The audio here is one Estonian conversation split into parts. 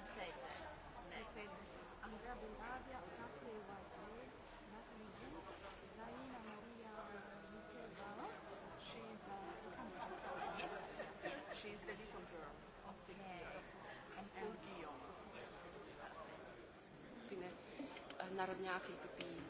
Unsafe. Next. Andrea Bellabia, Katia Whitehead, Natalie Wood, Zaina Maria Michelbao. Uh, she's uh, She's the little girl of six yes. years. And Paul Guillaume. Narodňáky popíjí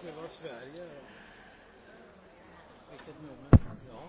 se vad Sverige är. Vilket nummer? Ja.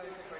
Thank you.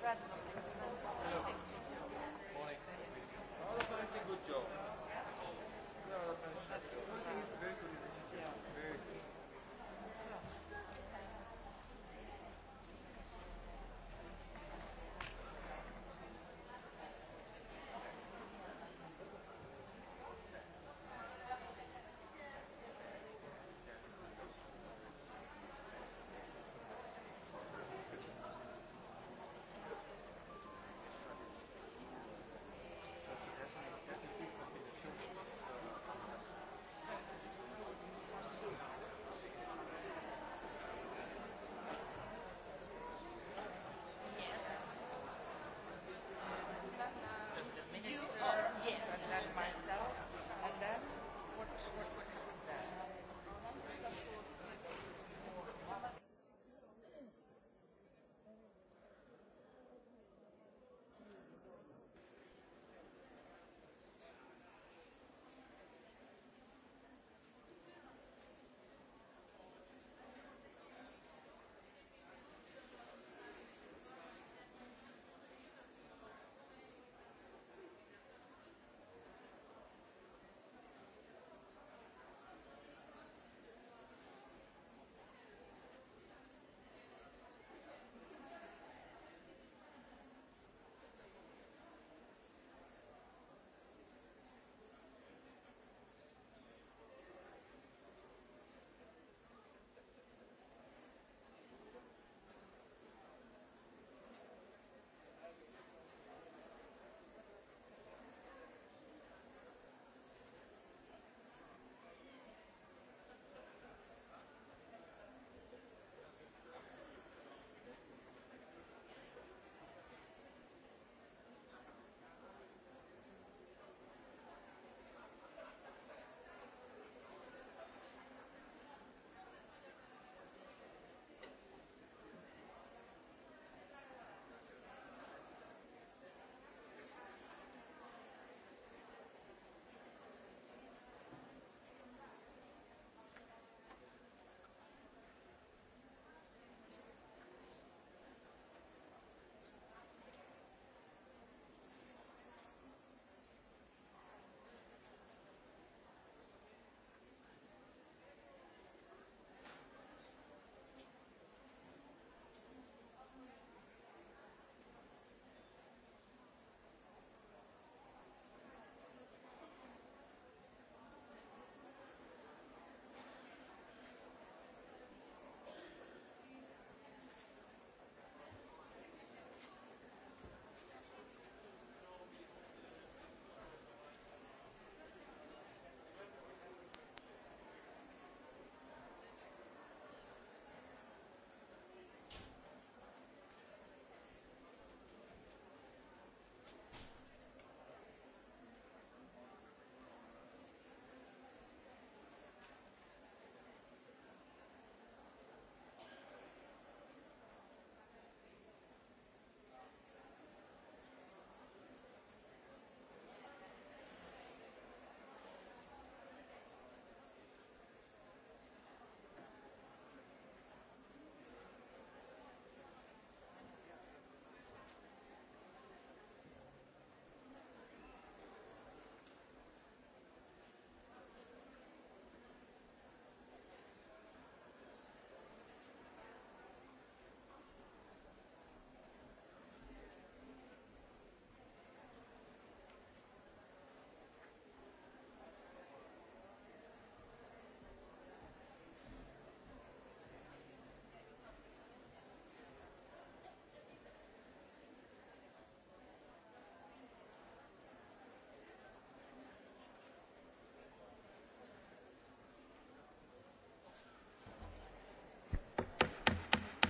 Schreiben.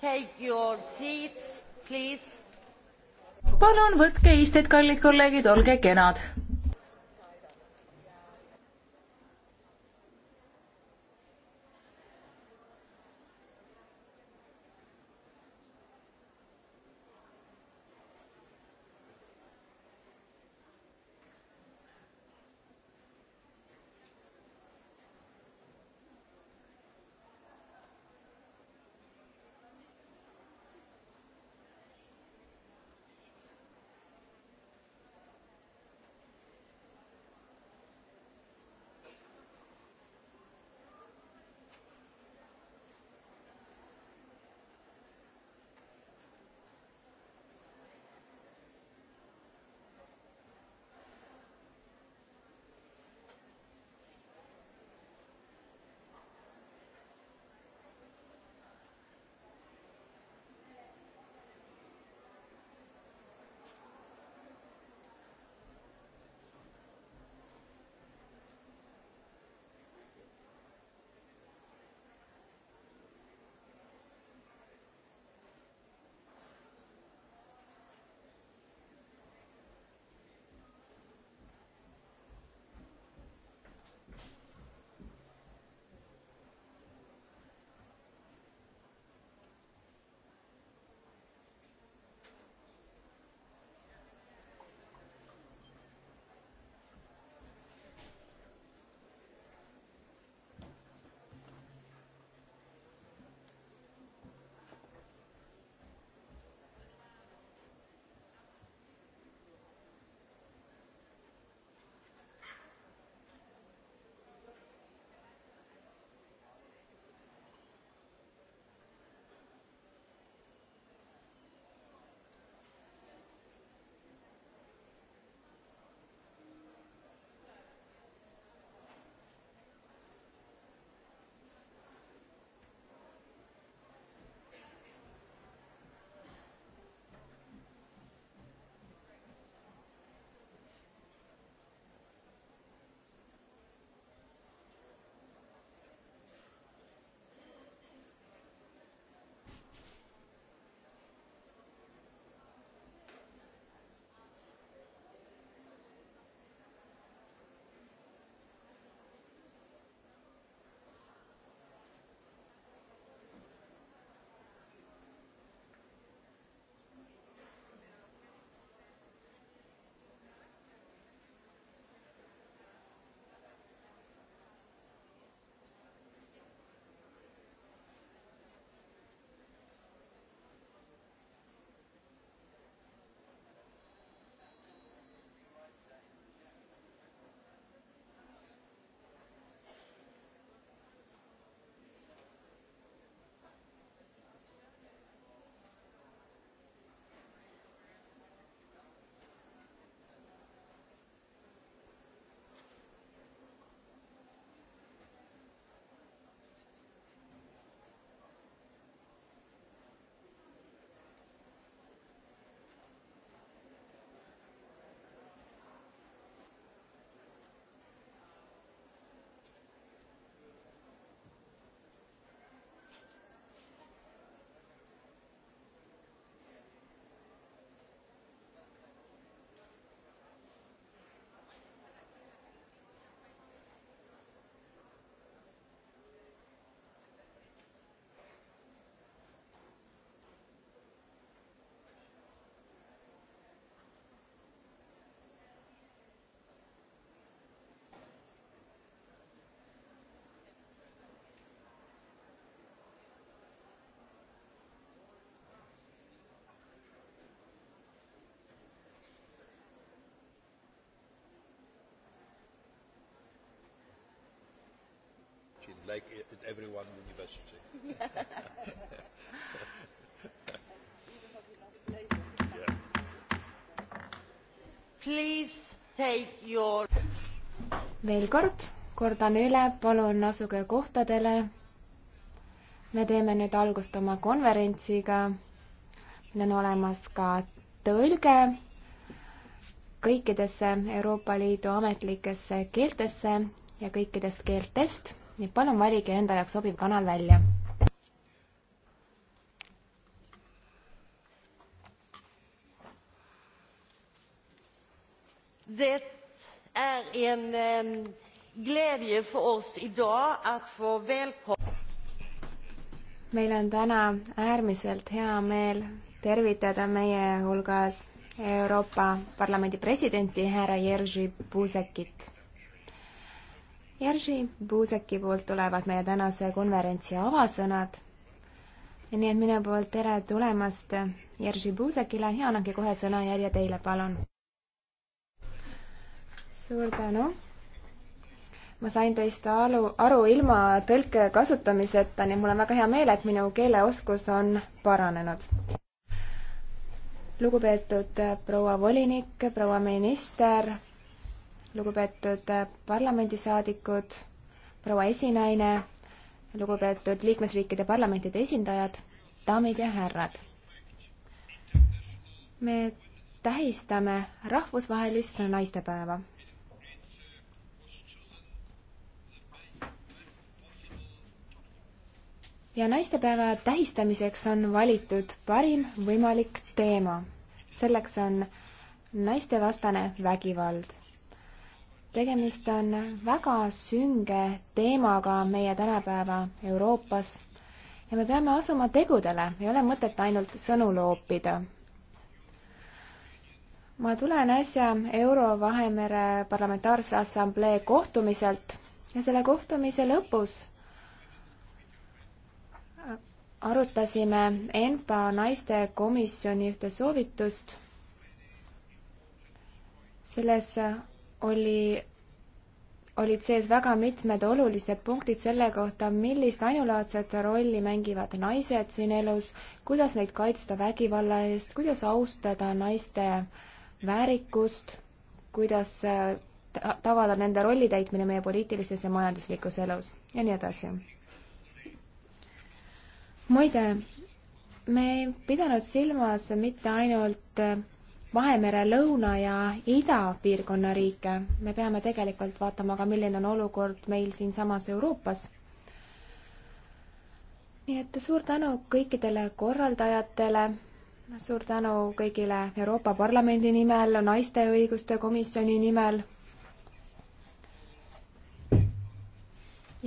Take your seats, please. palun võtke istet, kallid kolleegid, olge kenad like at e, e, every one university. yeah. Please take your veel kord, kordan üle, palun asuge kohtadele. me teeme nüüd algust oma konverentsiga. meil on olemas ka tõlge kõikidesse Euroopa Liidu ametlikesse keeltesse ja kõikidest keeltest nii palun valige enda jaoks sobiv kanal välja. Det är er en um, glädje för oss idag att få välkomna meil on täna äärmiselt hea meel tervitada meie hulgas Euroopa Parlamendi presidenti härra Jerzy Buzekit Jerzy Buuseki poolt tulevad meie tänase konverentsi avasõnad. nii et minu poolt tere tulemast Jerzy Buusekile ja annangi kohe sõnajärje teile, palun. suur tänu ma sain teist aru, aru ilma tõlke kasutamiseta, nii et mul on väga hea meel, et minu keeleoskus on paranenud. lugupeetud proua volinik, proua minister, lugupeetud äh, parlamendisaadikud, proua esinaine, lugupeetud liikmesriikide parlamentide esindajad, daamid ja härrad. me tähistame rahvusvahelist naistepäeva. ja naistepäeva tähistamiseks on valitud parim võimalik teema. selleks on naistevastane vägivald tegemist on väga sünge teemaga meie tänapäeva Euroopas ja me peame asuma tegudele, ei ole mõtet ainult sõnu loopida. ma tulen äsja Euro-Vahemere Parlamentaarse Assamblee kohtumiselt ja selle kohtumise lõpus arutasime ENPA naistekomisjoni ühte soovitust. selles oli, olid sees väga mitmed olulised punktid selle kohta, millist ainulaadset rolli mängivad naised siin elus, kuidas neid kaitsta vägivalla eest, kuidas austada naiste väärikust, kuidas äh, tagada nende rolli täitmine meie poliitilises ja majanduslikus elus ja nii edasi. muide, me ei pidanud silmas mitte ainult äh, Vahemere lõuna ja idapiirkonna riike, me peame tegelikult vaatama ka, milline on olukord meil siinsamas Euroopas. nii et suur tänu kõikidele korraldajatele, suur tänu kõigile Euroopa Parlamendi nimel, naiste õiguste komisjoni nimel.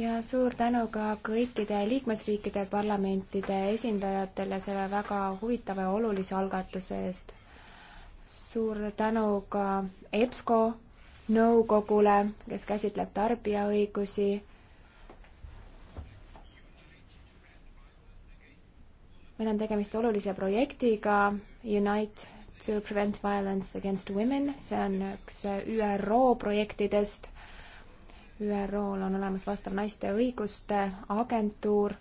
ja suur tänu ka kõikide liikmesriikide parlamentide esindajatele selle väga huvitava ja olulise algatuse eest suur tänu ka EBSCO nõukogule, kes käsitleb tarbijaõigusi. meil on tegemist olulise projektiga Unite to Prevent Violence Against Women, see on üks ÜRO projektidest. ÜRO-l on olemas vastav naiste õiguste agentuur.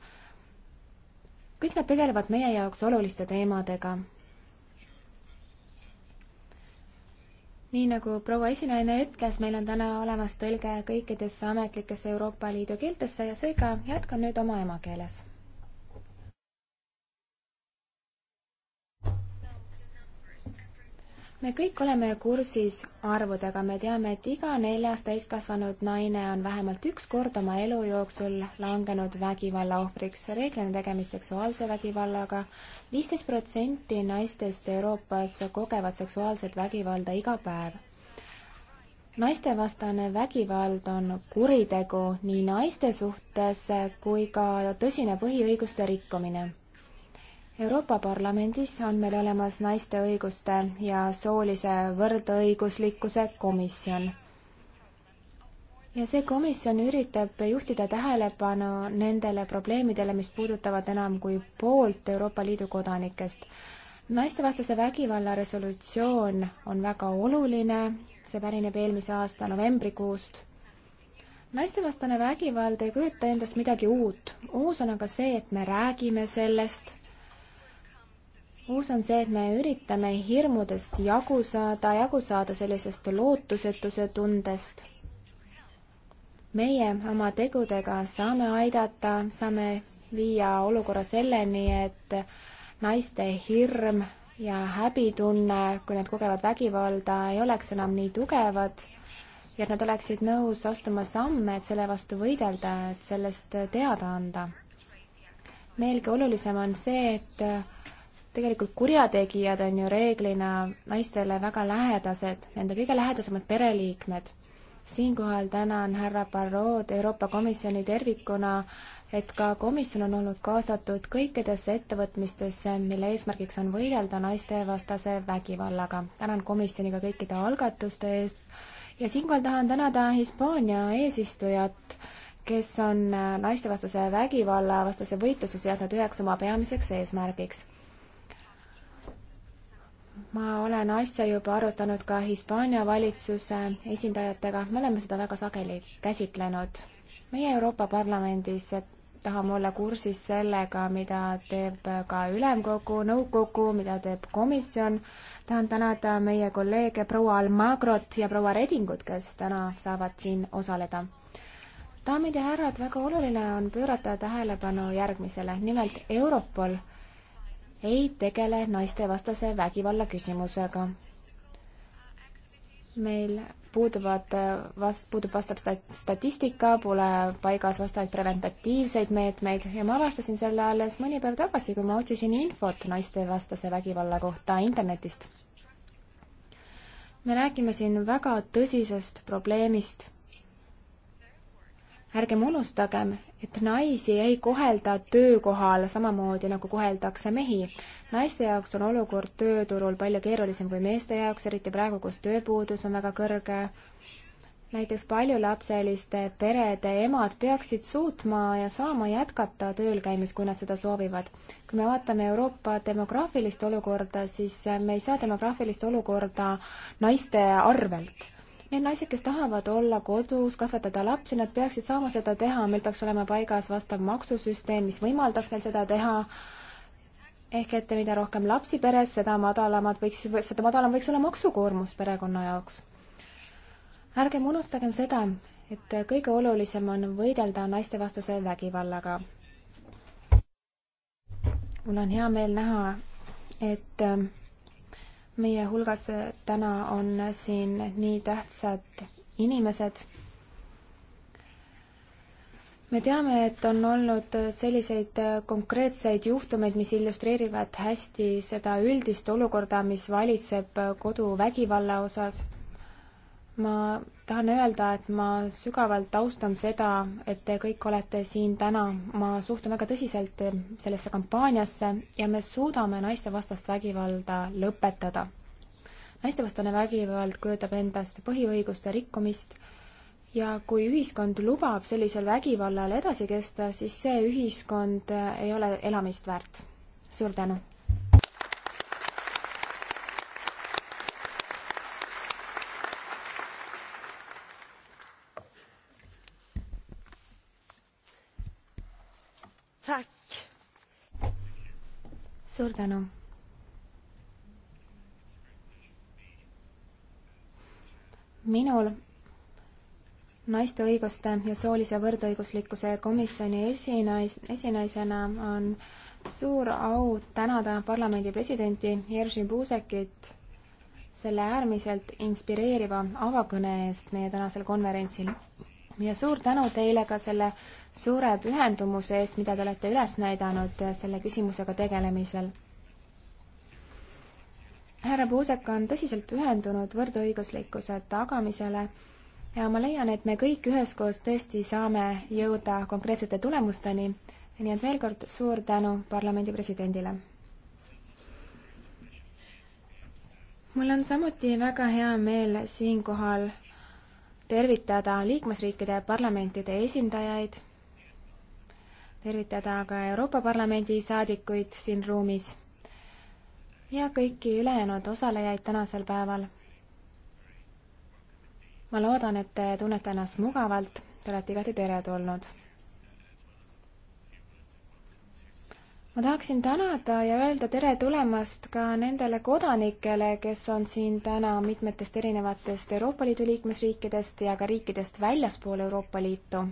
kõik nad tegelevad meie jaoks oluliste teemadega nii nagu proua esinaine ütles, meil on täna olemas tõlge kõikidesse ametlikesse Euroopa Liidu keeltesse ja seega jätkan nüüd oma emakeeles me kõik oleme kursis arvudega, me teame, et iga neljas täiskasvanud naine on vähemalt üks kord oma elu jooksul langenud vägivalla ohvriks. reeglina tegemist seksuaalse vägivallaga. viisteist protsenti naistest Euroopas kogevad seksuaalset vägivalda iga päev. naistevastane vägivald on kuritegu nii naiste suhtes kui ka tõsine põhiõiguste rikkumine Euroopa Parlamendis on meil olemas naiste õiguste ja soolise võrdõiguslikkuse komisjon. ja see komisjon üritab juhtida tähelepanu nendele probleemidele, mis puudutavad enam kui poolt Euroopa Liidu kodanikest. naistevastase vägivalla resolutsioon on väga oluline, see pärineb eelmise aasta novembrikuust naistevastane vägivald ei kujuta endast midagi uut. uus on aga see, et me räägime sellest uus on see, et me üritame hirmudest jagu saada, jagu saada sellisest lootusetuse tundest. meie oma tegudega saame aidata, saame viia olukorra selleni, et naiste hirm ja häbitunne, kui nad kogevad vägivalda, ei oleks enam nii tugevad ja et nad oleksid nõus astuma samme, et selle vastu võidelda, et sellest teada anda. veelgi olulisem on see, et tegelikult kurjategijad on ju reeglina naistele väga lähedased, nende kõige lähedasemad pereliikmed. siinkohal tänan härra Barrod Euroopa Komisjoni tervikuna, et ka komisjon on olnud kaasatud kõikidesse ettevõtmistesse, mille eesmärgiks on võidelda naistevastase vägivallaga. tänan komisjoni ka kõikide algatuste eest ja siinkohal tahan tänada Hispaania eesistujat kes on naistevastase vägivalla vastase võitluse seadnud üheks oma peamiseks eesmärgiks ma olen asja juba arutanud ka Hispaania valitsuse esindajatega, me oleme seda väga sageli käsitlenud. meie Euroopa Parlamendis tahame olla kursis sellega, mida teeb ka ülemkogu, nõukogu, mida teeb komisjon. tahan tänada meie kolleege proua Almagrot ja proua Redingut, kes täna saavad siin osaleda. daamid ja härrad, väga oluline on pöörata tähelepanu järgmisele, nimelt Europol ei tegele naistevastase vägivalla küsimusega. meil puuduvad vast-, puudub vastav statistika, pole paigas vastavaid preventatiivseid meetmeid ja ma avastasin selle alles mõni päev tagasi, kui ma otsisin infot naistevastase vägivalla kohta internetist. me räägime siin väga tõsisest probleemist. ärgem unustagem, et naisi ei kohelda töökohal samamoodi, nagu koheldakse mehi. naiste jaoks on olukord tööturul palju keerulisem kui meeste jaoks, eriti praegu, kus tööpuudus on väga kõrge. näiteks paljulapseliste perede emad peaksid suutma ja saama jätkata tööl käimist, kui nad seda soovivad. kui me vaatame Euroopa demograafilist olukorda, siis me ei saa demograafilist olukorda naiste arvelt Need naised, kes tahavad olla kodus, kasvatada lapsi, nad peaksid saama seda teha, meil peaks olema paigas vastav maksusüsteem, mis võimaldaks neil seda teha. ehk et mida rohkem lapsi peres, seda madalamad võiks, seda madalam võiks olla maksukoormus perekonna jaoks. ärgem unustagem seda, et kõige olulisem on võidelda naistevastase vägivallaga. mul on hea meel näha, et äh, meie hulgas täna on siin nii tähtsad inimesed. me teame, et on olnud selliseid konkreetseid juhtumeid, mis illustreerivad hästi seda üldist olukorda, mis valitseb koduvägivalla osas ma tahan öelda, et ma sügavalt austan seda, et te kõik olete siin täna. ma suhtun väga tõsiselt sellesse kampaaniasse ja me suudame naistevastast vägivalda lõpetada. naistevastane vägivald kujutab endast põhiõiguste rikkumist ja kui ühiskond lubab sellisel vägivallal edasi kesta, siis see ühiskond ei ole elamist väärt. suur tänu! suur tänu! minul naiste õiguste ja soolise võrdõiguslikkuse komisjoni esinais, esinaisena on suur au tänada parlamendi presidenti Jerzy Buzekit selle äärmiselt inspireeriva avakõne eest meie tänasel konverentsil ja suur tänu teile ka selle suure pühendumuse eest, mida te olete üles näidanud selle küsimusega tegelemisel. härra Puusek on tõsiselt pühendunud võrdõiguslikkuse tagamisele ja ma leian, et me kõik üheskoos tõesti saame jõuda konkreetsete tulemusteni. nii et veel kord suur tänu parlamendi presidendile. mul on samuti väga hea meel siinkohal tervitada liikmesriikide parlamentide esindajaid, tervitada ka Euroopa Parlamendi saadikuid siin ruumis ja kõiki ülejäänud osalejaid tänasel päeval. ma loodan, et te tunnete ennast mugavalt, te olete igati teretulnud ma tahaksin tänada ja öelda tere tulemast ka nendele kodanikele, kes on siin täna mitmetest erinevatest Euroopa Liidu liikmesriikidest ja ka riikidest väljaspool Euroopa Liitu.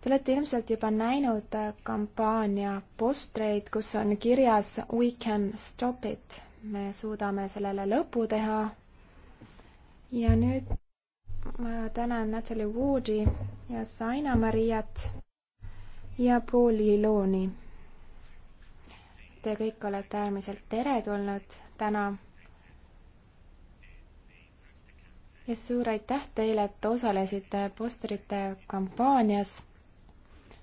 Te olete ilmselt juba näinud kampaania postreid, kus on kirjas We can stop it. me suudame sellele lõpu teha. ja nüüd ma tänan Natalie Woodi ja Saina Mariat ja Pauli Ilooni. Te kõik olete äärmiselt teretulnud täna. ja suur aitäh teile, et osalesite postrite kampaanias,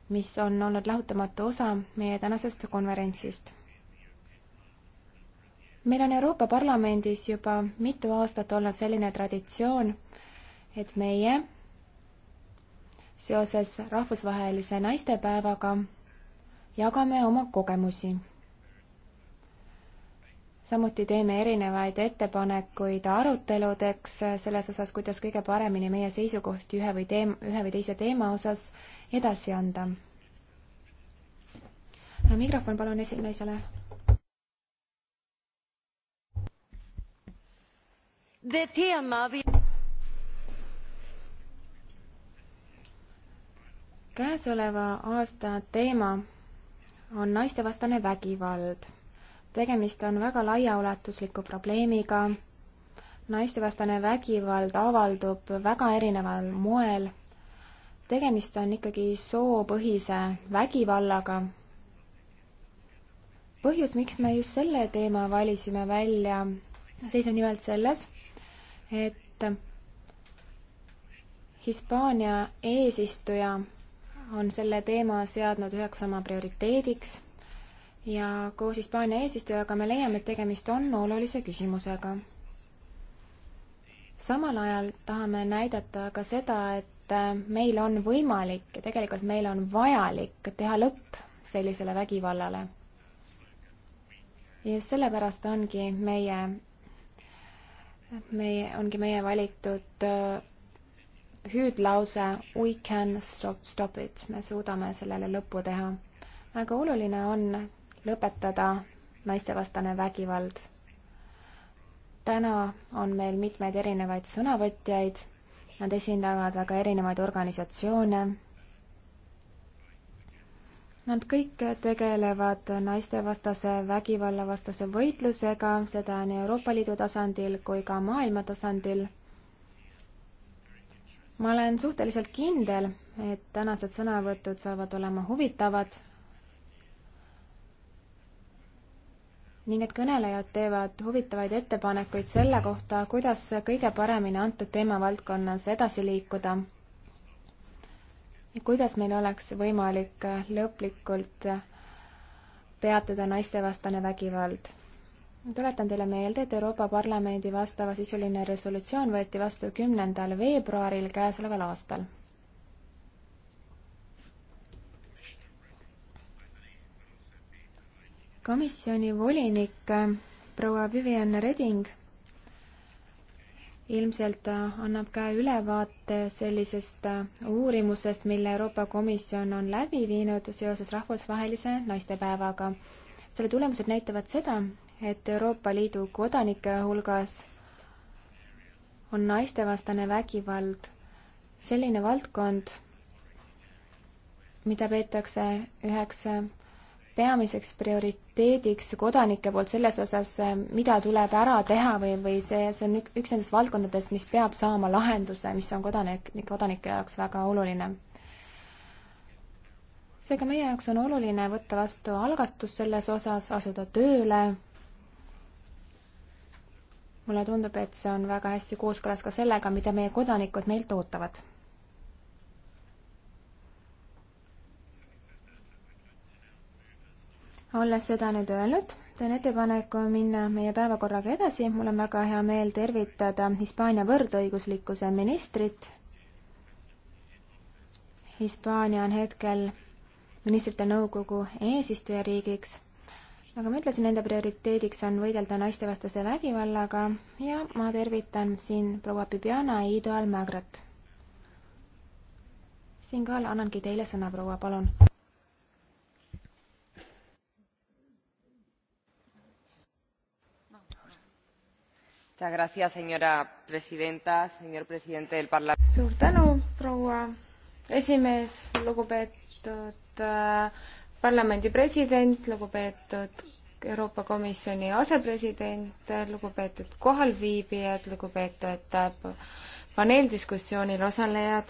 mis on olnud lahutamatu osa meie tänasest konverentsist meil on Euroopa Parlamendis juba mitu aastat olnud selline traditsioon, et meie seoses rahvusvahelise naistepäevaga jagame oma kogemusi. samuti teeme erinevaid ettepanekuid aruteludeks selles osas, kuidas kõige paremini meie seisukohti ühe või teem-, ühe või teise teema osas edasi anda. mikrofon palun esinaisele. Det tema vi käesoleva aasta teema on naistevastane vägivald. tegemist on väga laiaulatusliku probleemiga. naistevastane vägivald avaldub väga erineval moel. tegemist on ikkagi soopõhise vägivallaga. põhjus, miks me just selle teema valisime välja, seisneb nimelt selles, et Hispaania eesistuja on selle teema seadnud üheks oma prioriteediks ja koos Hispaania eesistujaga me leiame, et tegemist on olulise küsimusega. samal ajal tahame näidata ka seda, et meil on võimalik ja tegelikult meil on vajalik teha lõpp sellisele vägivallale. ja just sellepärast ongi meie meie, ongi meie valitud hüüdlause We can stop, stop it, me suudame sellele lõpu teha. väga oluline on lõpetada naistevastane vägivald. täna on meil mitmeid erinevaid sõnavõtjaid, nad esindavad väga erinevaid organisatsioone. Nad kõik tegelevad naistevastase vägivallavastase võitlusega, seda nii Euroopa Liidu tasandil kui ka maailma tasandil ma olen suhteliselt kindel, et tänased sõnavõtud saavad olema huvitavad ning et kõnelejad teevad huvitavaid ettepanekuid selle kohta, kuidas kõige paremini antud teemavaldkonnas edasi liikuda. ja kuidas meil oleks võimalik lõplikult peatada naistevastane vägivald tuletan teile meelde, et Euroopa Parlamendi vastavasisuline resolutsioon võeti vastu kümnendal veebruaril käesoleval aastal. komisjoni volinik äh, proua Vivian Reding ilmselt äh, annab ka ülevaate sellisest äh, uurimusest, mille Euroopa Komisjon on läbi viinud seoses rahvusvahelise naistepäevaga. selle tulemused näitavad seda, et Euroopa Liidu kodanike hulgas on naistevastane vägivald selline valdkond, mida peetakse üheks peamiseks prioriteediks kodanike poolt selles osas, mida tuleb ära teha või, või see, see on üks nendest valdkondadest, mis peab saama lahenduse, mis on kodanik, kodanike jaoks väga oluline. seega meie jaoks on oluline võtta vastu algatus selles osas, asuda tööle mulle tundub, et see on väga hästi kooskõlas ka sellega, mida meie kodanikud meilt ootavad. olles seda nüüd öelnud, teen ettepaneku minna meie päevakorraga edasi, mul on väga hea meel tervitada Hispaania võrdõiguslikkuse ministrit. Hispaania on hetkel ministrite nõukogu eesistujariigiks nagu ma ütlesin, nende prioriteediks on võidelda naistevastase vägivallaga ja ma tervitan siin proua Bibiana Iido Almagrat. siinkohal annangi teile sõna, proua, palun. suur tänu, proua esimees, lugupeetud äh, parlamendi president, lugupeetud Euroopa Komisjoni asepresident, lugupeetud kohalviibijad, lugupeetud paneeldiskussioonil osalejad.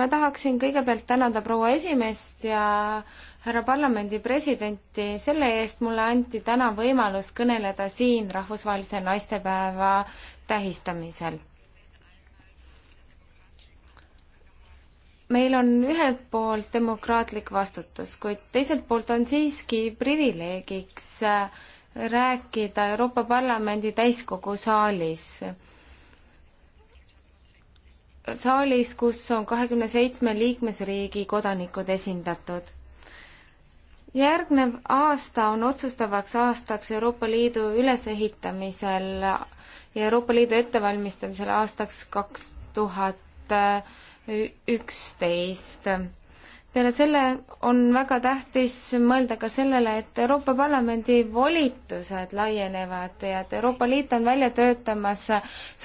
ma tahaksin kõigepealt tänada proua esimeest ja härra parlamendi presidenti selle eest, mulle anti täna võimalus kõneleda siin rahvusvahelise naistepäeva tähistamisel meil on ühelt poolt demokraatlik vastutus, kuid teiselt poolt on siiski privileegiks äh, rääkida Euroopa Parlamendi täiskogu saalis saalis, kus on kahekümne seitsme liikmesriigi kodanikud esindatud. järgnev aasta on otsustavaks aastaks Euroopa Liidu ülesehitamisel ja Euroopa Liidu ettevalmistamisel aastaks kaks tuhat äh, üksteist. peale selle on väga tähtis mõelda ka sellele, et Euroopa Parlamendi volitused laienevad ja et Euroopa Liit on välja töötamas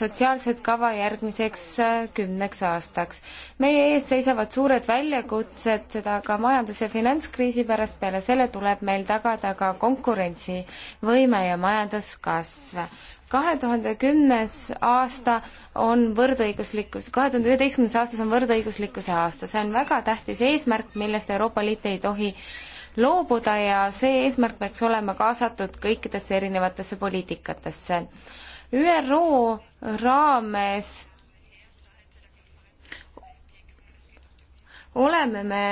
sotsiaalset kava järgmiseks äh, kümneks aastaks. meie ees seisavad suured väljakutsed, seda ka majandus- ja finantskriisi pärast, peale selle tuleb meil tagada ka konkurentsivõime ja majanduskasv kahe tuhande kümnes aasta on võrdõiguslikkus, kahe tuhande üheteistkümnes aastas on võrdõiguslikkuse aasta, see on väga tähtis eesmärk, millest Euroopa Liit ei tohi loobuda ja see eesmärk peaks olema kaasatud kõikidesse erinevatesse poliitikatesse. ÜRO raames oleme me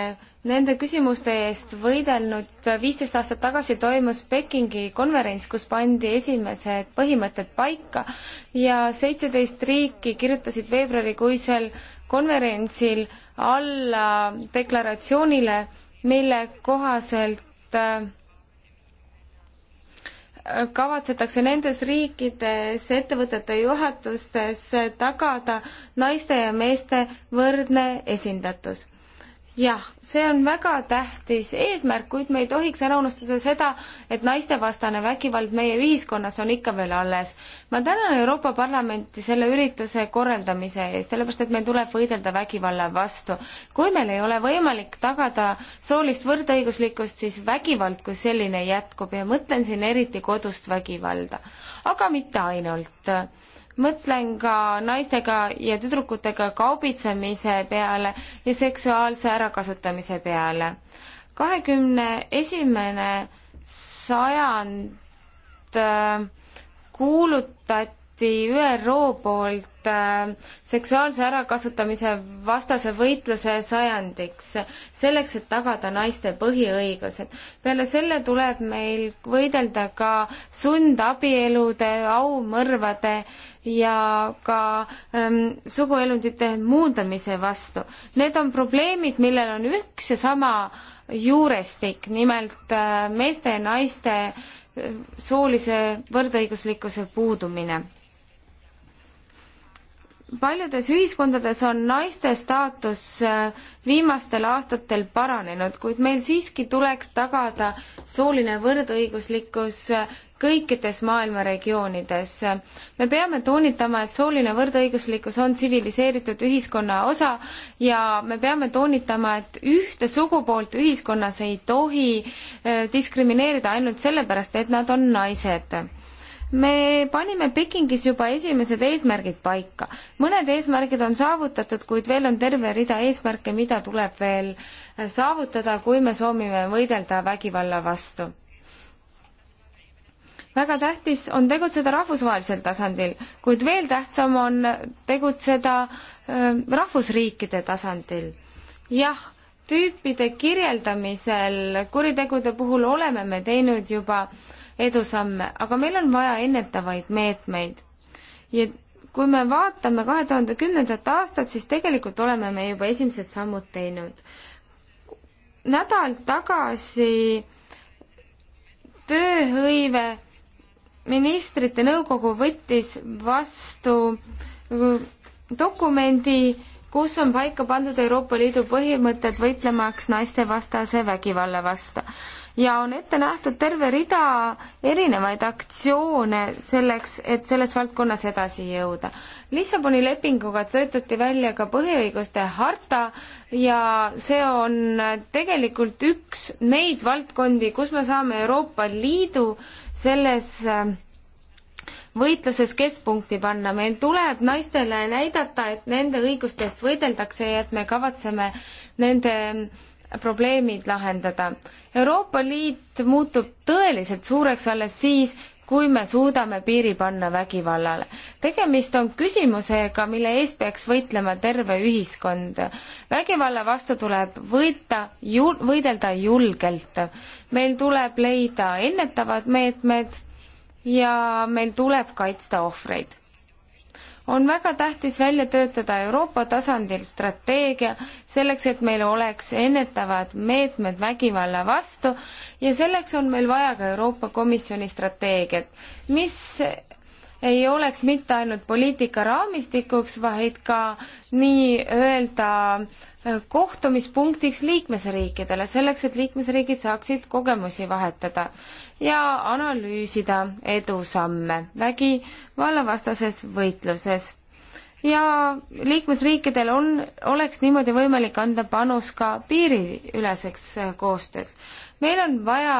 nende küsimuste eest võidelnud. viisteist aastat tagasi toimus Pekingi konverents, kus pandi esimesed põhimõtted paika ja seitseteist riiki kirjutasid veebruarikuisel konverentsil alla deklaratsioonile, mille kohaselt äh, kavatsetakse nendes riikides ettevõtete juhatustes tagada naiste ja meeste võrdne esindatus jah, see on väga tähtis eesmärk, kuid me ei tohiks ära unustada seda, et naistevastane vägivald meie ühiskonnas on ikka veel alles. ma tänan Euroopa Parlamenti selle ürituse korraldamise eest, sellepärast et meil tuleb võidelda vägivalla vastu. kui meil ei ole võimalik tagada soolist võrdõiguslikkust, siis vägivald kui selline jätkub ja mõtlen siin eriti kodust vägivalda, aga mitte ainult mõtlen ka naistega ja tüdrukutega kaubitsemise peale ja seksuaalse ärakasutamise peale. kahekümne esimene sajand äh, kuulutati ÜRO poolt äh, seksuaalse ärakasutamise vastase võitluse sajandiks, selleks, et tagada naiste põhiõigused. peale selle tuleb meil võidelda ka sundabielude, aumõrvade ja ka ähm, suguelundite muundamise vastu. Need on probleemid, millel on üks ja sama juurestik, nimelt äh, meeste ja naiste äh, soolise võrdõiguslikkuse puudumine. paljudes ühiskondades on naiste staatus äh, viimastel aastatel paranenud, kuid meil siiski tuleks tagada sooline võrdõiguslikkus äh, kõikides maailma regioonides. me peame toonitama, et sooline võrdõiguslikkus on tsiviliseeritud ühiskonna osa ja me peame toonitama, et ühte sugupoolt ühiskonnas ei tohi äh, diskrimineerida ainult sellepärast, et nad on naised me panime Pekingis juba esimesed eesmärgid paika. mõned eesmärgid on saavutatud, kuid veel on terve rida eesmärke, mida tuleb veel äh, saavutada, kui me soovime võidelda vägivalla vastu väga tähtis on tegutseda rahvusvahelisel tasandil, kuid veel tähtsam on tegutseda rahvusriikide tasandil. jah, tüüpide kirjeldamisel kuritegude puhul oleme me teinud juba edusamme, aga meil on vaja ennetavaid meetmeid. ja kui me vaatame kahe tuhande kümnendat aastat, siis tegelikult oleme me juba esimesed sammud teinud. nädal tagasi tööhõive ministrite nõukogu võttis vastu äh, dokumendi, kus on paika pandud Euroopa Liidu põhimõtted võitlemaks naistevastase vägivalla vastu. ja on ette nähtud terve rida erinevaid aktsioone selleks, et selles valdkonnas edasi jõuda. Lissaboni lepinguga töötati välja ka põhiõiguste harta ja see on tegelikult üks neid valdkondi, kus me saame Euroopa Liidu äh, selles äh, võitluses keskpunkti panna, meil tuleb naistele näidata, et nende õiguste eest võideldakse ja et me kavatseme nende ähm, probleemid lahendada. Euroopa Liit muutub tõeliselt suureks alles siis, kui me suudame piiri panna vägivallale. tegemist on küsimusega, mille eest peaks võitlema terve ühiskond. vägivalla vastu tuleb võita ju-, võidelda julgelt. meil tuleb leida ennetavad meetmed ja meil tuleb kaitsta ohvreid on väga tähtis välja töötada Euroopa tasandil strateegia selleks, et meil oleks ennetavad meetmed vägivalla vastu ja selleks on meil vaja ka Euroopa Komisjoni strateegiat, mis ei oleks mitte ainult poliitika raamistikuks, vaid ka nii-öelda äh, kohtumispunktiks liikmesriikidele, selleks et liikmesriigid saaksid kogemusi vahetada ja analüüsida edusamme vägivallavastases võitluses. ja liikmesriikidel on, oleks niimoodi võimalik anda panus ka piiriüleseks äh, koostööks meil on vaja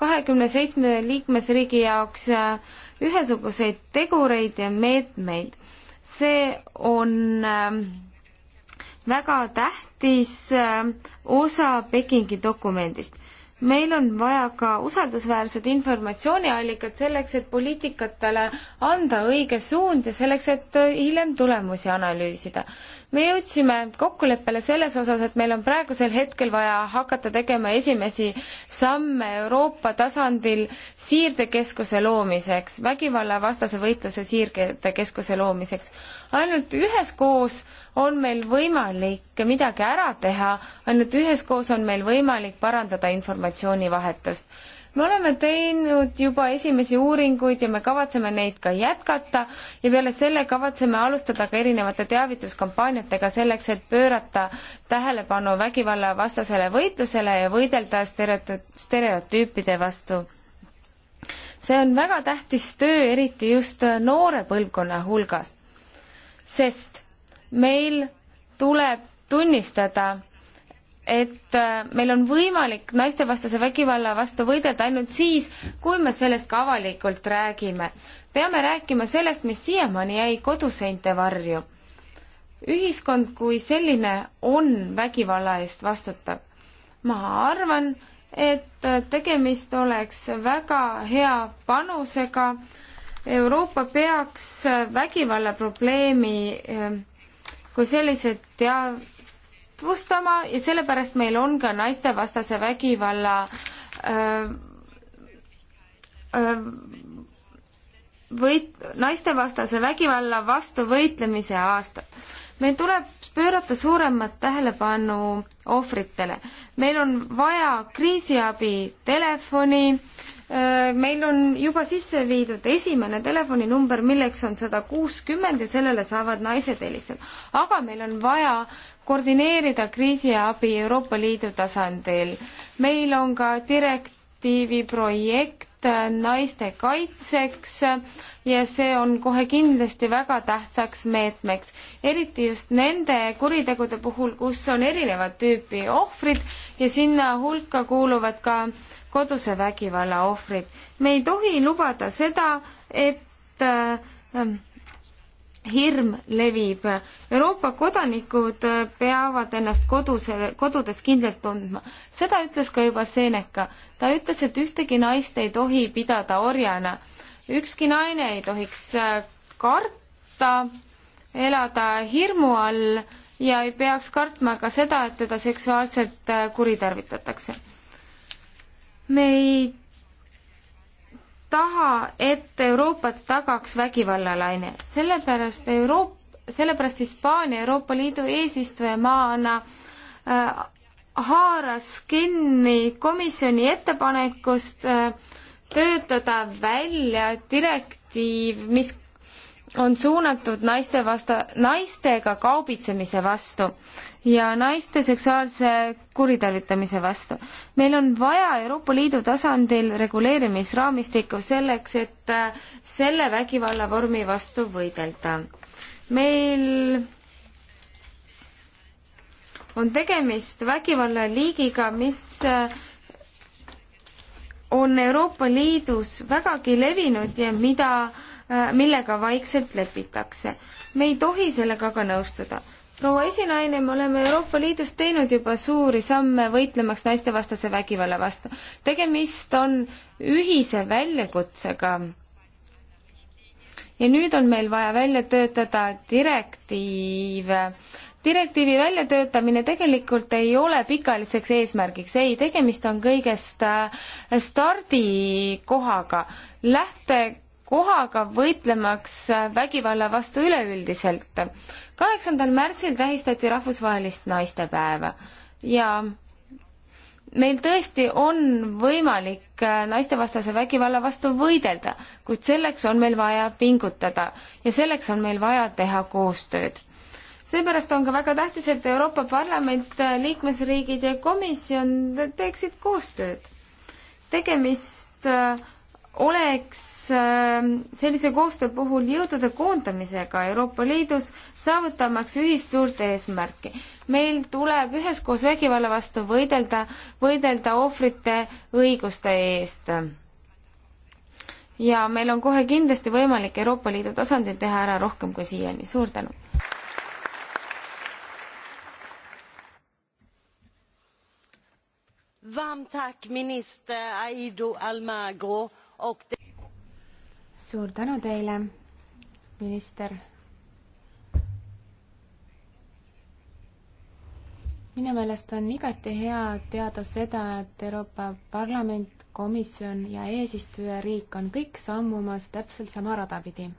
kahekümne seitsme liikmesriigi jaoks äh, ühesuguseid tegureid ja meetmeid. see on ähm, väga tähtis äh, osa Pekingi dokumendist meil on vaja ka usaldusväärset informatsiooniallikat selleks, et poliitikatele anda õige suund ja selleks, et äh, hiljem tulemusi analüüsida me jõudsime kokkuleppele selles osas, et meil on praegusel hetkel vaja hakata tegema esimesi samme Euroopa tasandil siirdekeskuse loomiseks, vägivallavastase võitluse siirdekeskuse loomiseks. ainult üheskoos on meil võimalik midagi ära teha, ainult üheskoos on meil võimalik parandada informatsioonivahetust me oleme teinud juba esimesi uuringuid ja me kavatseme neid ka jätkata ja peale selle kavatseme alustada ka erinevate teavituskampaaniatega selleks, et pöörata tähelepanu vägivallavastasele võitlusele ja võidelda stereotüüpide vastu see on väga tähtis töö, eriti just noore põlvkonna hulgas, sest meil tuleb tunnistada, et äh, meil on võimalik naistevastase vägivalla vastu võidelda ainult siis, kui me sellest ka avalikult räägime. peame rääkima sellest, mis siiamaani jäi koduseinte varju. ühiskond kui selline on vägivalla eest vastutav. ma arvan, et äh, tegemist oleks väga hea panusega. Euroopa peaks äh, vägivalla probleemi kui sellise tea-, tutvustama ja sellepärast meil on ka naistevastase vägivalla öö, öö, võit-, naistevastase vägivalla vastu võitlemise aastat. meil tuleb pöörata suuremat tähelepanu ohvritele. meil on vaja kriisiabi telefoni, meil on juba sisse viidud esimene telefoninumber, milleks on sada kuuskümmend ja sellele saavad naised helistada. aga meil on vaja koordineerida kriisiabi Euroopa Liidu tasandil. meil on ka direktiivi projekt naiste kaitseks ja see on kohe kindlasti väga tähtsaks meetmeks, eriti just nende kuritegude puhul, kus on erinevat tüüpi ohvrid ja sinna hulka kuuluvad ka koduse vägivalla ohvrid. me ei tohi lubada seda, et äh, hirm levib. Euroopa kodanikud peavad ennast koduse, kodudes kindlalt tundma. seda ütles ka juba Seneca. ta ütles, et ühtegi naist ei tohi pidada orjana. ükski naine ei tohiks äh, karta elada hirmu all ja ei peaks kartma ka seda, et teda seksuaalselt äh, kuritarvitatakse. me ei taha, et Euroopat tagaks vägivallalaine, sellepärast Euroop-, sellepärast Hispaania Euroopa Liidu eesistujamaana äh, haaras kinni komisjoni ettepanekust äh, töötada välja direktiiv, mis on suunatud naiste vasta, naistega kaubitsemise vastu ja naiste seksuaalse kuritarvitamise vastu. meil on vaja Euroopa Liidu tasandil reguleerimisraamistikku selleks, et äh, selle vägivallavormi vastu võidelda. meil on tegemist vägivallaliigiga, mis äh, on Euroopa Liidus vägagi levinud ja mida äh, Äh, millega vaikselt lepitakse. me ei tohi sellega aga nõustuda. proua esinaine, me oleme Euroopa Liidus teinud juba suuri samme võitlemaks naistevastase vägivalla vastu. tegemist on ühise väljakutsega. ja nüüd on meil vaja välja töötada direktiiv direktiivi väljatöötamine tegelikult ei ole pikaajaliseks eesmärgiks, ei, tegemist on kõigest äh, stardikohaga. lähte kohaga võitlemaks vägivalla vastu üleüldiselt. kaheksandal märtsil tähistati rahvusvahelist naistepäeva ja meil tõesti on võimalik naistevastase vägivalla vastu võidelda, kuid selleks on meil vaja pingutada ja selleks on meil vaja teha koostööd. seepärast on ka väga tähtis, et Euroopa Parlament, liikmesriigid ja komisjon teeksid koostööd. tegemist äh, oleks ähm, sellise koostöö puhul jõudude koondamisega Euroopa Liidus, saavutamaks ühist suurt eesmärki. meil tuleb üheskoos vägivalla vastu võidelda, võidelda ohvrite õiguste eest. ja meil on kohe kindlasti võimalik Euroopa Liidu tasandil teha ära rohkem kui siiani, suur tänu! Varmt tack minister Aido Almagro suur tänu teile, minister. minu meelest on igati hea teada seda, et Euroopa Parlament, komisjon ja eesistujariik on kõik sammumas täpselt sama rada pidi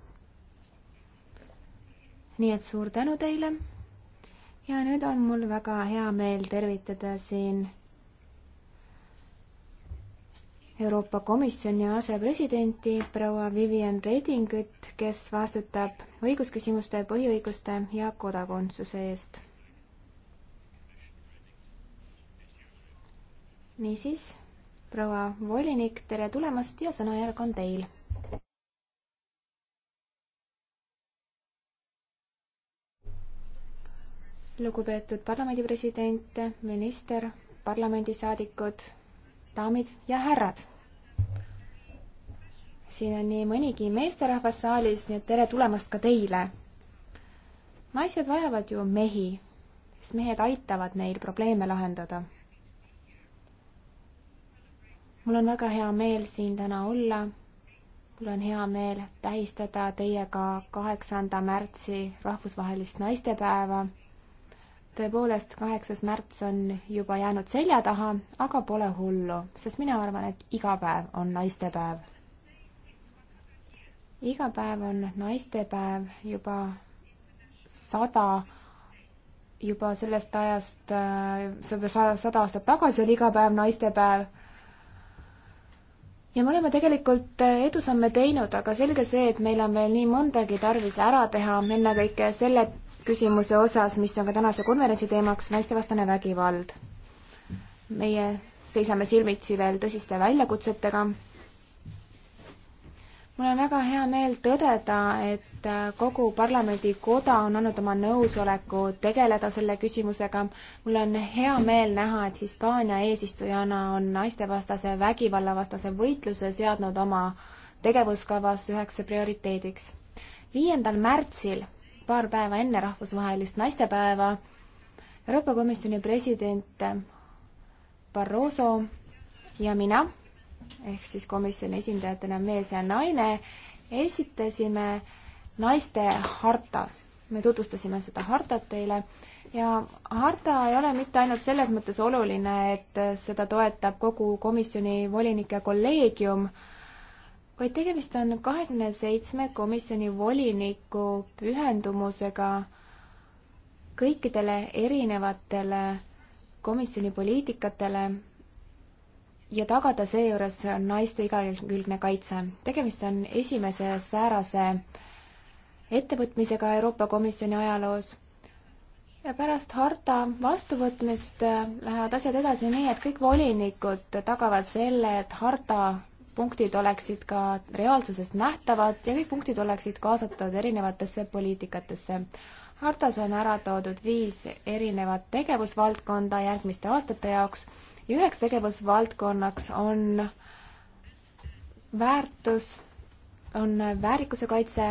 nii et suur tänu teile. ja nüüd on mul väga hea meel tervitada siin Euroopa Komisjoni asepresidenti proua Vivian Redingut, kes vastutab õigusküsimuste, põhiõiguste ja kodakondsuse eest. niisiis, proua volinik, tere tulemast ja sõnajärg on teil lugupeetud parlamendi president, minister, parlamendisaadikud, daamid ja härrad! siin on nii mõnigi meesterahvas saalis, nii et tere tulemast ka teile! naised vajavad ju mehi, sest mehed aitavad neil probleeme lahendada. mul on väga hea meel siin täna olla mul on hea meel tähistada teiega kaheksanda märtsi rahvusvahelist naistepäeva tõepoolest, kaheksas märts on juba jäänud selja taha, aga pole hullu, sest mina arvan, et iga päev on naistepäev. iga päev on naistepäev juba sada, juba sellest ajast, sada, sada aastat tagasi oli iga päev naistepäev ja me oleme tegelikult edusamme teinud, aga selge see, et meil on veel nii mõndagi tarvis ära teha, ennekõike selle küsimuse osas, mis on ka tänase konverentsi teemaks, naistevastane vägivald. meie seisame silmitsi veel tõsiste väljakutsetega. mul on väga hea meel tõdeda, et kogu parlamendikoda on andnud oma nõusoleku tegeleda selle küsimusega. mul on hea meel näha, et Hispaania eesistujana on naistevastase vägivallavastase võitluse seadnud oma tegevuskavas üheks prioriteediks. viiendal märtsil paar päeva enne rahvusvahelist naistepäeva Euroopa Komisjoni president Barroso ja mina ehk siis komisjoni esindajatena mees ja naine esitasime naiste harta. me tutvustasime seda hartat teile ja harta ei ole mitte ainult selles mõttes oluline, et seda toetab kogu komisjoni volinike kolleegium, vaid tegemist on kahekümne seitsme komisjoni voliniku pühendumusega kõikidele erinevatele komisjoni poliitikatele ja tagada seejuures naiste igakülgne kaitse. tegemist on esimese säärase ettevõtmisega Euroopa Komisjoni ajaloos. ja pärast harta vastuvõtmist lähevad asjad edasi nii, et kõik volinikud tagavad selle, et harta punktid oleksid ka reaalsuses nähtavad ja kõik punktid oleksid kaasatud erinevatesse poliitikatesse. hartas on ära toodud viis erinevat tegevusvaldkonda järgmiste aastate jaoks ja üheks tegevusvaldkonnaks on väärtus, on väärikuse kaitse,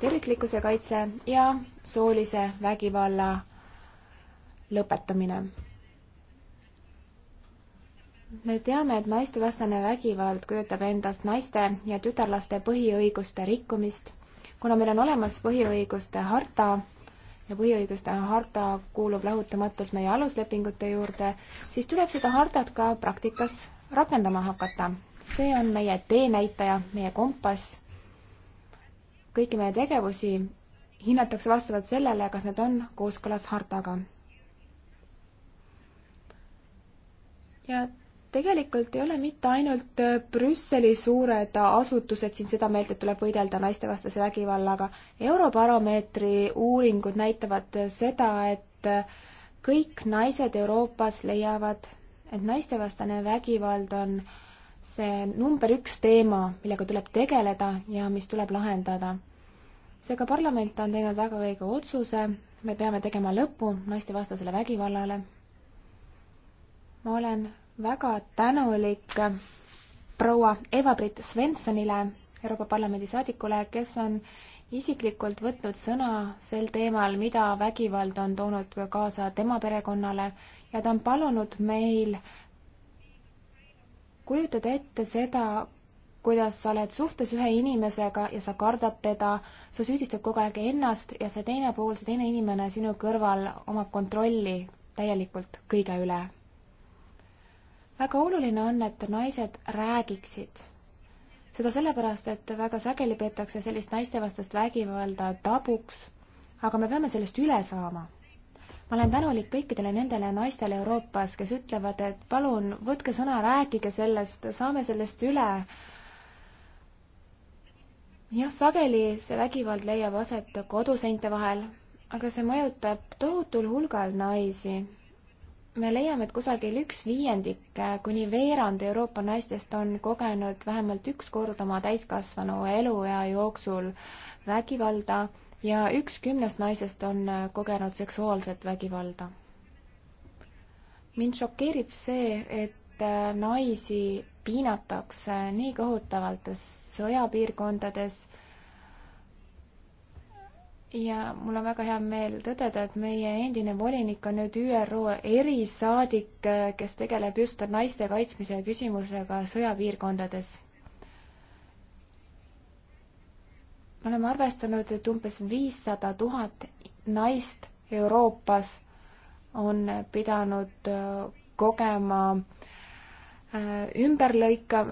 terviklikkuse kaitse ja soolise vägivalla lõpetamine me teame, et naistevastane vägivald kujutab endast naiste ja tütarlaste põhiõiguste rikkumist. kuna meil on olemas põhiõiguste harta ja põhiõiguste harta kuulub lahutamatult meie aluslepingute juurde, siis tuleb seda hartat ka praktikas rakendama hakata. see on meie teenäitaja, meie kompass. kõiki meie tegevusi hinnatakse vastavalt sellele, kas need on kooskõlas hartaga. ja tegelikult ei ole mitte ainult äh, Brüsseli suured äh, asutused siin seda meelt, et tuleb võidelda naistevastase vägivallaga. Eurobaromeetri uuringud näitavad äh, seda, et kõik naised Euroopas leiavad, et naistevastane vägivald on see number üks teema, millega tuleb tegeleda ja mis tuleb lahendada. seega parlament on teinud väga õige otsuse, me peame tegema lõpu naistevastasele vägivallale ma olen väga tänulik proua Eva-Britt Svenssonile, Euroopa Parlamendi saadikule, kes on isiklikult võtnud sõna sel teemal, mida vägivald on toonud kaasa tema perekonnale ja ta on palunud meil kujutada ette seda, kuidas sa oled suhtes ühe inimesega ja sa kardad teda, sa süüdistad kogu aeg ennast ja see teine pool, see teine inimene sinu kõrval omab kontrolli täielikult kõige üle väga oluline on, et naised räägiksid. seda sellepärast, et väga sageli peetakse sellist naistevastast vägivalda tabuks, aga me peame sellest üle saama ma olen tänulik kõikidele nendele naistele Euroopas, kes ütlevad, et palun võtke sõna, rääkige sellest, saame sellest üle. jah, sageli see vägivald leiab aset koduseinte vahel, aga see mõjutab tohutul hulgal naisi me leiame, et kusagil üks viiendik äh, kuni veerand Euroopa naistest on kogenud vähemalt üks kord oma täiskasvanu eluea jooksul vägivalda ja üks kümnest naisest on äh, kogenud seksuaalset vägivalda. mind šokeerib see, et äh, naisi piinatakse nii kohutavalt sõjapiirkondades ja mul on väga hea meel tõdeda, et meie endine volinik on nüüd ÜRO erisaadik, kes tegeleb just naiste kaitsmise küsimusega sõjapiirkondades. me oleme arvestanud, et umbes viissada tuhat naist Euroopas on pidanud äh, kogema äh, ümberlõika,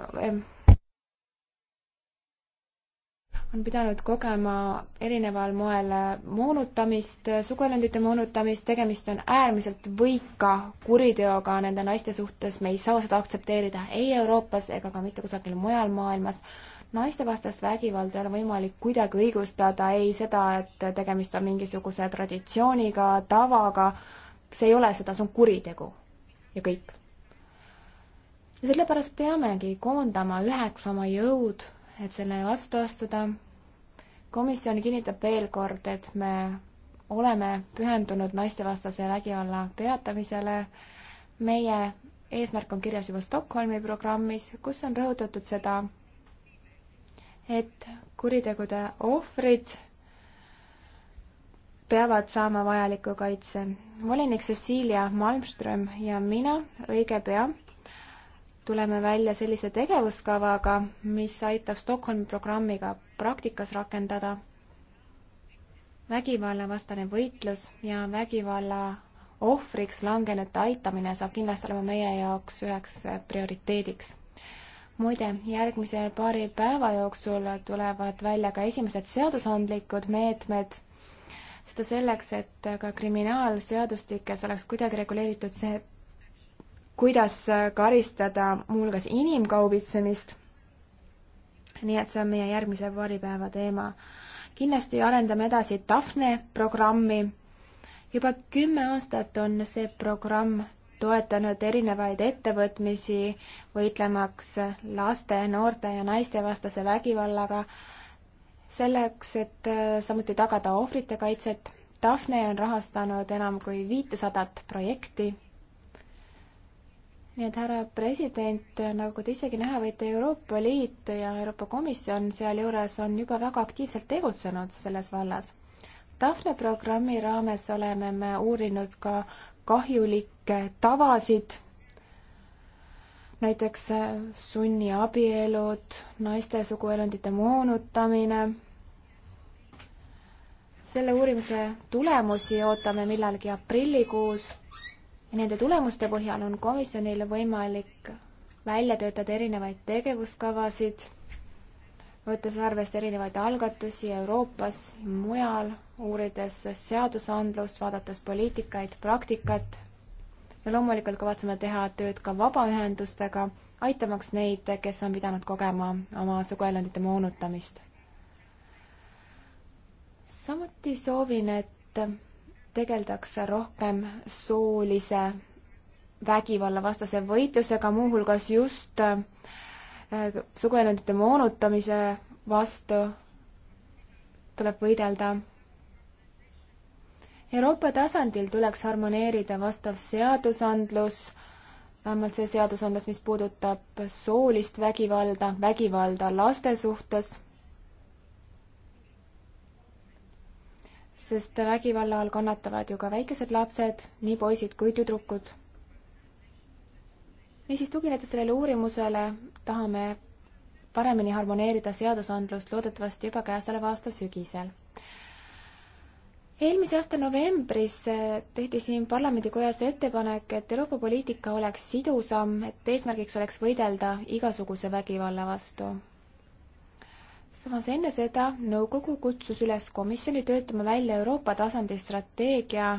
on pidanud kogema erineval moel moonutamist, suguelundite moonutamist, tegemist on äärmiselt võika kuriteoga nende naiste suhtes, me ei saa seda aktsepteerida ei Euroopas ega ka mitte kusagil mujal maailmas. naistevastast vägivalda ei ole võimalik kuidagi õigustada, ei seda, et tegemist on mingisuguse traditsiooniga, tavaga, see ei ole seda, see on kuritegu ja kõik. ja sellepärast peamegi koondama üheks oma jõud et selle vastu astuda. komisjon kinnitab veel kord, et me oleme pühendunud naistevastase vägivalla peatamisele. meie eesmärk on kirjas juba Stockholmi programmis, kus on rõhutatud seda, et kuritegude ohvrid peavad saama vajaliku kaitse. volinik Cecilia Malmström ja mina õige pea tuleme välja sellise tegevuskavaga, mis aitab Stockholmi programmiga praktikas rakendada vägivallavastane võitlus ja vägivalla ohvriks langenute aitamine saab kindlasti olema meie jaoks üheks prioriteediks. muide, järgmise paari päeva jooksul tulevad välja ka esimesed seadusandlikud meetmed, seda selleks, et ka kriminaalseadustikes oleks kuidagi reguleeritud see kuidas karistada muuhulgas inimkaubitsemist. nii et see on meie järgmise paaripäeva teema. kindlasti arendame edasi Daphne programmi. juba kümme aastat on see programm toetanud erinevaid ettevõtmisi, võitlemaks laste, noorte ja naistevastase vägivallaga, selleks, et äh, samuti tagada ohvrite kaitset. Daphne on rahastanud enam kui viitesadat projekti nii et härra president, nagu te isegi näha võite, Euroopa Liit ja Euroopa Komisjon sealjuures on juba väga aktiivselt tegutsenud selles vallas. Daphne programmi raames oleme me uurinud ka kahjulikke tavasid, näiteks äh, sunniabielud, naiste suguelundite moonutamine. selle uurimise tulemusi ootame millalgi aprillikuus ja nende tulemuste põhjal on komisjonil võimalik välja töötada erinevaid tegevuskavasid, võttes arvesse erinevaid algatusi Euroopas, mujal, uurides seadusandlust, vaadates poliitikaid, praktikat ja loomulikult kavatseme teha tööd ka vabaühendustega, aitamaks neid, kes on pidanud kogema oma suguelundite moonutamist. samuti soovin, et tegeldakse rohkem soolise vägivallavastase võitlusega, muuhulgas just äh, suguelundite moonutamise vastu tuleb võidelda. Euroopa tasandil tuleks harmoneerida vastav seadusandlus, vähemalt see seadusandlus, mis puudutab soolist vägivalda, vägivalda laste suhtes sest vägivalla all kannatavad ju ka väikesed lapsed, nii poisid kui tüdrukud. niisiis, tuginedes sellele uurimusele, tahame paremini harmoneerida seadusandlust loodetavasti juba käesoleva aasta sügisel. eelmise aasta novembris tehti siin parlamendikojas ettepanek, et Euroopa poliitika oleks sidusam, et eesmärgiks oleks võidelda igasuguse vägivalla vastu samas enne seda nõukogu kutsus üles komisjoni töötama välja Euroopa tasandi strateegia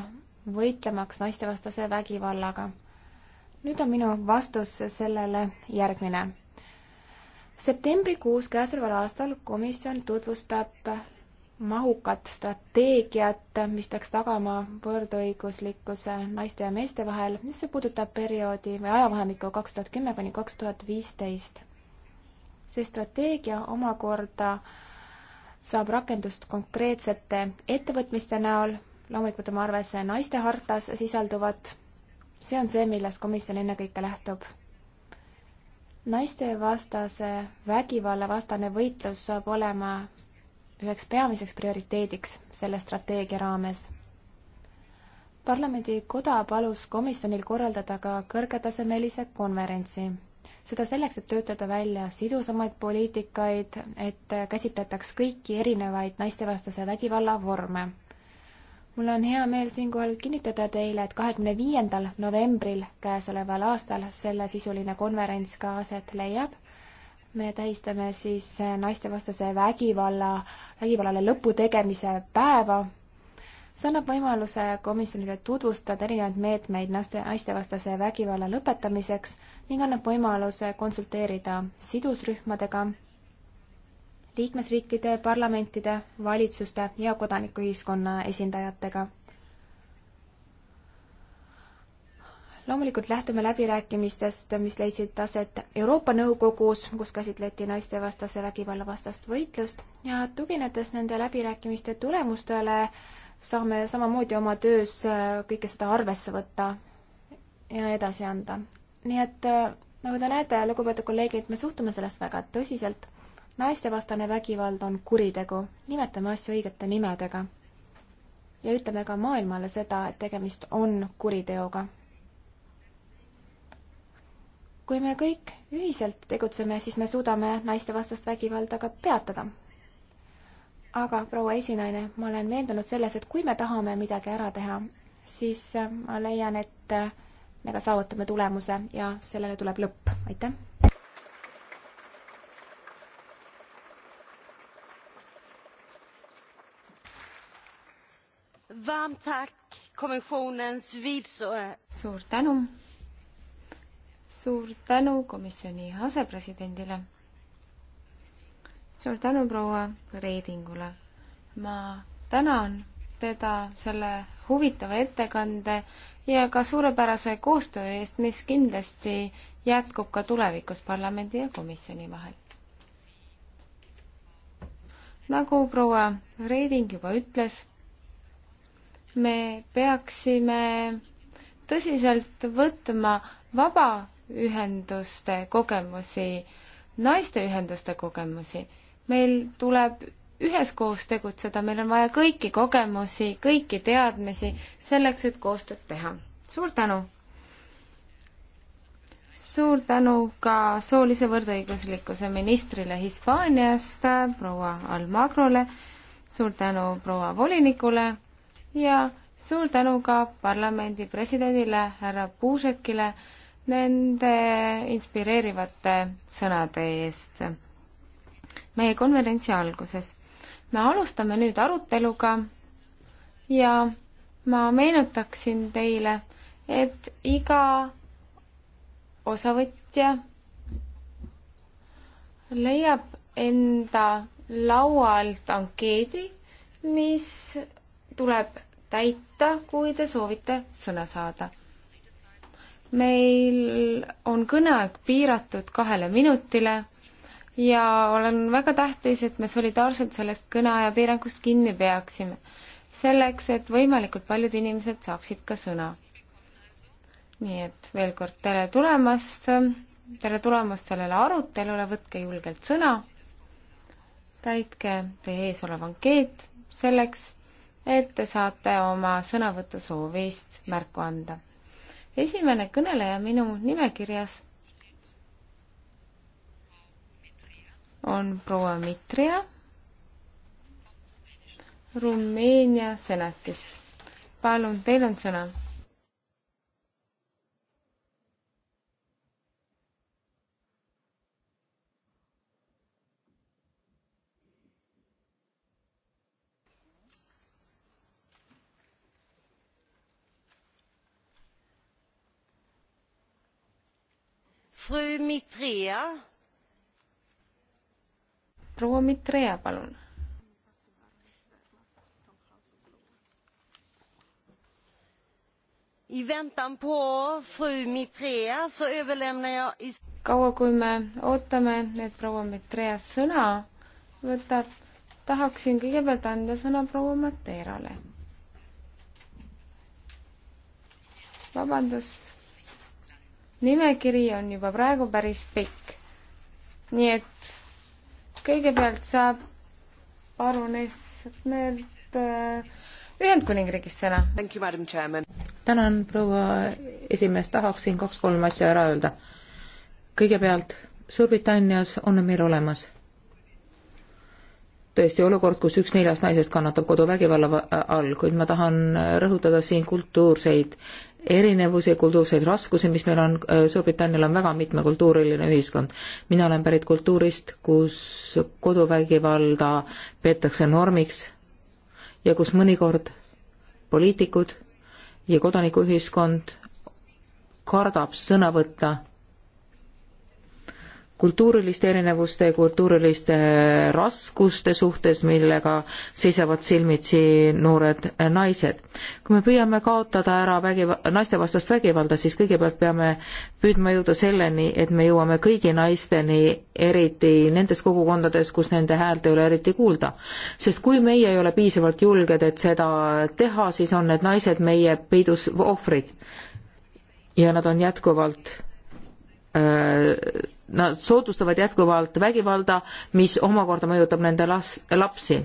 võitlemaks naistevastase vägivallaga. nüüd on minu vastus sellele järgmine. septembrikuus käesoleval aastal komisjon tutvustab mahukat strateegiat, mis peaks tagama võrdõiguslikkuse naiste ja meeste vahel, mis puudutab perioodi või ajavahemikku kaks tuhat kümme kuni kaks tuhat viisteist see strateegia omakorda saab rakendust konkreetsete ettevõtmiste näol, loomulikult on arves naiste hartas sisalduvat, see on see, milles komisjon ennekõike lähtub. naistevastase vägivalla vastane võitlus saab olema üheks peamiseks prioriteediks selle strateegia raames parlamendi koda palus komisjonil korraldada ka kõrgetasemelise konverentsi seda selleks, et töötada välja sidusamaid poliitikaid, et käsitletaks kõiki erinevaid naistevastase vägivalla vorme. mul on hea meel siinkohal kinnitada teile, et kahekümne viiendal novembril käesoleval aastal sellesisuline konverents ka aset leiab me tähistame siis naistevastase vägivalla, vägivallale lõpu tegemise päeva. see annab võimaluse komisjonile tutvustada erinevaid meetmeid naiste, naistevastase vägivalla lõpetamiseks ning annab võimaluse konsulteerida sidusrühmadega, liikmesriikide parlamentide, valitsuste ja kodanikuühiskonna esindajatega. loomulikult lähtume läbirääkimistest, mis leidsid aset Euroopa Nõukogus, kus käsitleti naistevastase vägivalla vastast võitlust ja tuginedes nende läbirääkimiste tulemustele, saame samamoodi oma töös äh, kõike seda arvesse võtta ja edasi anda nii et äh, nagu te näete, lugupeetud kolleegid, me suhtume sellesse väga tõsiselt. naistevastane vägivald on kuritegu, nimetame asju õigete nimedega. ja ütleme ka maailmale seda, et tegemist on kuriteoga. kui me kõik ühiselt tegutseme, siis me suudame naistevastast vägivalda ka peatada. aga proua esinaine, ma olen veendunud selles, et kui me tahame midagi ära teha, siis äh, ma leian, et äh, me ka saavutame tulemuse ja sellele tuleb lõpp, aitäh! suur tänu, suur tänu komisjoni asepresidendile, suur tänu proua Reedingule, ma tänan teda selle huvitava ettekande ja ka suurepärase koostöö eest, mis kindlasti jätkub ka tulevikus parlamendi ja komisjoni vahel. nagu proua Reiding juba ütles, me peaksime tõsiselt võtma vabaühenduste kogemusi, naisteühenduste kogemusi. meil tuleb üheskoos tegutseda, meil on vaja kõiki kogemusi, kõiki teadmisi selleks, et koostööd teha. suur tänu! suur tänu ka soolise võrdõiguslikkuse ministrile Hispaaniast, proua Almagrole, suur tänu proua volinikule ja suur tänu ka parlamendi presidendile härra Puusekile nende inspireerivate sõnade eest meie konverentsi alguses me alustame nüüd aruteluga ja ma meenutaksin teile, et iga osavõtja leiab enda laualt ankeedi, mis tuleb täita, kui te soovite sõna saada. meil on kõneaeg piiratud kahele minutile ja olen väga tähtis, et me solidaarselt sellest kõneaja piirangust kinni peaksime. selleks, et võimalikult paljud inimesed saaksid ka sõna. nii et veel kord tere tulemast, tere tulemast sellele arutelule, võtke julgelt sõna, täitke teie ees olev ankeet selleks, et te saate oma sõnavõtusoovist märku anda. esimene kõneleja minu nimekirjas on proua Mitria Rumeenia senatist. palun, teil on sõna. Fru Mitrea proua Mitrea, palun. kaua kui me ootame, et proua Mitrea sõna võtab, tahaksin kõigepealt anda sõna proua Mateerale. vabandust, nimekiri on juba praegu päris pikk, nii et kõigepealt saab paruness Nerd äh, Ühendkuningriigist sõna. tänan, proua esimees, tahaksin kaks-kolm asja ära öelda. kõigepealt, Suurbritannias on meil olemas tõesti olukord, kus üks neljast naisest kannatab koduvägivalla all, kuid ma tahan rõhutada siin kultuurseid erinevusi ja kultuurseid raskusi, mis meil on, äh, Suurbritannial on väga mitmekultuuriline ühiskond. mina olen pärit kultuurist, kus koduvägivalda peetakse normiks ja kus mõnikord poliitikud ja kodanikuühiskond kardab sõna võtta kultuuriliste erinevuste ja kultuuriliste raskuste suhtes, millega seisavad silmitsi noored naised. kui me püüame kaotada ära vägiva-, naistevastast vägivalda, siis kõigepealt peame püüdma jõuda selleni, et me jõuame kõigi naisteni, eriti nendes kogukondades, kus nende häält ei ole eriti kuulda. sest kui meie ei ole piisavalt julged, et seda teha, siis on need naised meie peidus ohvrid. ja nad on jätkuvalt Äh, nad soodustavad jätkuvalt vägivalda, mis omakorda mõjutab nende las-, lapsi.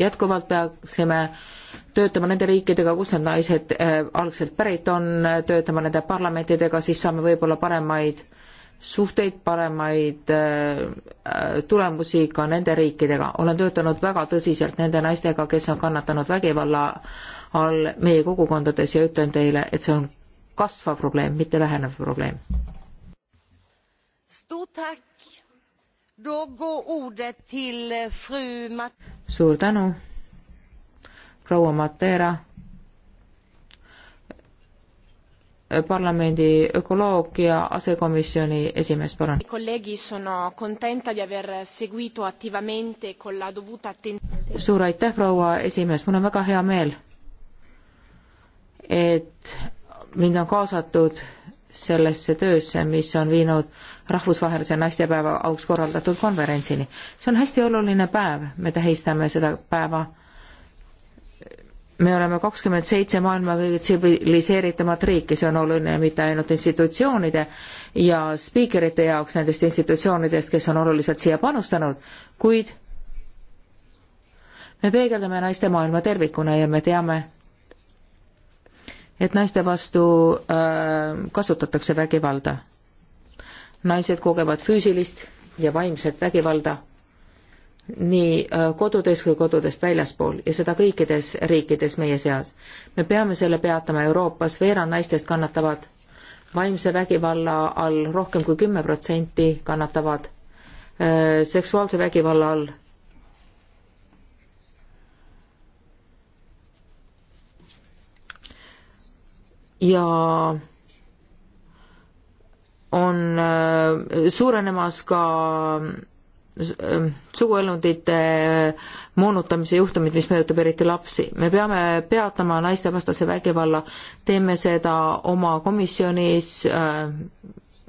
jätkuvalt peaksime töötama nende riikidega, kust need naised äh, algselt pärit on, töötama nende parlamentidega, siis saame võib-olla paremaid suhteid, paremaid äh, tulemusi ka nende riikidega. olen töötanud väga tõsiselt nende naistega, kes on kannatanud vägivalla all meie kogukondades ja ütlen teile, et see on kasvav probleem, mitte vähenev probleem Eh, suur tänu, proua Matera parlamendi ökoloogia asekomisjoni esimees, palun. suur aitäh, proua esimees, mul on väga hea meel, et mind on kaasatud sellesse töösse, mis on viinud rahvusvahelise naistepäeva auks korraldatud konverentsini. see on hästi oluline päev, me tähistame seda päeva. me oleme kakskümmend seitse maailma kõige tsiviliseeritumat riiki, see on oluline mitte ainult institutsioonide ja spiikerite jaoks nendest institutsioonidest, kes on oluliselt siia panustanud, kuid me peegeldame naiste maailma tervikuna ja me teame, et naiste vastu äh, kasutatakse vägivalda. naised kogevad füüsilist ja vaimset vägivalda nii äh, kodudes kui kodudest väljaspool ja seda kõikides riikides meie seas. me peame selle peatama Euroopas, veerand naistest kannatavad vaimse vägivalla all rohkem kui kümme protsenti kannatavad äh, seksuaalse vägivalla all ja on äh, suurenemas ka äh, suguelundite moonutamise juhtumid, mis mõjutab eriti lapsi. me peame peatama naistevastase vägivalla, teeme seda oma komisjonis, äh,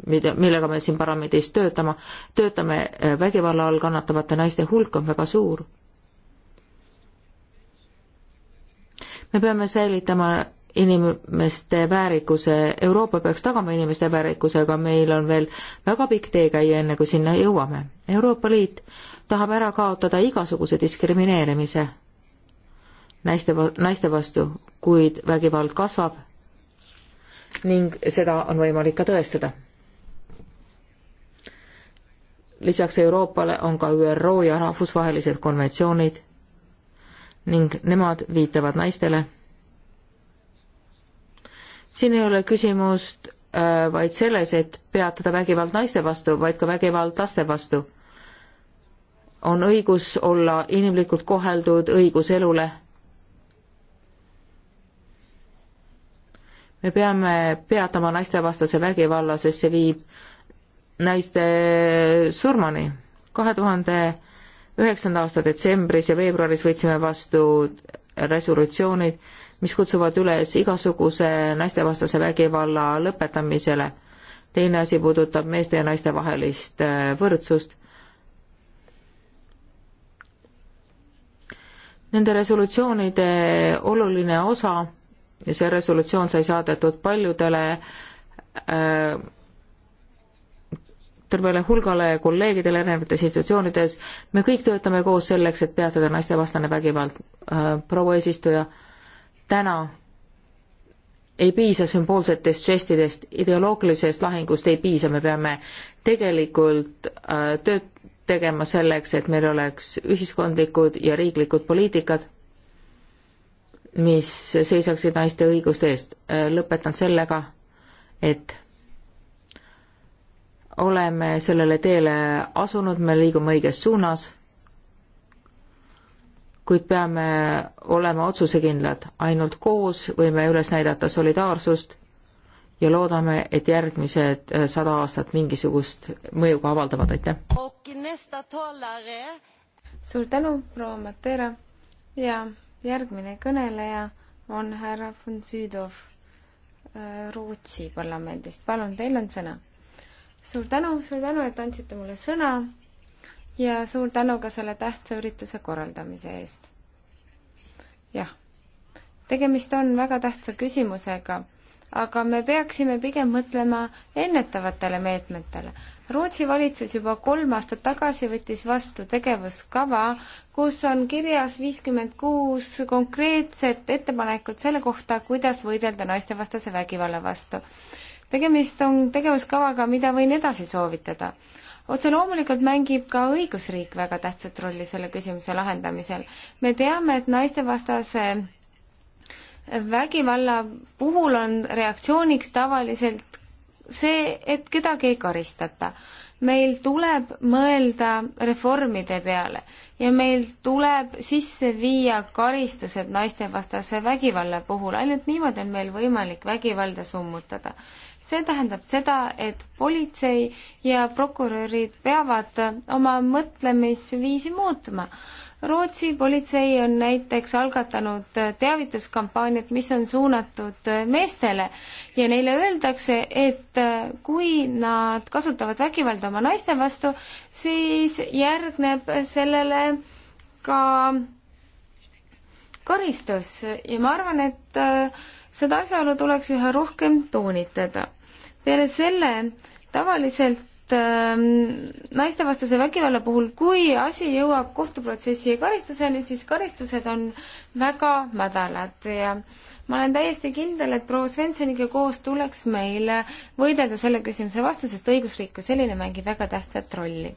mida, millega me siin parlamendis töötama, töötame, vägivalla all kannatavate naiste hulk on väga suur. me peame säilitama inimeste väärikuse, Euroopa peaks tagama inimeste väärikuse, aga meil on veel väga pikk tee käia, enne kui sinna jõuame. Euroopa Liit tahab ära kaotada igasuguse diskrimineerimise naiste, naiste vastu, kuid vägivald kasvab ning seda on võimalik ka tõestada. lisaks Euroopale on ka ÜRO ja rahvusvahelised konventsioonid ning nemad viitavad naistele siin ei ole küsimust äh, vaid selles, et peatada vägivald naiste vastu, vaid ka vägivald laste vastu. on õigus olla inimlikult koheldud, õigus elule. me peame peatama naistevastase vägivalla, sest see viib naiste surmani. kahe tuhande üheksanda aasta detsembris ja veebruaris võtsime vastu resolutsioonid, mis kutsuvad üles igasuguse naistevastase vägivalla lõpetamisele. teine asi puudutab meeste ja naiste vahelist äh, võrdsust. Nende resolutsioonide oluline osa ja see resolutsioon sai saadetud paljudele äh, tervele hulgale kolleegidele erinevates institutsioonides, me kõik töötame koos selleks, et peatada naistevastane vägivald äh,. proua eesistuja äh,, täna ei piisa sümboolsetest žestidest, ideoloogilisest lahingust ei piisa, me peame tegelikult äh, tööd tegema selleks, et meil oleks ühiskondlikud ja riiklikud poliitikad, mis seisaksid naiste õiguste eest. Äh, lõpetan sellega, et oleme sellele teele asunud, me liigume õiges suunas kuid peame olema otsusekindlad, ainult koos võime üles näidata solidaarsust ja loodame, et järgmised äh, sada aastat mingisugust mõju ka avaldavad, aitäh! suur tänu, proua Matera ja järgmine kõneleja on härra Fonsüüdov äh, Rootsi parlamendist, palun, teil on sõna. suur tänu, suur tänu, et andsite mulle sõna ja suur tänu ka selle tähtsa ürituse korraldamise eest. jah, tegemist on väga tähtsa küsimusega, aga me peaksime pigem mõtlema ennetavatele meetmetele. Rootsi valitsus juba kolm aastat tagasi võttis vastu tegevuskava, kus on kirjas viiskümmend kuus konkreetset ettepanekut selle kohta, kuidas võidelda naistevastase vägivalla vastu. tegemist on tegevuskavaga, mida võin edasi soovitada otse loomulikult mängib ka õigusriik väga tähtsat rolli selle küsimuse lahendamisel. me teame, et naistevastase vägivalla puhul on reaktsiooniks tavaliselt see, et kedagi ei karistata. meil tuleb mõelda reformide peale ja meil tuleb sisse viia karistused naistevastase vägivalla puhul, ainult niimoodi on meil võimalik vägivalda summutada see tähendab seda, et politsei ja prokurörid peavad oma mõtlemisviisi muutma. Rootsi politsei on näiteks algatanud teavituskampaaniat, mis on suunatud meestele ja neile öeldakse, et kui nad kasutavad vägivalda oma naiste vastu, siis järgneb sellele ka karistus ja ma arvan, et äh, seda asjaolu tuleks üha rohkem toonitada. peale selle tavaliselt ähm, naistevastase vägivalla puhul, kui asi jõuab kohtuprotsessi ja karistuseni, siis karistused on väga madalad ja ma olen täiesti kindel, et proua Svensoniga koos tuleks meil võidelda selle küsimuse vastu, sest õigusriik kui selline mängib väga tähtsat rolli.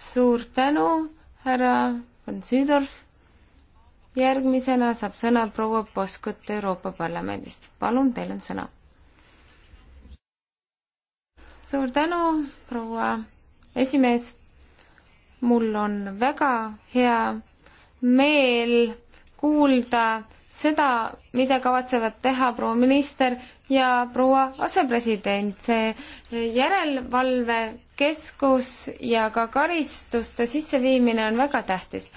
suur tänu, härra von Südorf järgmisena saab sõna proua Poskut Euroopa Parlamendist. palun, teil on sõna. suur tänu, proua esimees. mul on väga hea meel kuulda seda, mida kavatsevad teha proua minister ja proua asepresident, see järelevalvekeskus ja ka karistuste sisseviimine on väga tähtis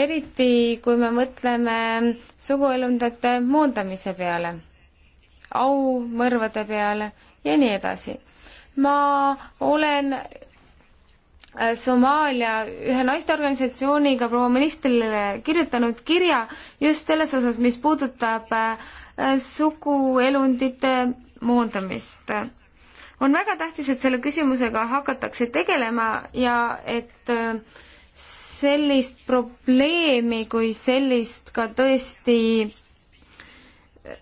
eriti kui me mõtleme suguelundite moondamise peale, aumõrvade peale ja nii edasi. ma olen äh, Somaalia ühe naisteorganisatsiooniga proua ministrile kirjutanud kirja just selles osas, mis puudutab äh, suguelundite moondamist. on väga tähtis, et selle küsimusega hakatakse tegelema ja et äh, sellist probleemi kui sellist ka tõesti äh,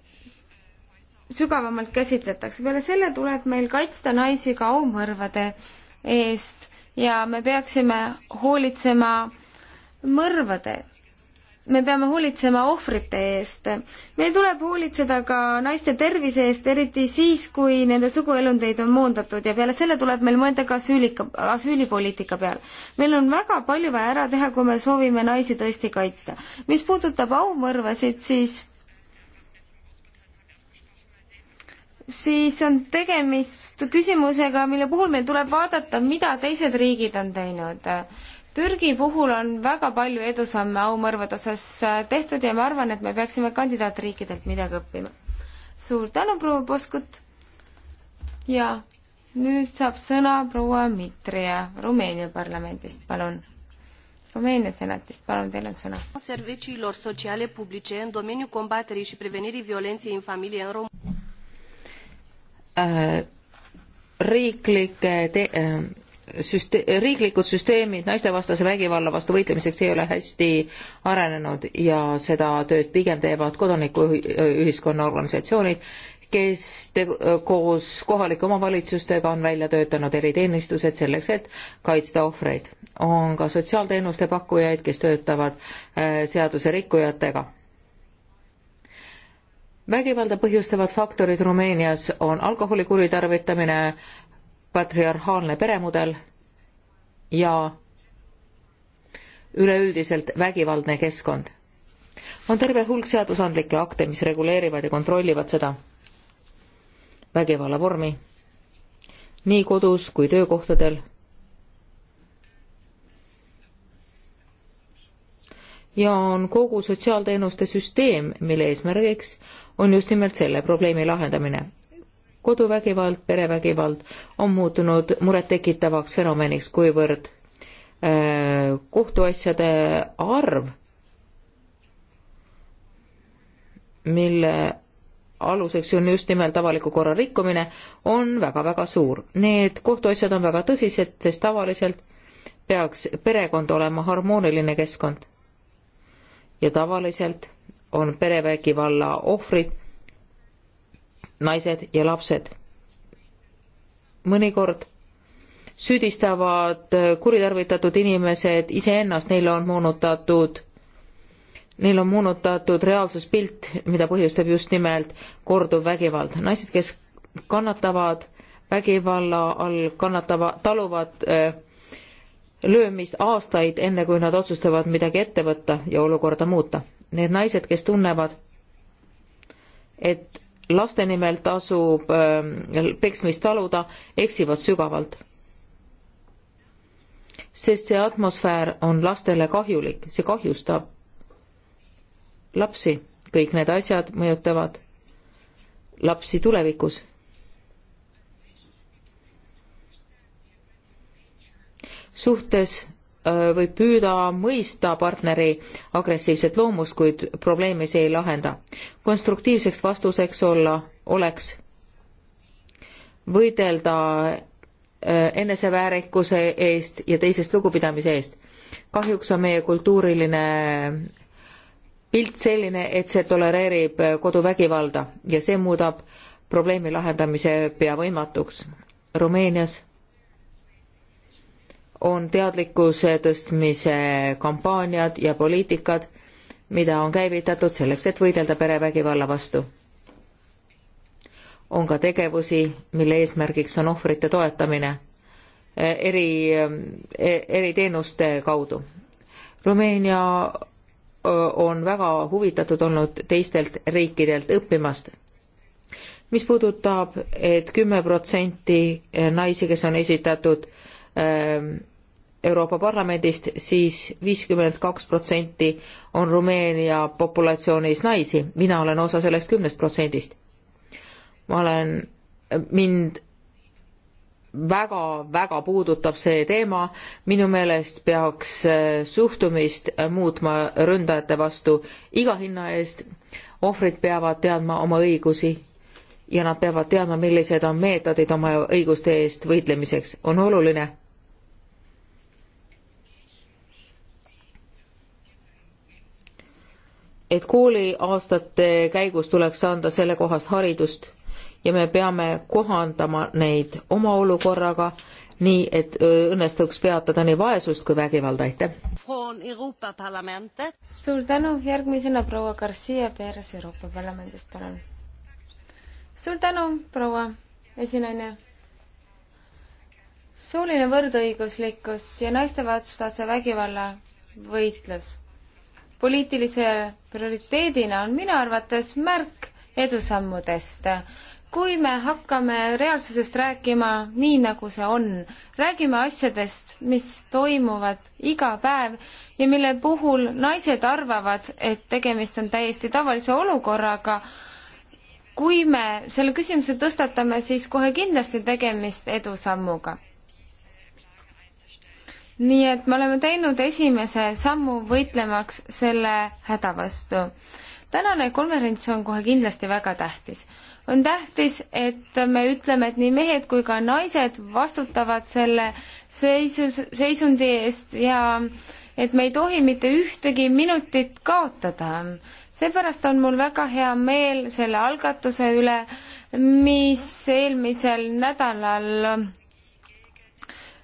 sügavamalt käsitletakse. peale selle tuleb meil kaitsta naisi ka aumõrvade eest ja me peaksime hoolitsema mõrvade me peame hoolitsema ohvrite eest. meil tuleb hoolitseda ka naiste tervise eest, eriti siis, kui nende suguelundeid on moondatud ja peale selle tuleb meil mõelda ka asüülika, asüülipoliitika peal. meil on väga palju vaja ära teha, kui me soovime naisi tõesti kaitsta. mis puudutab aumõrvasid, siis siis on tegemist küsimusega, mille puhul meil tuleb vaadata, mida teised riigid on teinud Türgi puhul on väga palju edusamme aumõrvade osas äh, tehtud ja ma arvan, et me peaksime kandidaatriikidelt midagi õppima. suur tänu, proua Poskut ja nüüd saab sõna proua Mitrija Rumeenia parlamendist, palun. Rumeenia senatist, palun, teil on sõna. serviciilor sociale publice în domeniul combaterii și prevenirii violenței în familie în România äh,. riiklike te- äh,, süste-, riiklikud süsteemid naistevastase vägivalla vastu võitlemiseks ei ole hästi arenenud ja seda tööd pigem teevad kodanikuühiskonna organisatsioonid, kes te-, koos kohalike omavalitsustega on välja töötanud eriteenistused selleks, et kaitsta ohvreid. on ka sotsiaalteenuste pakkujaid, kes töötavad äh, seaduserikkujatega vägivalda põhjustavad faktorid Rumeenias on alkoholi kuritarvitamine, patriarhaalne peremudel ja üleüldiselt vägivaldne keskkond. on terve hulk seadusandlikke akte, mis reguleerivad ja kontrollivad seda vägivalla vormi nii kodus kui töökohtadel. ja on kogu sotsiaalteenuste süsteem, mille eesmärgiks on just nimelt selle probleemi lahendamine koduvägivald, perevägivald on muutunud murettekitavaks fenomeniks, kuivõrd äh, kohtuasjade arv, mille aluseks on just nimelt avaliku korra rikkumine, on väga-väga suur. Need kohtuasjad on väga tõsised, sest tavaliselt peaks perekond olema harmooniline keskkond. ja tavaliselt on perevägivalla ohvrid naised ja lapsed. mõnikord süüdistavad kuritarvitatud inimesed iseennast, neile on moonutatud, neil on moonutatud reaalsuspilt, mida põhjustab just nimelt korduv vägivald. naised, kes kannatavad vägivalla all, kannatava, taluvad äh, löömist aastaid, enne kui nad otsustavad midagi ette võtta ja olukorda muuta. Need naised, kes tunnevad, et laste nimel tasub ähm, peksmist taluda, eksivad sügavalt. sest see atmosfäär on lastele kahjulik, see kahjustab lapsi, kõik need asjad mõjutavad lapsi tulevikus. suhtes Äh, või püüda mõista partneri agressiivset loomust, kuid probleemi see ei lahenda. konstruktiivseks vastuseks olla, oleks võidelda äh, eneseväärikuse eest ja teisest lugupidamise eest. kahjuks on meie kultuuriline pilt selline, et see tolereerib äh, koduvägivalda ja see muudab probleemi lahendamise pea võimatuks. Rumeenias on teadlikkuse tõstmise kampaaniad ja poliitikad, mida on käivitatud selleks, et võidelda perevägivalla vastu. on ka tegevusi, mille eesmärgiks on ohvrite toetamine eh, eri, eh, eriteenuste kaudu. Rumeenia eh, on väga huvitatud olnud teistelt riikidelt õppimast mis puudutab et, et kümme protsenti naisi, kes on esitatud ähm, Euroopa Parlamendist, siis viiskümmend kaks protsenti on Rumeenia populatsioonis naisi, mina olen osa sellest kümnest protsendist. ma olen, mind väga-väga puudutab see teema, minu meelest peaks äh, suhtumist muutma ründajate vastu iga hinna eest, ohvrid peavad teadma oma õigusi ja nad peavad teadma, millised on meetodid oma õiguste eest võitlemiseks, on oluline et kooliaastate käigus tuleks anda sellekohast haridust ja me peame kohandama neid oma olukorraga, nii et õnnestuks peatada nii vaesust kui vägivalda, aitäh! suur tänu, järgmisena proua Garcia Perez Euroopa Parlamendist, palun! suur tänu, proua esinaine! sooline võrdõiguslikkus ja naistevastase vägivalla võitlus poliitilise prioriteedina on minu arvates märk edusammudest. kui me hakkame reaalsusest rääkima nii, nagu see on, räägime asjadest, mis toimuvad iga päev ja mille puhul naised arvavad, et tegemist on täiesti tavalise olukorraga, kui me selle küsimuse tõstatame, siis kohe kindlasti tegemist edusammuga nii et me oleme teinud esimese sammu võitlemaks selle häda vastu. tänane konverents on kohe kindlasti väga tähtis. on tähtis, et me ütleme, et nii mehed kui ka naised vastutavad selle seisus, seisundi eest ja et me ei tohi mitte ühtegi minutit kaotada. seepärast on mul väga hea meel selle algatuse üle, mis eelmisel nädalal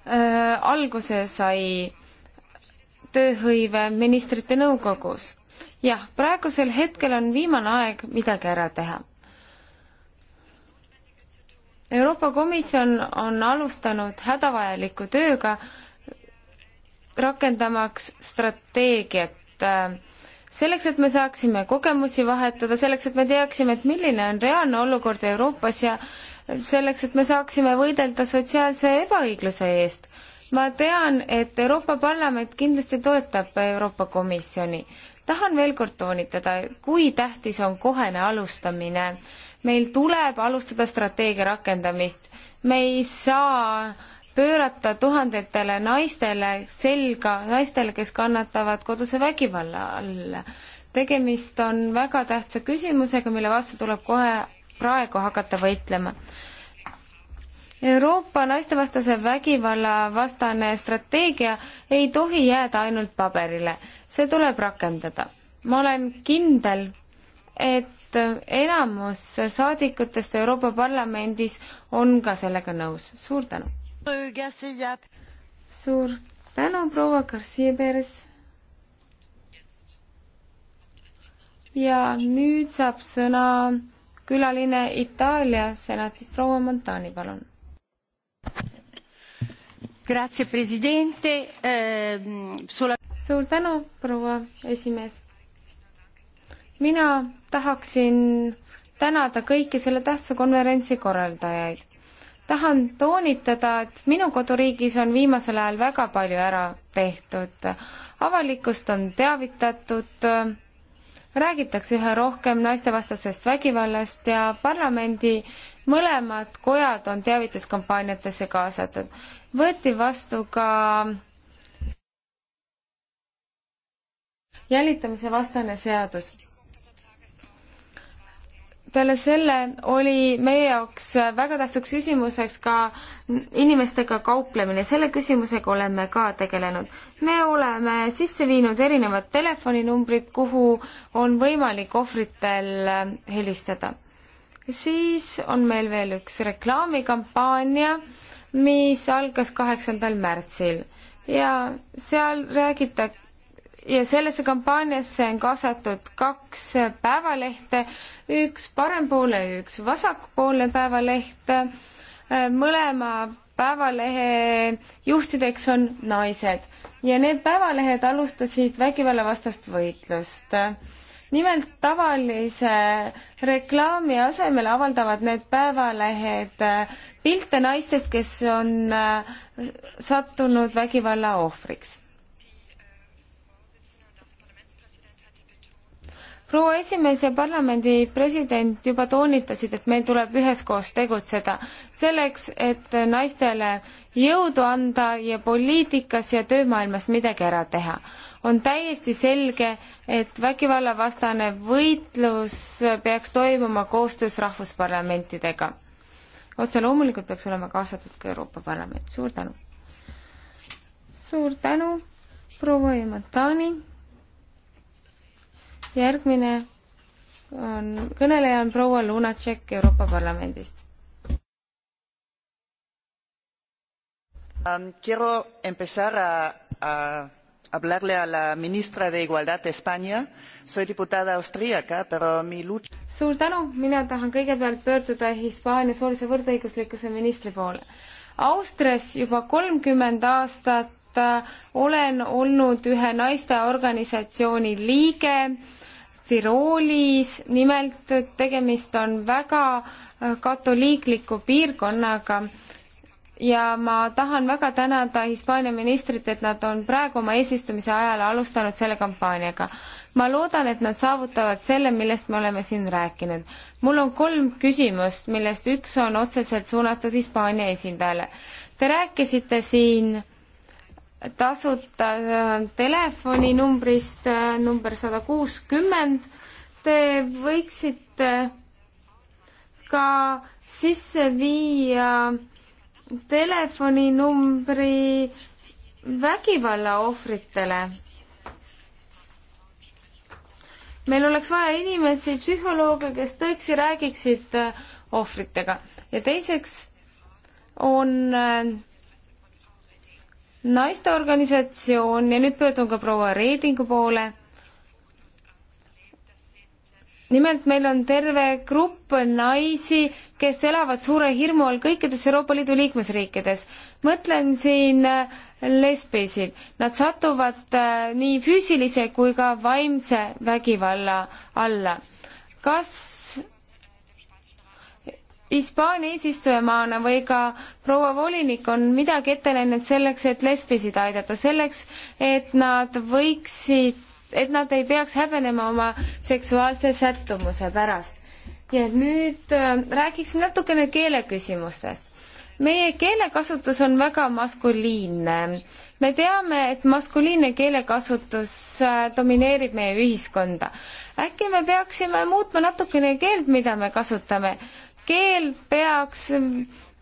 alguse sai tööhõive ministrite nõukogus. jah, praegusel hetkel on viimane aeg midagi ära teha. Euroopa Komisjon on alustanud hädavajaliku tööga, rakendamaks strateegiat äh, selleks, et me saaksime kogemusi vahetada, selleks, et me teaksime, et milline on reaalne olukord Euroopas ja selleks, et me saaksime võidelda sotsiaalse ebaõigluse eest. ma tean, et Euroopa Parlament kindlasti toetab Euroopa Komisjoni. tahan veel kord toonitada, kui tähtis on kohene alustamine. meil tuleb alustada strateegia rakendamist. me ei saa pöörata tuhandetele naistele selga, naistele, kes kannatavad koduse vägivalla all. tegemist on väga tähtsa küsimusega, mille vastu tuleb kohe praegu hakata võitlema. Euroopa naistevastase vägivalla vastane strateegia ei tohi jääda ainult paberile, see tuleb rakendada. ma olen kindel, et enamus saadikutest Euroopa Parlamendis on ka sellega nõus. suur tänu! suur tänu, proua Garcia Perez! ja nüüd saab sõna külaline Itaalia senatist proua Montani, palun. Ehm, suur tänu, proua esimees. mina tahaksin tänada kõiki selle tähtsa konverentsi korraldajaid. tahan toonitada, et minu koduriigis on viimasel ajal väga palju ära tehtud. avalikkust on teavitatud räägitakse üha rohkem naistevastasest vägivallast ja parlamendi mõlemad kojad on teavituskampaaniatesse kaasatud. võeti vastu ka jälitamise vastane seadus peale selle oli meie jaoks väga tähtsaks küsimuseks ka inimestega kauplemine, selle küsimusega oleme ka tegelenud. me oleme sisse viinud erinevad telefoninumbrid, kuhu on võimalik ohvritel helistada. siis on meil veel üks reklaamikampaania, mis algas kaheksandal märtsil ja seal räägitakse ja sellesse kampaaniasse on kaasatud kaks päevalehte, üks parempoolne ja üks vasakpoolne päevaleht. mõlema päevalehe juhtideks on naised ja need päevalehed alustasid vägivallavastast võitlust nimelt tavalise reklaami asemel avaldavad need päevalehed pilte naistest, kes on sattunud vägivalla ohvriks. proua esimees ja parlamendi president juba toonitasid, et meil tuleb üheskoos tegutseda selleks, et naistele jõudu anda ja poliitikas ja töömaailmas midagi ära teha. on täiesti selge, et vägivallavastane võitlus peaks toimuma koostöös rahvusparlamentidega. otse loomulikult peaks olema kaasatud ka Euroopa Parlament, suur tänu! suur tänu, proua Jemantani! järgmine on, kõneleja on proua Lunacek Euroopa Parlamendist. Quiero empezar a, a hablarle a la ministra de Igualdad de España. Soy diputada austríaca, pero mi lucha... Suur tänu! Mina tahan kõigepealt pöörduda Hispaania soolise võrdõiguslikkuse ministri poole. Austrias juba 30 aastat äh, olen olnud ühe naiste organisatsiooni liige Tiroolis, nimelt tegemist on väga äh, katoliikliku piirkonnaga ja ma tahan väga tänada Hispaania ministrit, et nad on praegu oma eesistumise ajal alustanud selle kampaaniaga. ma loodan, et nad saavutavad selle, millest me oleme siin rääkinud. mul on kolm küsimust, millest üks on otseselt suunatud Hispaania esindajale. Te rääkisite siin tasuta äh, telefoninumbrist äh, number sada kuuskümmend. Te võiksite ka sisse viia telefoninumbri vägivalla ohvritele. meil oleks vaja inimesi, psühholooge, kes tõesti räägiksid äh, ohvritega ja teiseks on naisteorganisatsioon ja nüüd pöördun ka proua Reedingu poole. nimelt meil on terve grupp naisi, kes elavad suure hirmu all kõikides Euroopa Liidu liikmesriikides. mõtlen siin äh, lesbisid, nad satuvad äh, nii füüsilise kui ka vaimse vägivalla alla. kas Hispaania eesistujamaana või ka proua volinik on midagi ette näinud selleks, et lesbisid aidata, selleks, et nad võiksid, et nad ei peaks häbenema oma seksuaalse sättumuse pärast. ja nüüd äh, räägiksin natukene keeleküsimustest. meie keelekasutus on väga maskuliinne. me teame, et maskuliinne keelekasutus äh, domineerib meie ühiskonda. äkki me peaksime muutma natukene keelt, mida me kasutame keel peaks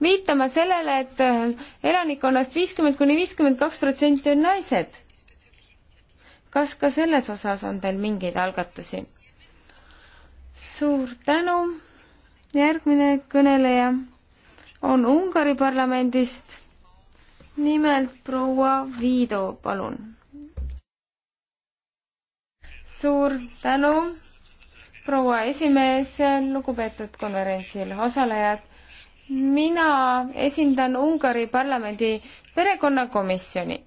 viitama sellele, et äh, elanikkonnast viiskümmend kuni viiskümmend kaks protsenti on naised. kas ka selles osas on teil mingeid algatusi? suur tänu. järgmine kõneleja on Ungari parlamendist. nimelt proua Viido, palun. suur tänu proua esimees, lugupeetud konverentsil osalejad. mina esindan Ungari parlamendi perekonnakomisjoni.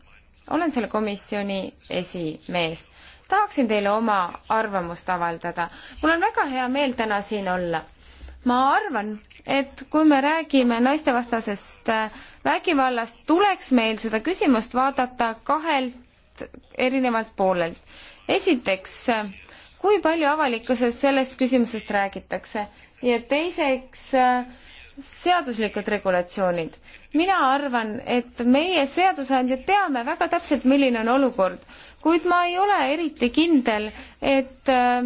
olen selle komisjoni esimees. tahaksin teile oma arvamust avaldada. mul on väga hea meel täna siin olla ma arvan, et kui me räägime naistevastasest vägivallast, tuleks meil seda küsimust vaadata kahelt erinevalt poolelt. esiteks kui palju avalikkuses sellest küsimusest räägitakse? ja teiseks, äh, seaduslikud regulatsioonid. mina arvan, et meie seadusandjad teame väga täpselt, milline on olukord, kuid ma ei ole eriti kindel, et äh,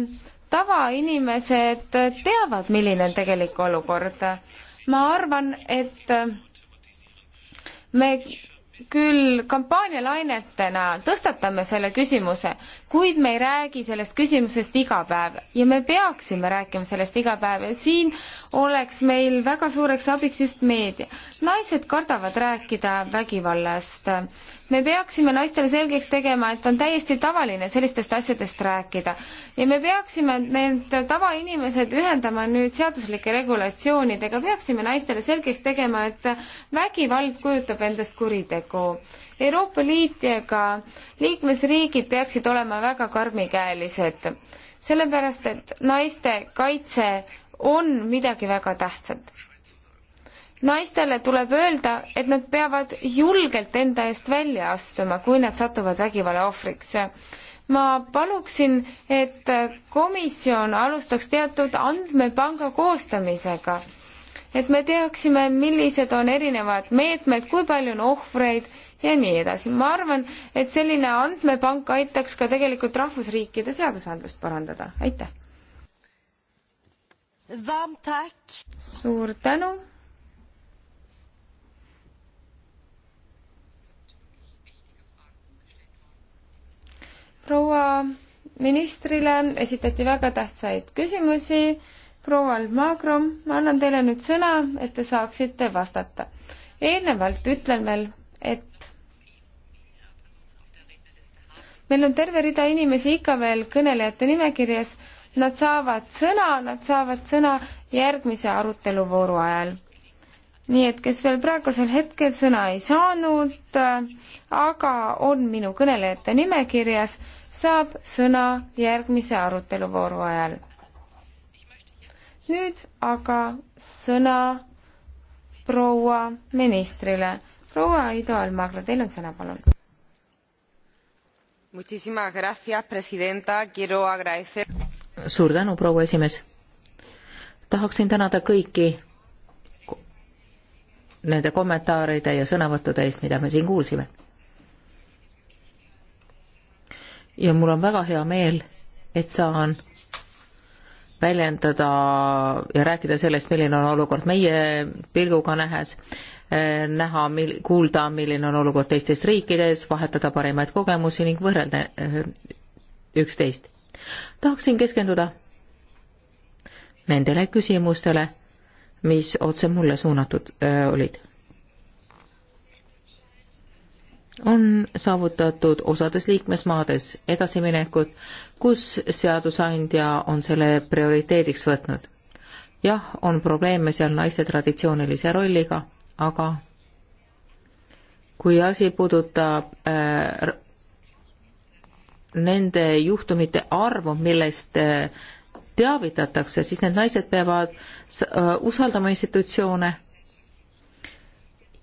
tavainimesed teavad, milline on tegelik olukord. ma arvan, et äh, me küll kampaanialainetena tõstatame selle küsimuse, kuid me ei räägi sellest küsimusest iga päev ja me peaksime rääkima sellest iga päev ja siin oleks meil väga suureks abiks just meedia. naised kardavad rääkida vägivallast, me peaksime naistele selgeks tegema, et on täiesti tavaline sellistest asjadest rääkida ja me peaksime need tavainimesed ühendama nüüd seaduslike regulatsioonidega, peaksime naistele selgeks tegema, et vägivald kujutab endast kuritegu. Euroopa Liit ja ka liikmesriigid peaksid olema väga karmikäelised, sellepärast et naiste kaitse on midagi väga tähtsat naistele tuleb öelda, et nad peavad julgelt enda eest välja astuma, kui nad satuvad vägivalla ohvriks. ma paluksin, et komisjon alustaks teatud andmepanga koostamisega, et me teaksime, millised on erinevad meetmed, kui palju on ohvreid ja nii edasi. ma arvan, et selline andmepank aitaks ka tegelikult rahvusriikide seadusandlust parandada. aitäh! suur tänu! proua ministrile, esitati väga tähtsaid küsimusi. proua Almagro, ma annan teile nüüd sõna, et te saaksite vastata. eelnevalt ütlen veel, et meil on terve rida inimesi ikka veel kõnelejate nimekirjas, nad saavad sõna, nad saavad sõna järgmise aruteluvooru ajal nii et kes veel praegusel hetkel sõna ei saanud, äh, aga on minu kõnelejate nimekirjas, saab sõna järgmise aruteluvooru ajal. nüüd aga sõna proua ministrile. proua Ido Almagro, teil on sõna, palun. suur tänu, proua esimees. tahaksin tänada kõiki nende kommentaaride ja sõnavõttude eest, mida me siin kuulsime. ja mul on väga hea meel, et saan väljendada ja rääkida sellest, milline on olukord meie pilguga nähes, eh, näha, mil-, kuulda, milline on olukord teistes riikides, vahetada parimaid kogemusi ning võrrelda eh, üksteist. tahaksin keskenduda nendele küsimustele mis otse mulle suunatud äh, olid. on saavutatud osades liikmesmaades edasiminekut, kus seadusandja on selle prioriteediks võtnud. jah, on probleeme seal naiste traditsioonilise rolliga, aga kui asi puudutab äh, nende juhtumite arvu, millest äh, teavitatakse, siis need naised peavad äh, usaldama institutsioone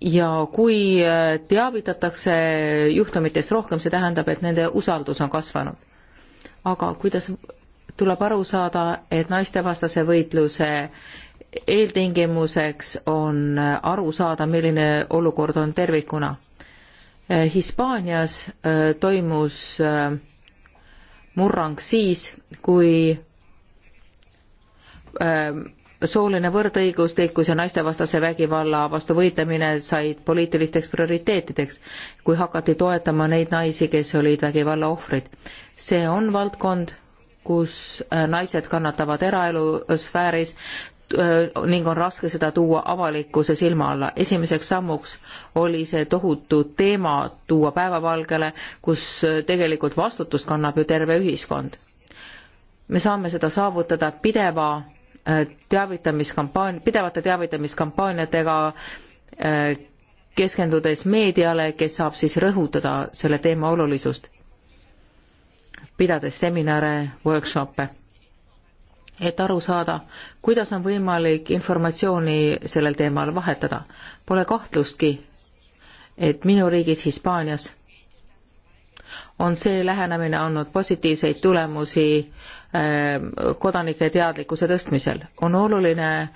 ja kui äh, teavitatakse juhtumitest rohkem, see tähendab, et nende usaldus on kasvanud. aga kuidas tuleb aru saada, et naistevastase võitluse eeltingimuseks on äh, aru saada, milline olukord on tervikuna. Hispaanias toimus murrang siis, kui Ähm, sooline võrdõiguslikkus ja naistevastase vägivalla vastu võitlemine said poliitilisteks prioriteetideks, kui hakati toetama neid naisi, kes olid vägivalla ohvrid. see on valdkond, kus äh, naised kannatavad eraelusfääris äh, ning on raske seda tuua avalikkuse silma alla. esimeseks sammuks oli see tohutu teema tuua päevavalgele, kus äh, tegelikult vastutust kannab ju terve ühiskond. me saame seda saavutada pideva Äh, teavitamiskampaania, pidevate teavitamiskampaaniatega, äh, keskendudes meediale, kes saab siis rõhutada selle teema olulisust, pidades seminare, workshop'e, et aru saada, kuidas on võimalik informatsiooni sellel teemal vahetada. Pole kahtlustki, et minu riigis Hispaanias on see lähenemine andnud positiivseid tulemusi ähm, kodanike teadlikkuse tõstmisel. on oluline äh,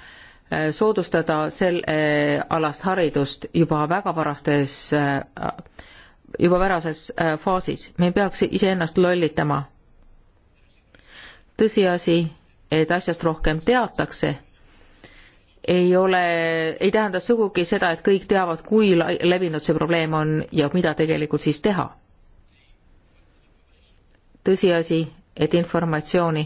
soodustada sel äh, alast haridust juba väga varastes, äh, juba värases faasis. me ei peaks iseennast lollitama. tõsiasi, et asjast rohkem teatakse ei ole, ei tähenda sugugi seda, et kõik teavad, kui levinud see probleem on ja mida tegelikult siis teha tõsiasi, et informatsiooni,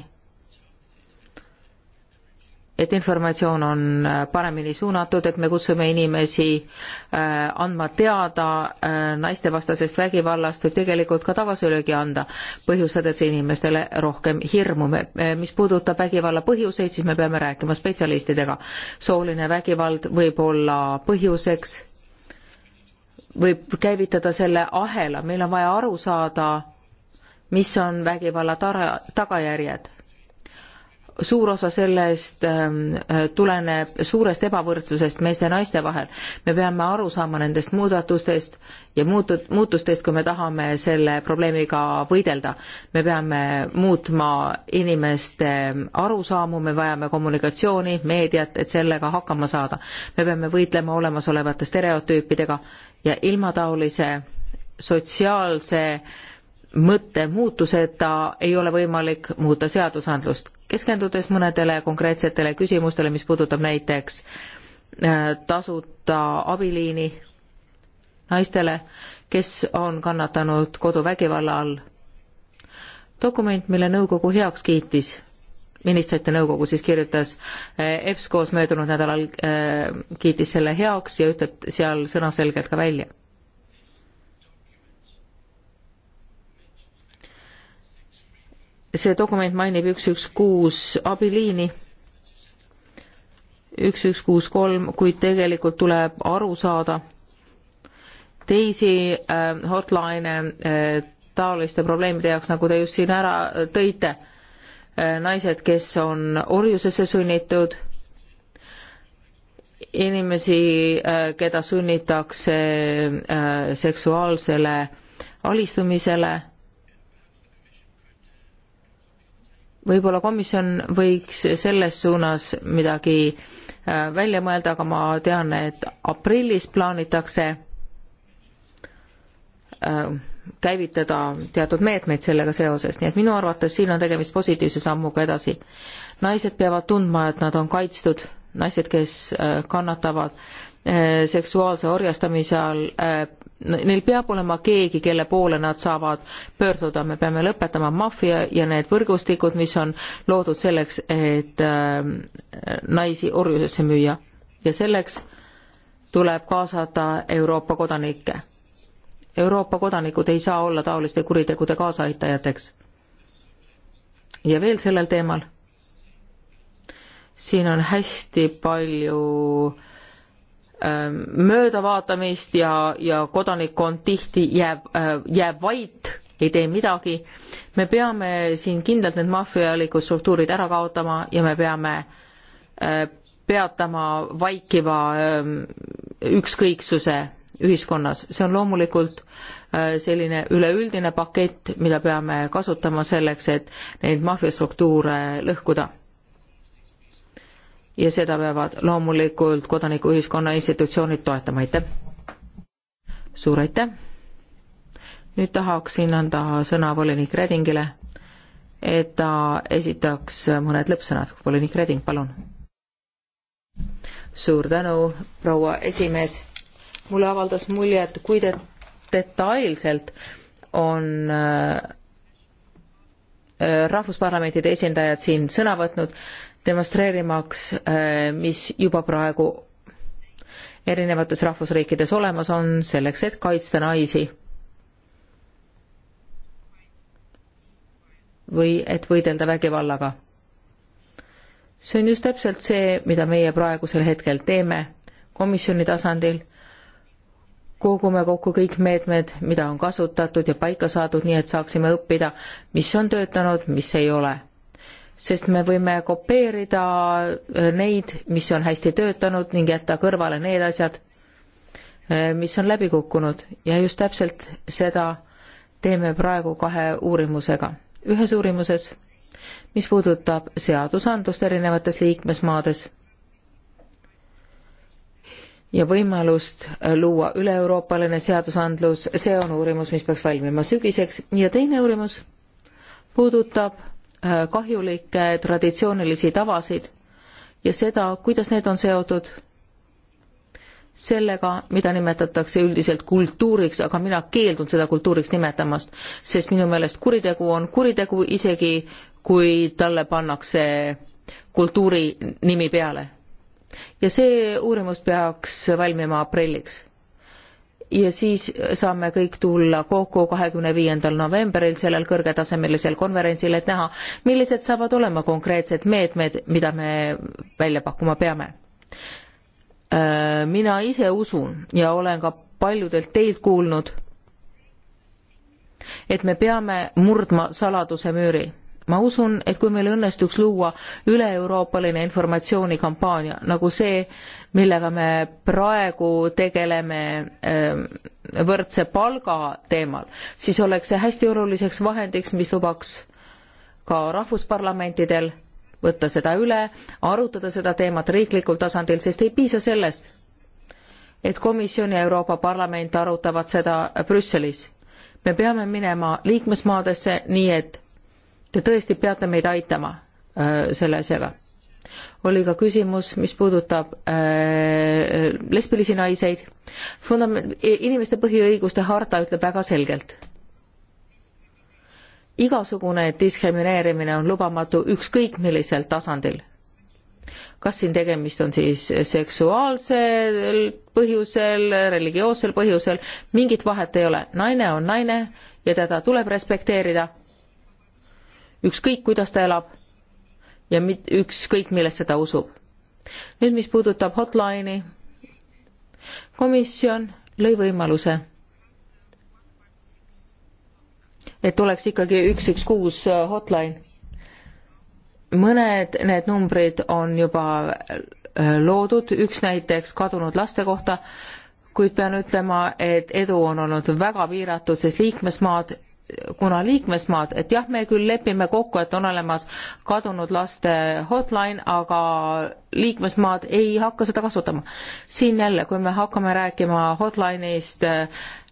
et informatsioon on paremini suunatud, et me kutsume inimesi äh, andma teada äh, naistevastasest vägivallast, võib tegelikult ka tagasilöögi anda, põhjustades inimestele rohkem hirmu. Äh, mis puudutab vägivalla põhjuseid, siis me peame rääkima spetsialistidega. sooline vägivald võib olla põhjuseks, võib käivitada selle ahela, meil on vaja aru saada, mis on vägivalla tara-, tagajärjed. suur osa sellest ähm, tuleneb suurest ebavõrdsusest meeste ja naiste vahel. me peame aru saama nendest muudatustest ja muutu-, muutustest, kui me tahame selle probleemiga võidelda. me peame muutma inimeste arusaamu, me vajame kommunikatsiooni, meediat, et sellega hakkama saada. me peame võitlema olemasolevate stereotüüpidega ja ilma taolise sotsiaalse äh, mõttemuutuseta ei ole võimalik muuta seadusandlust. keskendudes mõnedele konkreetsetele küsimustele, mis puudutab näiteks äh, tasuta abiliini naistele, kes on kannatanud koduvägivalla all. dokument, mille nõukogu heaks kiitis, ministrite nõukogu siis kirjutas, äh, EBSCO-s möödunud nädalal äh, kiitis selle heaks ja ütleb seal sõnaselgelt ka välja see dokument mainib üks, üks, kuus abiliini, üks, üks, kuus, kolm, kuid tegelikult tuleb aru saada teisi äh, hotline äh, taoliste probleemide jaoks, nagu te just siin ära tõite äh,, naised, kes on orjusesse sunnitud, inimesi äh,, keda sunnitakse äh, seksuaalsele alistumisele võib-olla komisjon võiks selles suunas midagi äh, välja mõelda, aga ma tean, et aprillis plaanitakse äh, käivitada teatud meetmeid sellega seoses, nii et minu arvates siin on tegemist positiivse sammuga edasi. naised peavad tundma, et nad on kaitstud, naised, kes äh, kannatavad äh, Äh, seksuaalse orjastamise all äh, neil peab olema keegi, kelle poole nad saavad pöörduda, me peame lõpetama maffia ja need võrgustikud, mis on loodud selleks, et äh, naisi orjusesse müüa ja selleks tuleb kaasata Euroopa kodanikke. Euroopa kodanikud ei saa olla taoliste kuritegude kaasaaitajateks. ja veel sellel teemal. siin on hästi palju Ähm, möödavaatamist ja, ja kodanikkond tihti jääb, äh, jääb vait, ei tee midagi. me peame siin kindlalt need maffialikud struktuurid ära kaotama ja me peame äh, peatama vaikiva ähm, ükskõiksuse ühiskonnas. see on loomulikult äh, selline üleüldine pakett, mida peame kasutama selleks, et neid maffiastruktuure lõhkuda ja seda peavad loomulikult kodanikuühiskonna institutsioonid toetama, aitäh! suur aitäh! nüüd tahaksin anda sõna volinik Redingile, et ta esitaks mõned lõppsõnad. volinik Reding, palun! suur tänu, proua esimees! mulle avaldas mulje, et kui te detailselt on äh, rahvusparlamentide esindajad siin sõna võtnud, demonstreerimaks, äh, mis juba praegu erinevates rahvusriikides olemas on, selleks et kaitsta naisi. või et võidelda vägivallaga. see on just täpselt see, mida meie praegusel hetkel teeme komisjoni tasandil, kogume kokku kõik meetmed, mida on kasutatud ja paika saadud, nii et saaksime õppida, mis on töötanud, mis ei ole sest me võime kopeerida äh, neid, mis on hästi töötanud ning jätta kõrvale need asjad, äh, mis on läbi kukkunud ja just täpselt seda teeme praegu kahe uurimusega. ühes uurimuses, mis puudutab seadusandlust erinevates liikmesmaades ja võimalust luua üle-euroopaline seadusandlus, see on uurimus, mis peaks valmima sügiseks ja teine uurimus puudutab Äh, kahjulikke traditsioonilisi tavasid ja seda, kuidas need on seotud sellega, mida nimetatakse üldiselt kultuuriks, aga mina keeldun seda kultuuriks nimetamast, sest minu meelest kuritegu on kuritegu, isegi kui talle pannakse kultuuri nimi peale. ja see uurimus peaks valmima aprilliks ja siis saame kõik tulla kokku kahekümne viiendal novembril sellel kõrgetasemelisel konverentsil, et näha, millised saavad olema konkreetsed meetmed, mida me välja pakkuma peame. Äh, mina ise usun ja olen ka paljudelt teilt kuulnud, et me peame murdma saladuse müüri ma usun, et kui meil õnnestuks luua üle-euroopaline informatsioonikampaania, nagu see, millega me praegu tegeleme ähm, võrdse palga teemal, siis oleks see hästi oluliseks vahendiks, mis lubaks ka rahvusparlamentidel võtta seda üle, arutada seda teemat riiklikul tasandil, sest ei piisa sellest, et komisjon ja Euroopa Parlament arutavad seda Brüsselis. me peame minema liikmesmaadesse, nii et te tõesti peate meid aitama äh, selle asjaga. oli ka küsimus, mis puudutab äh, lesbilisi naiseid. Fundament-, e, inimeste põhiõiguste harta ütleb väga selgelt. igasugune diskrimineerimine on lubamatu ükskõik millisel tasandil kas siin tegemist on siis seksuaalsel põhjusel, religioossel põhjusel, mingit vahet ei ole, naine on naine ja teda tuleb respekteerida ükskõik, kuidas ta elab ja mit-, ükskõik, millest seda usub. nüüd, mis puudutab hotline'i, komisjon lõi võimaluse, et oleks ikkagi üks, üks, kuus äh, hotline. mõned need numbrid on juba äh, loodud, üks näiteks kadunud laste kohta, kuid pean ütlema, et edu on olnud väga piiratud, sest liikmesmaad kuna liikmesmaad, et jah, me küll lepime kokku, et on olemas kadunud laste hotline, aga liikmesmaad ei hakka seda kasutama. siin jälle, kui me hakkame rääkima hotline'ist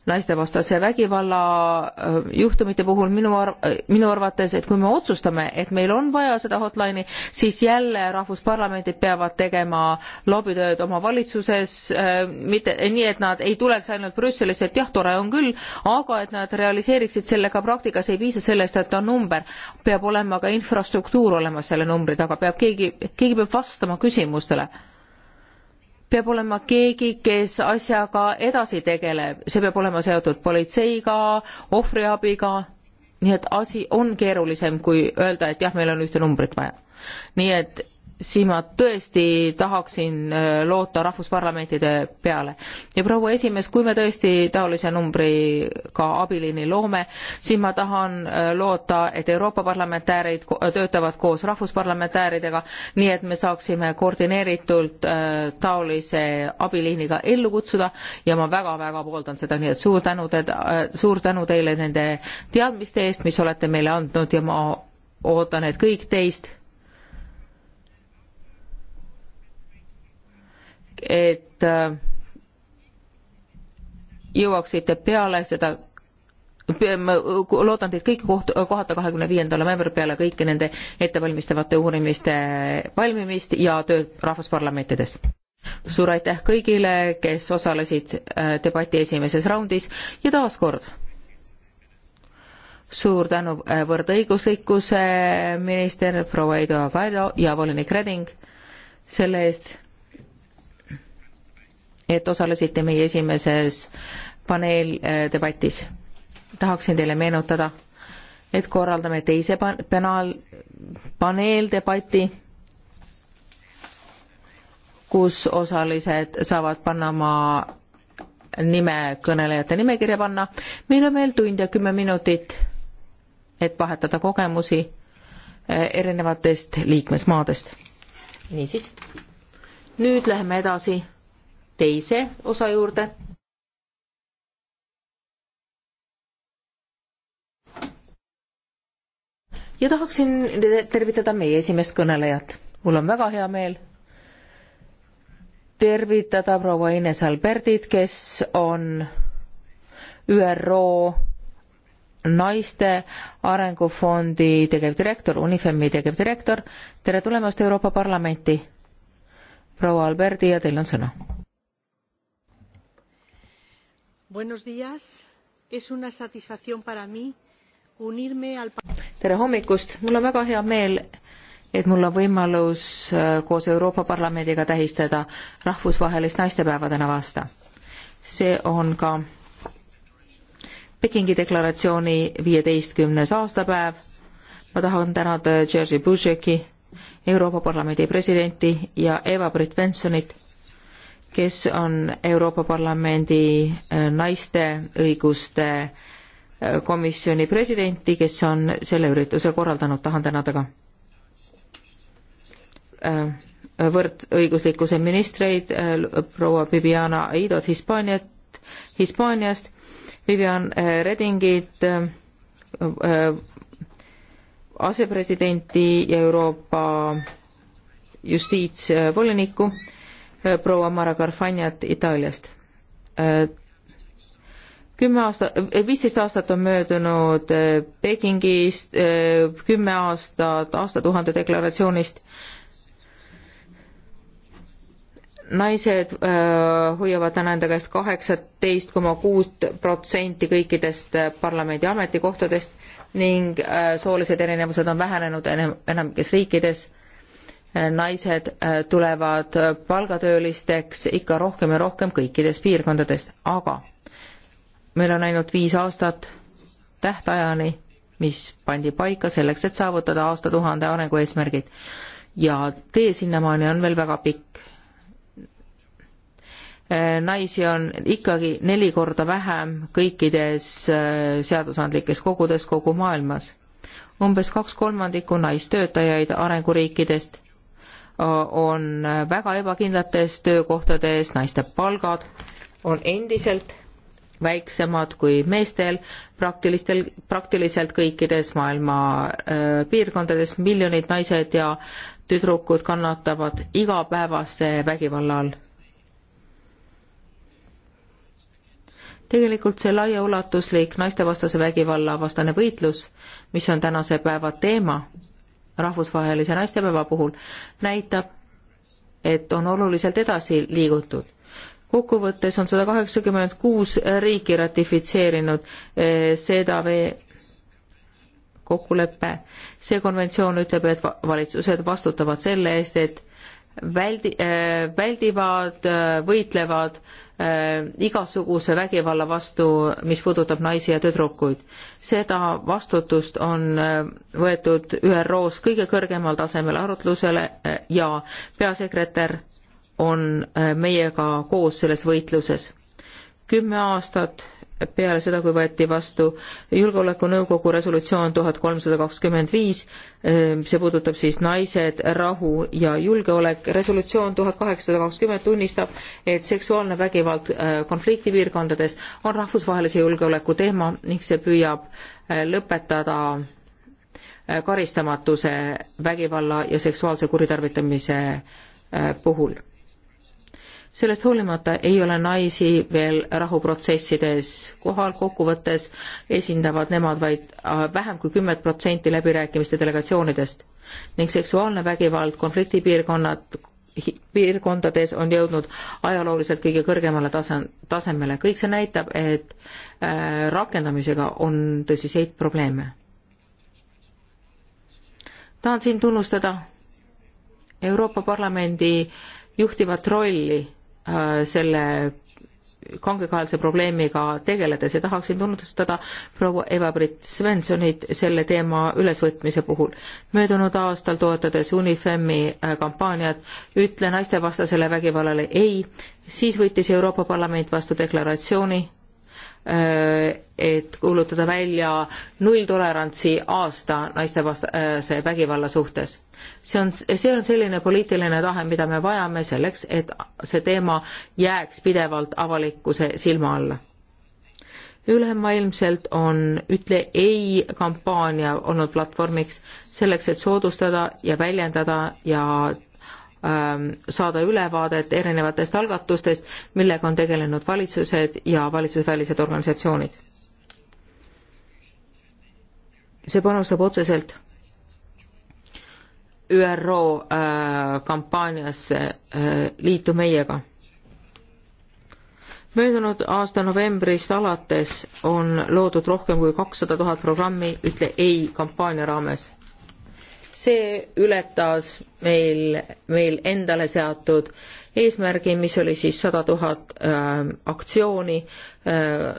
naistevastase vägivalla äh, juhtumite puhul minu arv-, äh, minu arvates, et kui me otsustame, et meil on vaja seda hotline'i, siis jälle rahvusparlamendid peavad tegema lobitööd oma valitsuses, äh, mitte nii, et nad ei tuleks ainult Brüsselisse, et jah, tore on küll, aga et nad realiseeriksid selle ka praktikas, ei piisa sellest, et on number. peab olema ka infrastruktuur olemas selle numbri taga, peab keegi, keegi peab vastama küsimustele peab olema keegi, kes asjaga edasi tegeleb, see peab olema seotud politseiga, ohvriabiga, nii et asi on keerulisem kui öelda, et jah, meil on ühte numbrit vaja. nii et siis ma tõesti tahaksin äh, loota rahvusparlamentide peale. ja proua esimees, kui me tõesti taolise numbriga abilini loome, siis ma tahan äh, loota, et Euroopa parlamentäärid töötavad koos rahvusparlamentääridega, nii et me saaksime koordineeritult äh, taolise abiliiniga ellu kutsuda ja ma väga-väga pooldan seda, nii et suur tänu te, suur tänu teile nende teadmiste eest, mis olete meile andnud ja ma ootan, et kõik teist et äh, jõuaksite peale seda ma loodan teid kõiki koht-, kohata kahekümne viiendal novembril peale kõiki nende ettevalmistavate uurimiste valmimist ja tööd rahvusparlamentides. suur aitäh kõigile, kes osalesid äh, debati esimeses raundis ja taas kord suur tänu äh, võrdõiguslikkuse minister proua Heido Kaido ja volinik Reding selle eest et osalesite meie esimeses paneeldebatis. Äh, tahaksin teile meenutada, et korraldame teise panaal, paneeldebati, kus osalised saavad panna oma nime kõnelejate nimekirja panna. meil on veel tund ja kümme minutit, et vahetada kogemusi äh, erinevatest liikmesmaadest. niisiis, nüüd läheme edasi teise osa juurde. ja tahaksin tervitada meie esimest kõnelejat. mul on väga hea meel tervitada proua Ines Alberdit, kes on ÜRO naiste arengufondi tegevdirektor, UNIFEM-i tegevdirektor. tere tulemast Euroopa Parlamenti, proua Alberdi ja teil on sõna Buenos días. Es una satisfacción para mí unirme al... tere hommikust, mul on väga hea meel, et mul on võimalus äh, koos Euroopa Parlamendiga tähistada rahvusvahelist naistepäeva tänavu aasta. see on ka Pekingi deklaratsiooni viieteistkümnes aastapäev. ma tahan tänada Jerzy Buzeki, Euroopa Parlamendi presidenti ja Eva-Britt Bensonit kes on Euroopa Parlamendi äh, naiste õiguste äh, komisjoni presidenti, kes on selle ürituse korraldanud, tahan tänada ka äh, võrdõiguslikkuse ministreid, proua Viviana Aidot Hispaaniat, Hispaaniast, Vivian Redingit, asepresidenti ja Euroopa justiitsvolinikku Äh, proua Mara Carfagnat Itaaliast. Äh, kümme aasta, äh, viisteist aastat on möödunud Pekingist, kümme aastat aastatuhande deklaratsioonist naised äh, hoiavad täna enda käest kaheksateist koma kuus protsenti kõikidest parlamendi ametikohtadest ning äh, soolised erinevused on vähenenud enam, enamikes riikides äh, naised äh, tulevad äh, palgatöölisteks ikka rohkem ja rohkem kõikidest piirkondadest, aga meil on ainult viis aastat tähtajani, mis pandi paika selleks, et saavutada aastatuhande arengueesmärgid. ja tee sinnamaani on veel väga pikk. Äh, naisi on ikkagi neli korda vähem kõikides seadusandlikes kogudes kogu maailmas. umbes kaks kolmandikku naistöötajaid arenguriikidest on väga ebakindlates töökohtades, naiste palgad on endiselt väiksemad kui meestel, praktilistel, praktiliselt kõikides maailma äh, piirkondades miljonid naised ja tüdrukud kannatavad igapäevase vägivalla all. tegelikult see laiaulatuslik naistevastase vägivalla vastane võitlus, mis on tänase päeva teema, rahvusvahelise naistepäeva puhul, näitab, et on oluliselt edasi liigutud. kokkuvõttes on sada kaheksakümmend kuus riiki ratifitseerinud CEDAW eh, kokkulepe. see konventsioon ütleb, et valitsused vastutavad selle eest, et väldi-, äh, väldivad, äh, võitlevad äh, igasuguse vägivalla vastu, mis puudutab naisi ja tüdrukuid. seda vastutust on võetud ÜRO-s kõige kõrgemal tasemel arutlusele ja peasekretär on meiega koos selles võitluses. kümme aastat peale seda, kui võeti vastu Julgeolekunõukogu resolutsioon tuhat kolmsada kakskümmend viis, ehm, see puudutab siis naised, rahu ja julgeolek, resolutsioon tuhat kaheksasada kakskümmend tunnistab, et seksuaalne vägivald äh, konfliktipiirkondades on rahvusvahelise julgeoleku teema ning see püüab äh, lõpetada äh, karistamatuse vägivalla ja seksuaalse kuritarvitamise puhul sellest hoolimata ei ole naisi veel rahuprotsessides kohal, kokkuvõttes esindavad nemad vaid äh, vähem kui kümmet protsenti läbirääkimiste delegatsioonidest ning seksuaalne vägivald konfliktipiirkonnad, piirkondades on jõudnud ajalooliselt kõige kõrgemale tase, tasemele. kõik see näitab, et äh, rakendamisega on tõsiseid probleeme. tahan siin tunnustada Euroopa Parlamendi juhtivat rolli Äh, selle kangekaelse probleemiga tegeledes ja tahaksin tunnustada proua Eva-Britt Svenssonit selle teema ülesvõtmise puhul. möödunud aastal toetades UNIFEM-i äh, kampaaniat Ütle naistevastasele vägivallale ei, siis võttis Euroopa Parlament vastu deklaratsiooni Äh, et kuulutada välja nulltolerantsi aasta naistevastase äh, vägivalla suhtes. see on, see on selline poliitiline tahe, mida me vajame selleks, et see teema jääks pidevalt avalikkuse silma alla. ülemaailmselt on Ütle ei kampaania olnud platvormiks selleks, et soodustada ja väljendada ja Ähm, saada ülevaadet erinevatest algatustest, millega on tegelenud valitsused ja valitsusvälised organisatsioonid. see panustab otseselt ÜRO äh, kampaaniasse äh, Liitu meiega. möödunud aasta novembrist alates on loodud rohkem kui kakssada tuhat programmi Ütle ei kampaania raames see ületas meil, meil endale seatud eesmärgi, mis oli siis sada tuhat ähm, aktsiooni äh,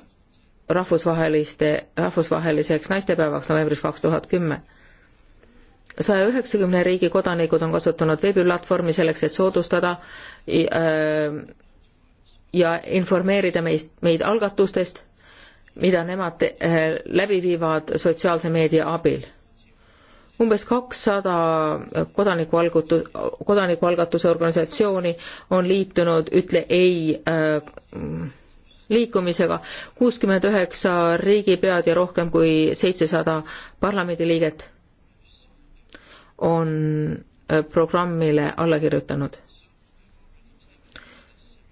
rahvusvaheliste, rahvusvaheliseks naistepäevaks novembris kaks tuhat kümme. saja üheksakümne riigi kodanikud on kasutanud veebiplatvormi selleks, et soodustada äh, ja informeerida meist, meid algatustest, mida nemad äh, läbi viivad sotsiaalse meedia abil umbes kakssada kodanikualgutu-, kodanikualgatuse organisatsiooni on liitunud Ütle ei äh, liikumisega, kuuskümmend üheksa riigipead ja rohkem kui seitsesada parlamendiliiget on äh, programmile alla kirjutanud.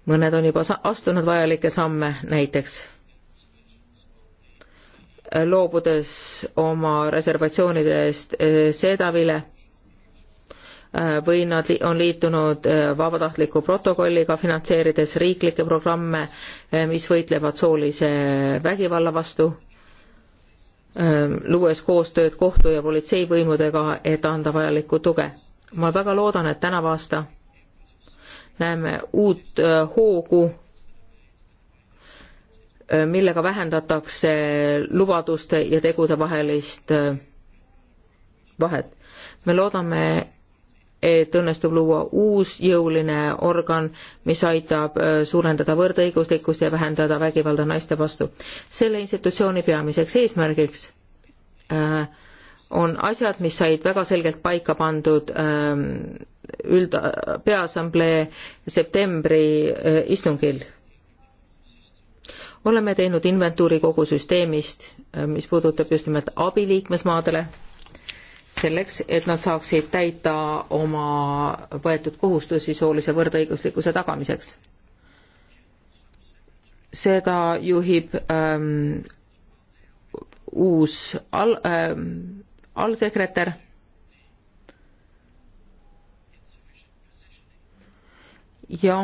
mõned on juba astunud vajalikke samme, näiteks loobudes oma reservatsioonide eest eh, Sedavile eh, või nad on liitunud eh, vabatahtliku protokolliga, finantseerides riiklikke programme, mis võitlevad soolise vägivalla vastu, luues koostööd kohtu- ja politseivõimudega, et anda vajalikku tuge. ma väga loodan, et tänavu aasta näeme uut hoogu Äh, millega vähendatakse lubaduste ja tegude vahelist äh, vahet. me loodame, et õnnestub luua uus jõuline organ, mis aitab äh, suurendada võrdõiguslikkust ja vähendada vägivalda naiste vastu. selle institutsiooni peamiseks eesmärgiks on asjad, mis said väga selgelt paika pandud ähm, üld-, peaassamblee septembri istungil oleme teinud inventuuri kogu süsteemist, äh, mis puudutab just nimelt abi liikmesmaadele, selleks, et nad saaksid täita oma võetud kohustusi soolise võrdõiguslikkuse tagamiseks. seda juhib ähm, uus al- ähm,, allsekretär ja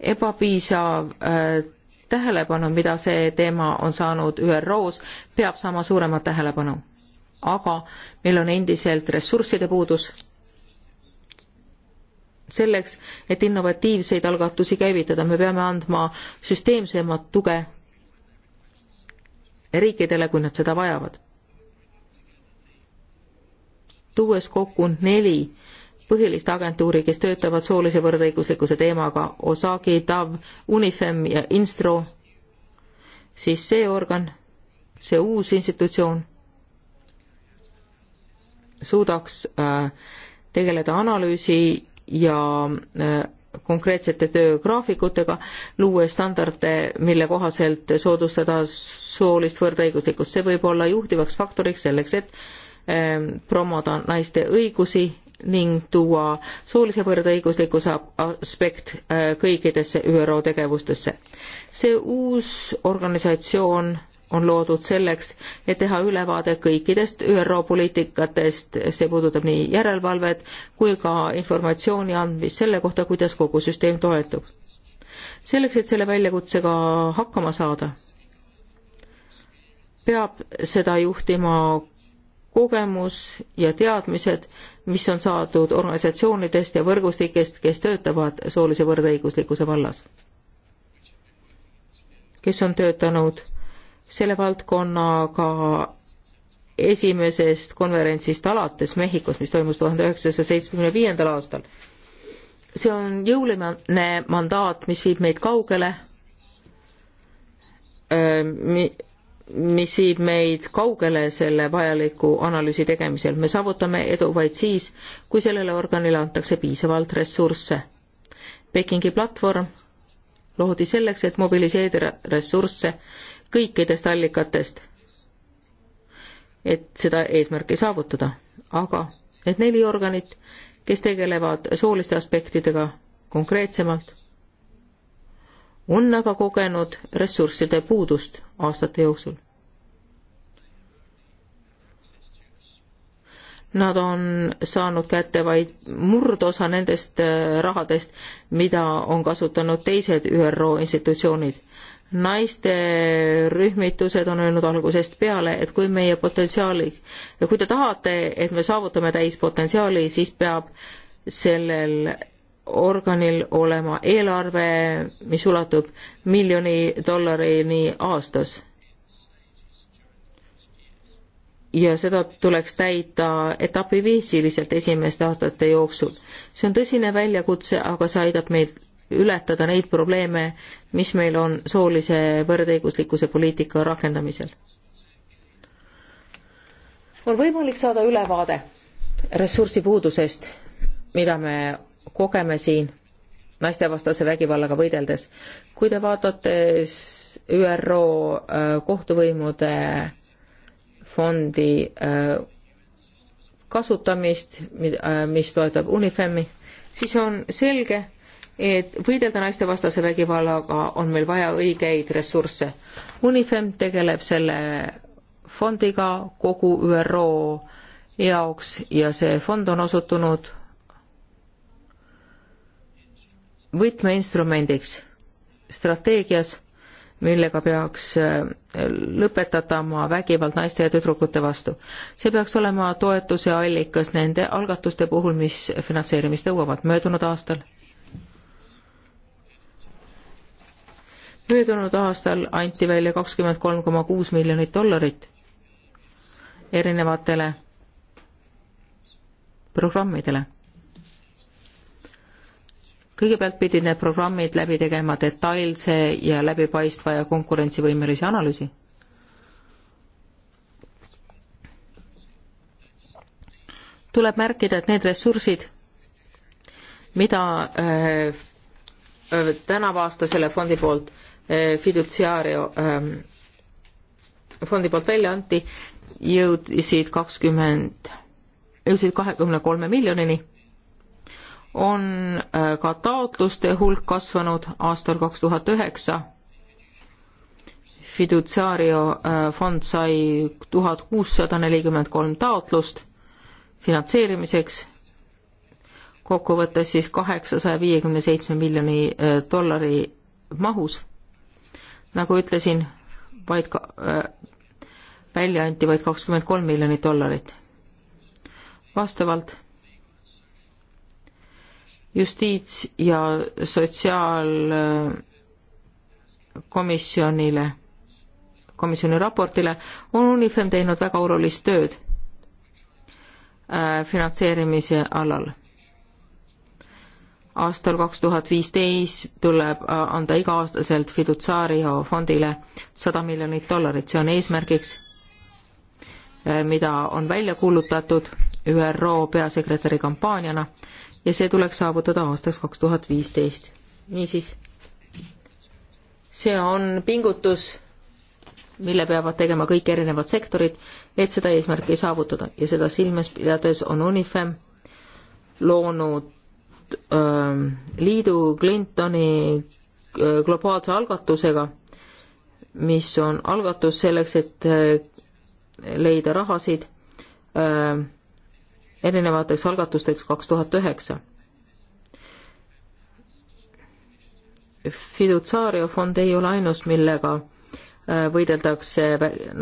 ebapiisav äh, tähelepanu, mida see teema on saanud ÜRO-s, peab saama suuremat tähelepanu. aga meil on endiselt ressursside puudus selleks, et innovatiivseid algatusi käivitada, me peame andma süsteemsemat tuge riikidele, kui nad seda vajavad. tuues kokku neli põhilist agentuuri, kes töötavad soolise võrdõiguslikkuse teemaga, Osagi, DAV, Unifem ja Instro, siis see organ, see uus institutsioon suudaks äh, tegeleda analüüsi ja äh, konkreetsete töögraafikutega, luues standarde, mille kohaselt soodustada soolist võrdõiguslikkust. see võib olla juhtivaks faktoriks selleks, et äh, promoda naiste õigusi ning tuua soolise võrdõiguslikkuse aspekt äh, kõikidesse ÜRO tegevustesse. see uus organisatsioon on loodud selleks, et teha ülevaade kõikidest ÜRO poliitikatest, see puudutab nii järelevalvet kui ka informatsiooni andmist selle kohta, kuidas kogu süsteem toetub. selleks, et selle väljakutsega hakkama saada, peab seda juhtima kogemus ja teadmised, mis on saadud organisatsioonidest ja võrgustikest, kes töötavad soolise võrdõiguslikkuse vallas. kes on töötanud selle valdkonnaga esimesest konverentsist alates Mehhikos, mis toimus tuhande üheksasaja seitsmekümne viiendal aastal. see on jõuline mandaat, mis viib meid kaugele äh, mis viib meid kaugele selle vajaliku analüüsi tegemisel. me saavutame edu vaid siis, kui sellele organile antakse piisavalt ressursse. Pekingi platvorm loodi selleks, et mobiliseerida ressursse kõikidest allikatest, et seda eesmärki saavutada. aga need neli organit, kes tegelevad sooliste aspektidega konkreetsemalt, on aga kogenud ressursside puudust aastate jooksul. Nad on saanud kätte vaid murdosa nendest äh, rahadest, mida on kasutanud teised ÜRO institutsioonid naiste rühmitused on öelnud algusest peale, et kui meie potentsiaali, kui te tahate, et me saavutame täispotentsiaali, siis peab sellel organil olema eelarve, mis ulatub miljoni dollarini aastas. ja seda tuleks täita etapiviisiliselt esimeste aastate jooksul. see on tõsine väljakutse, aga see aitab meil ületada neid probleeme, mis meil on soolise võrdõiguslikkuse poliitika rakendamisel. on võimalik saada ülevaade ressursipuudusest, mida me kogeme siin naistevastase vägivallaga võideldes. kui te vaatate ÜRO äh, kohtuvõimude fondi äh, kasutamist, äh, mis toetab UNIFEM-i, siis on selge, et võidelda naistevastase vägivallaga on meil vaja õigeid ressursse. UNIFEM tegeleb selle fondiga kogu ÜRO jaoks ja see fond on osutunud võtmeinstrumendiks strateegias, millega peaks äh, lõpetatama vägivald naiste ja tüdrukute vastu. see peaks olema toetuse allikas nende algatuste puhul, mis finantseerimist nõuavad möödunud aastal. möödunud aastal anti välja kakskümmend kolm koma kuus miljonit dollarit erinevatele programmidele kõigepealt pidid need programmid läbi tegema detailse ja läbipaistva ja konkurentsivõimelise analüüsi. tuleb märkida, et need ressursid, mida äh, äh, tänavaaasta selle fondi poolt äh, fidutsiaario äh, fondi poolt välja anti, jõudsid kakskümmend, jõudsid kahekümne kolme miljonini on äh, ka taotluste hulk kasvanud aastal kaks tuhat üheksa. Fidutsiario äh, fond sai tuhat kuussada nelikümmend kolm taotlust finantseerimiseks, kokkuvõttes siis kaheksasaja viiekümne seitsme miljoni äh, dollari mahus. nagu ütlesin, vaid ka, äh, välja anti vaid kakskümmend kolm miljonit dollarit. vastavalt justiits- ja sotsiaalkomisjonile, komisjoni raportile, on UNIFEM teinud väga olulist tööd äh, finantseerimise alal. aastal kaks tuhat viisteist tuleb äh, anda iga-aastaselt Fidutsaario fondile sada miljonit dollarit, see on eesmärgiks, äh, mida on välja kuulutatud ÜRO peasekretäri kampaaniana ja see tuleks saavutada aastaks kaks tuhat viisteist. niisiis, see on pingutus, mille peavad tegema kõik erinevad sektorid, et seda eesmärki saavutada ja seda silmas pidades on UNIFEM loonud öö, ähm, liidu Clintoni öö, äh, globaalse algatusega, mis on algatus selleks, et öö, äh, leida rahasid öö, ähm, erinevateks algatusteks kaks tuhat üheksa. Fidutsaaria fond ei ole ainus, millega äh, võideldakse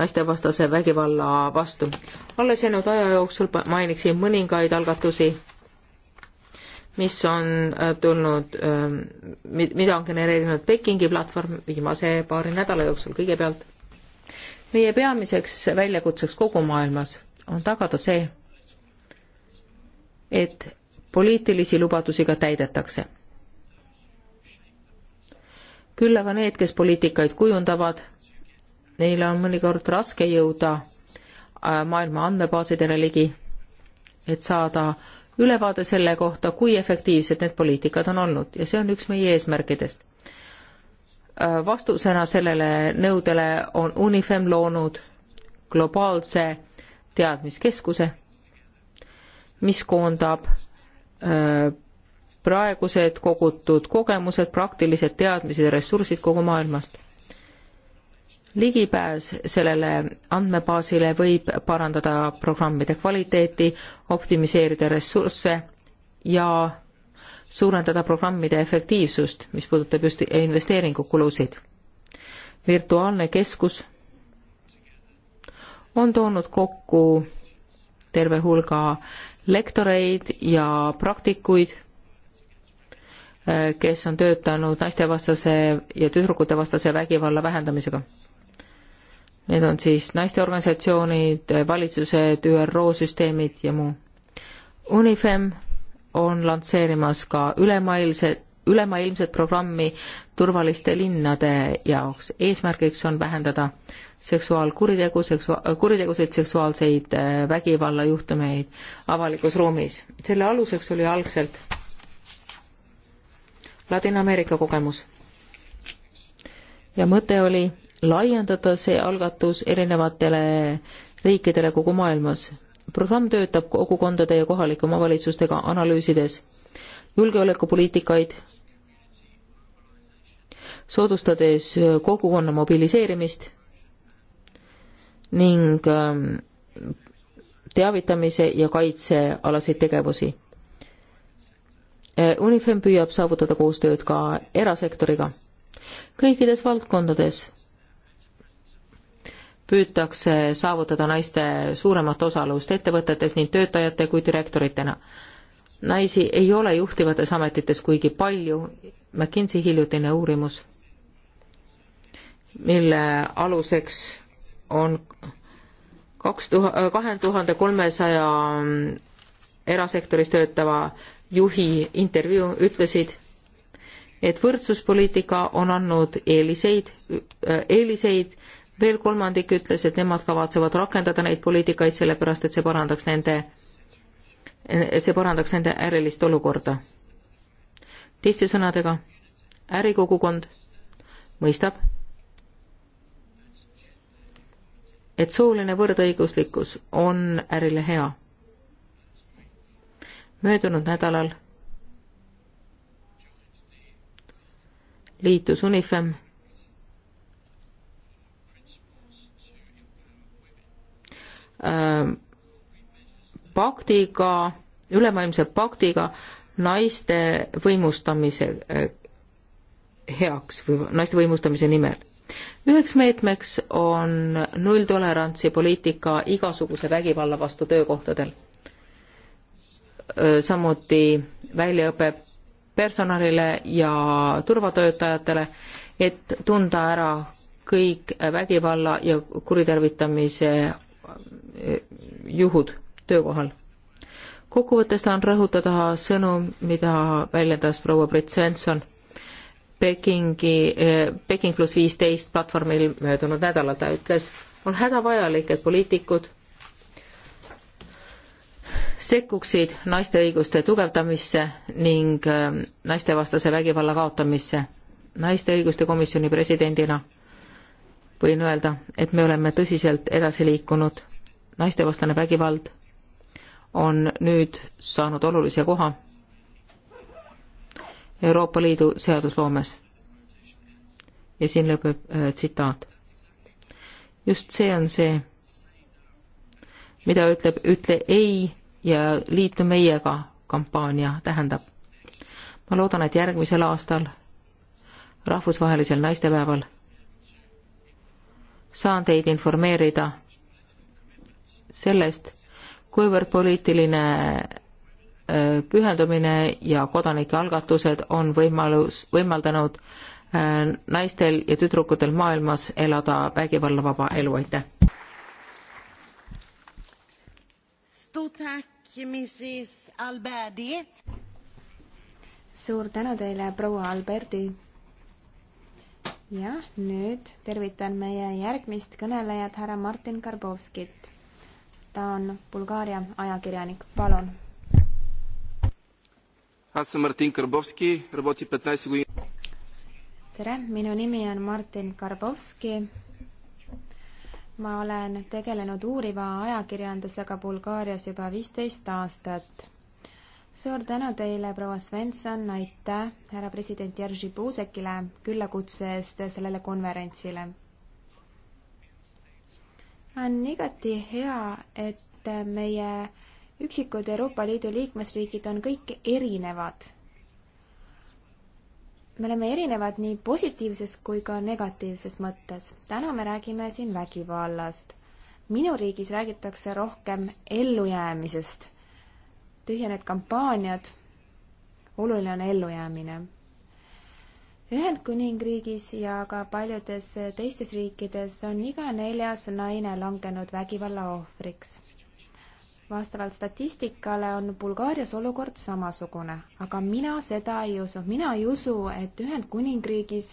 naistevastase vägivalla vastu. alles jäänud aja jooksul mainiksin mõningaid algatusi, mis on äh, tulnud, ähm, mida on genereerinud Pekingi platvorm viimase paari nädala jooksul kõigepealt. meie peamiseks väljakutseks kogu maailmas on tagada see, et poliitilisi lubadusi ka täidetakse. küll aga need, kes poliitikaid kujundavad, neil on mõnikord raske jõuda äh, maailma andmebaasidele ligi, et saada ülevaade selle kohta, kui efektiivsed need poliitikad on olnud ja see on üks meie eesmärkidest. Äh, vastusena sellele nõudele on UNIFEM loonud globaalse teadmiskeskuse mis koondab praegused kogutud kogemused, praktilised teadmised ja ressursid kogu maailmast. ligipääs sellele andmebaasile võib parandada programmide kvaliteeti, optimiseerida ressursse ja suurendada programmide efektiivsust, mis puudutab just investeeringukulusid. virtuaalne keskus on toonud kokku terve hulga lektoreid ja praktikuid, kes on töötanud naistevastase ja tüdrukutevastase vägivalla vähendamisega. Need on siis naisteorganisatsioonid, valitsused, ÜRO süsteemid ja muu. UNIFEM on lansseerimas ka ülemaailmset, ülemaailmset programmi turvaliste linnade jaoks. eesmärgiks on vähendada seksuaalkuritegu, seksua-, kuritegusid, seksuaalseid äh, vägivallajuhtumeid avalikus ruumis. selle aluseks oli algselt Ladina-Ameerika kogemus. ja mõte oli laiendada see algatus erinevatele riikidele kogu maailmas. programm töötab kogukondade ja kohalike omavalitsustega analüüsides julgeolekupoliitikaid, soodustades kogukonna mobiliseerimist ning ähm, teavitamise ja kaitsealaseid tegevusi. Äh, UNIFEM püüab saavutada koostööd ka erasektoriga. kõikides valdkondades püütakse saavutada naiste suuremat osalust ettevõtetes nii töötajate kui direktoritena. naisi ei ole juhtivates ametites kuigi palju, McKinsey hiljutine uurimus mille aluseks on kaks tuhat, äh, kahe tuhande kolmesaja mm, erasektoris töötava juhi intervjuu ütlesid, et võrdsuspoliitika on andnud eeliseid, äh, eeliseid, veel kolmandik ütles, et nemad kavatsevad rakendada neid poliitikaid sellepärast, et see parandaks nende, see parandaks nende ärilist olukorda. teiste sõnadega, ärikogukond mõistab, et sooline võrdõiguslikkus on ärile hea. möödunud nädalal liitus UNIFEM ähm, paktiga, ülemaailmse paktiga naiste võimustamise äh, heaks või naiste võimustamise nimel üheks meetmeks on nulltolerantsi poliitika igasuguse vägivalla vastu töökohtadel. samuti väljaõpe personalile ja turvatöötajatele, et tunda ära kõik vägivalla ja kuritarvitamise juhud töökohal. kokkuvõttes tahan rõhutada sõnu, mida väljendas proua Brit Svensson Pekingi, eh, Peking pluss viisteist platvormil möödunud nädalal, ta ütles, on hädavajalik, et poliitikud sekkuksid naiste õiguste tugevdamisse ning eh, naistevastase vägivalla kaotamisse. naiste õiguste komisjoni presidendina võin öelda, et me oleme tõsiselt edasi liikunud. naistevastane vägivald on nüüd saanud olulise koha Euroopa Liidu seadusloomes. ja siin lõpeb äh, tsitaat. just see on see, mida ütleb ütle ei ja liitu meiega kampaania tähendab. ma loodan, et järgmisel aastal, rahvusvahelisel naistepäeval, saan teid informeerida sellest, kuivõrd poliitiline pühendumine ja kodanike algatused on võimalus, võimaldanud äh, naistel ja tüdrukutel maailmas elada vägivallavaba elu, aitäh! suur tänu teile, proua Alberdi! jah, nüüd tervitan meie järgmist kõnelejat, härra Martin Karbovskit. ta on Bulgaaria ajakirjanik, palun Аз съм Мартин Карбовски, работи 15 години. Tere, minu nimi on Martin Karbovski. Ma olen tegelenud uuriva ajakirjandusega Bulgaarias juba 15 aastat. Suur tänu teile, proua Svensson, aitäh härra president Jerzy Puusekile küllakutse eest sellele konverentsile. On igati hea, et meie üksikud Euroopa Liidu liikmesriigid on kõik erinevad. me oleme erinevad nii positiivses kui ka negatiivses mõttes. täna me räägime siin vägivallast. minu riigis räägitakse rohkem ellujäämisest. tühja need kampaaniad, oluline on ellujäämine Ühendkuningriigis ja ka paljudes teistes riikides on iga neljas naine langenud vägivalla ohvriks vastavalt statistikale on Bulgaarias olukord samasugune, aga mina seda ei usu, mina ei usu, et Ühendkuningriigis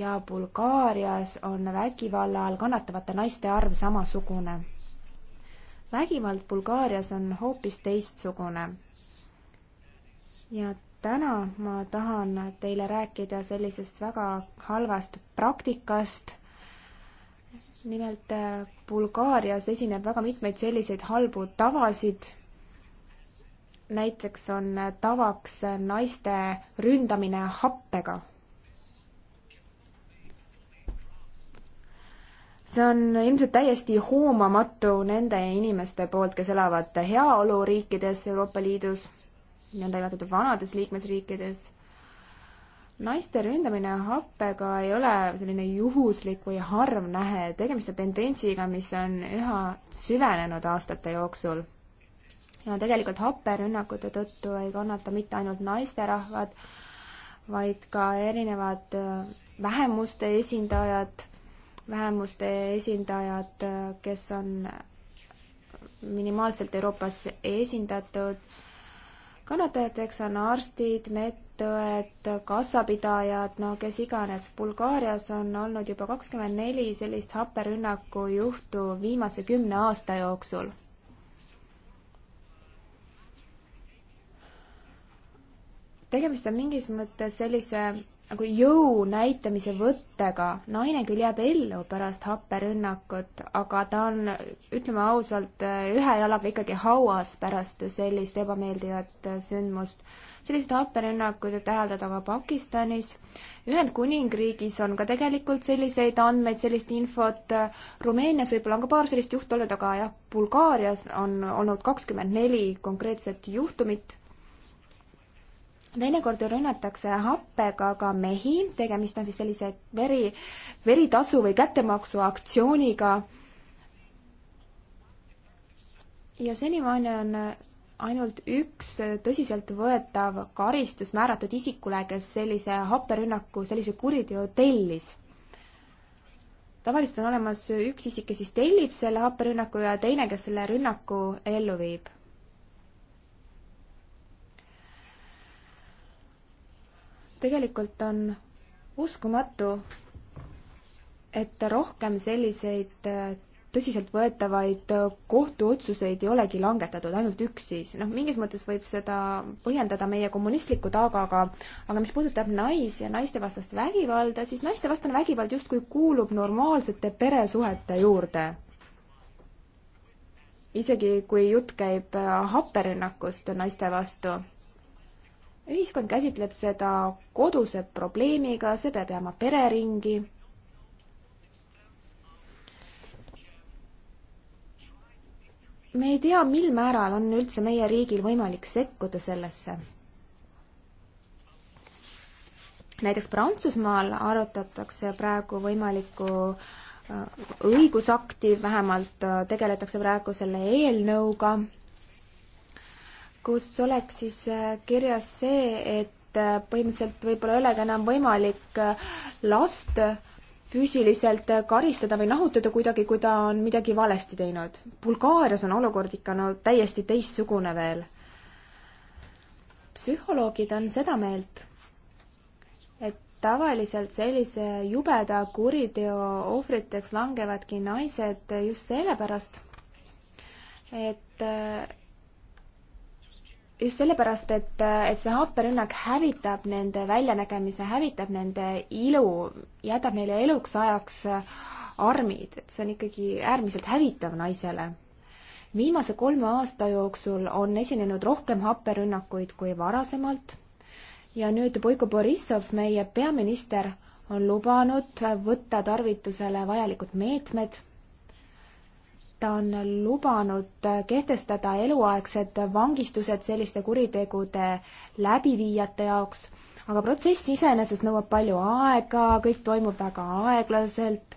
ja Bulgaarias on vägivalla all kannatavate naiste arv samasugune. vägivald Bulgaarias on hoopis teistsugune. ja täna ma tahan teile rääkida sellisest väga halvast praktikast nimelt äh, Bulgaarias esineb väga mitmeid selliseid halbu tavasid. näiteks on äh, tavaks äh, naiste ründamine happega. see on ilmselt täiesti hoomamatu nende inimeste poolt, kes elavad heaoluriikides Euroopa Liidus, nõndanimetatud vanades liikmesriikides naiste ründamine happega ei ole selline juhuslik või harv nähe, tegemist on tendentsiga, mis on üha süvenenud aastate jooksul. ja tegelikult happerünnakute tõttu ei kannata mitte ainult naisterahvad, vaid ka erinevad äh, vähemuste esindajad, vähemuste esindajad, äh, kes on minimaalselt Euroopas esindatud kannatajateks on arstid, medõed, kassapidajad, no kes iganes. Bulgaarias on olnud juba kakskümmend neli sellist happerünnaku juhtu viimase kümne aasta jooksul. tegemist on mingis mõttes sellise nagu jõu näitamise võttega. naine küll jääb ellu pärast happerünnakut, aga ta on, ütleme ausalt, ühe jalaga ikkagi hauas pärast sellist ebameeldivat sündmust. selliseid happerünnakuid võib täheldada ka Pakistanis. Ühendkuningriigis on ka tegelikult selliseid andmeid, sellist infot. Rumeenias võib-olla on ka paar sellist juhtu olnud, aga jah, Bulgaarias on olnud kakskümmend neli konkreetset juhtumit teinekord rünnatakse happega ka mehi, tegemist on siis sellise veri, veritasu või kättemaksu aktsiooniga. ja senimaani on ainult üks tõsiseltvõetav karistus määratud isikule, kes sellise happerünnaku, sellise kuriteo tellis. tavaliselt on olemas üks isik, kes siis tellib selle happerünnaku ja teine, kes selle rünnaku ellu viib tegelikult on uskumatu, et rohkem selliseid äh, tõsiseltvõetavaid äh, kohtuotsuseid ei olegi langetatud, ainult üks siis. noh, mingis mõttes võib seda põhjendada meie kommunistliku taagaga, aga mis puudutab naisi ja naistevastast vägivalda, siis naistevastane vägivald justkui kuulub normaalsete peresuhete juurde. isegi kui jutt käib äh, happerrünnakust naiste vastu ühiskond käsitleb seda koduse probleemiga, see peab jääma pereringi. me ei tea, mil määral on üldse meie riigil võimalik sekkuda sellesse. näiteks Prantsusmaal arutatakse praegu võimalikku äh, õigusakti, vähemalt äh, tegeletakse praegu selle eelnõuga kus oleks siis äh, kirjas see, et äh, põhimõtteliselt võib-olla ei olegi enam võimalik äh, last füüsiliselt karistada või nahutada kuidagi, kui ta on midagi valesti teinud. Bulgaarias on olukord ikka no täiesti teistsugune veel. psühholoogid on seda meelt, et tavaliselt sellise jubeda kuriteo ohvriteks langevadki naised just sellepärast, et just sellepärast, et, et see happerünnak hävitab nende väljanägemise, hävitab nende ilu, jätab neile eluks ajaks armid, et see on ikkagi äärmiselt hävitav naisele. viimase kolme aasta jooksul on esinenud rohkem happerünnakuid kui varasemalt ja nüüd Boiko Borissov, meie peaminister, on lubanud võtta tarvitusele vajalikud meetmed ta on lubanud kehtestada eluaegsed vangistused selliste kuritegude läbiviijate jaoks, aga protsess iseenesest nõuab palju aega, kõik toimub väga aeglaselt.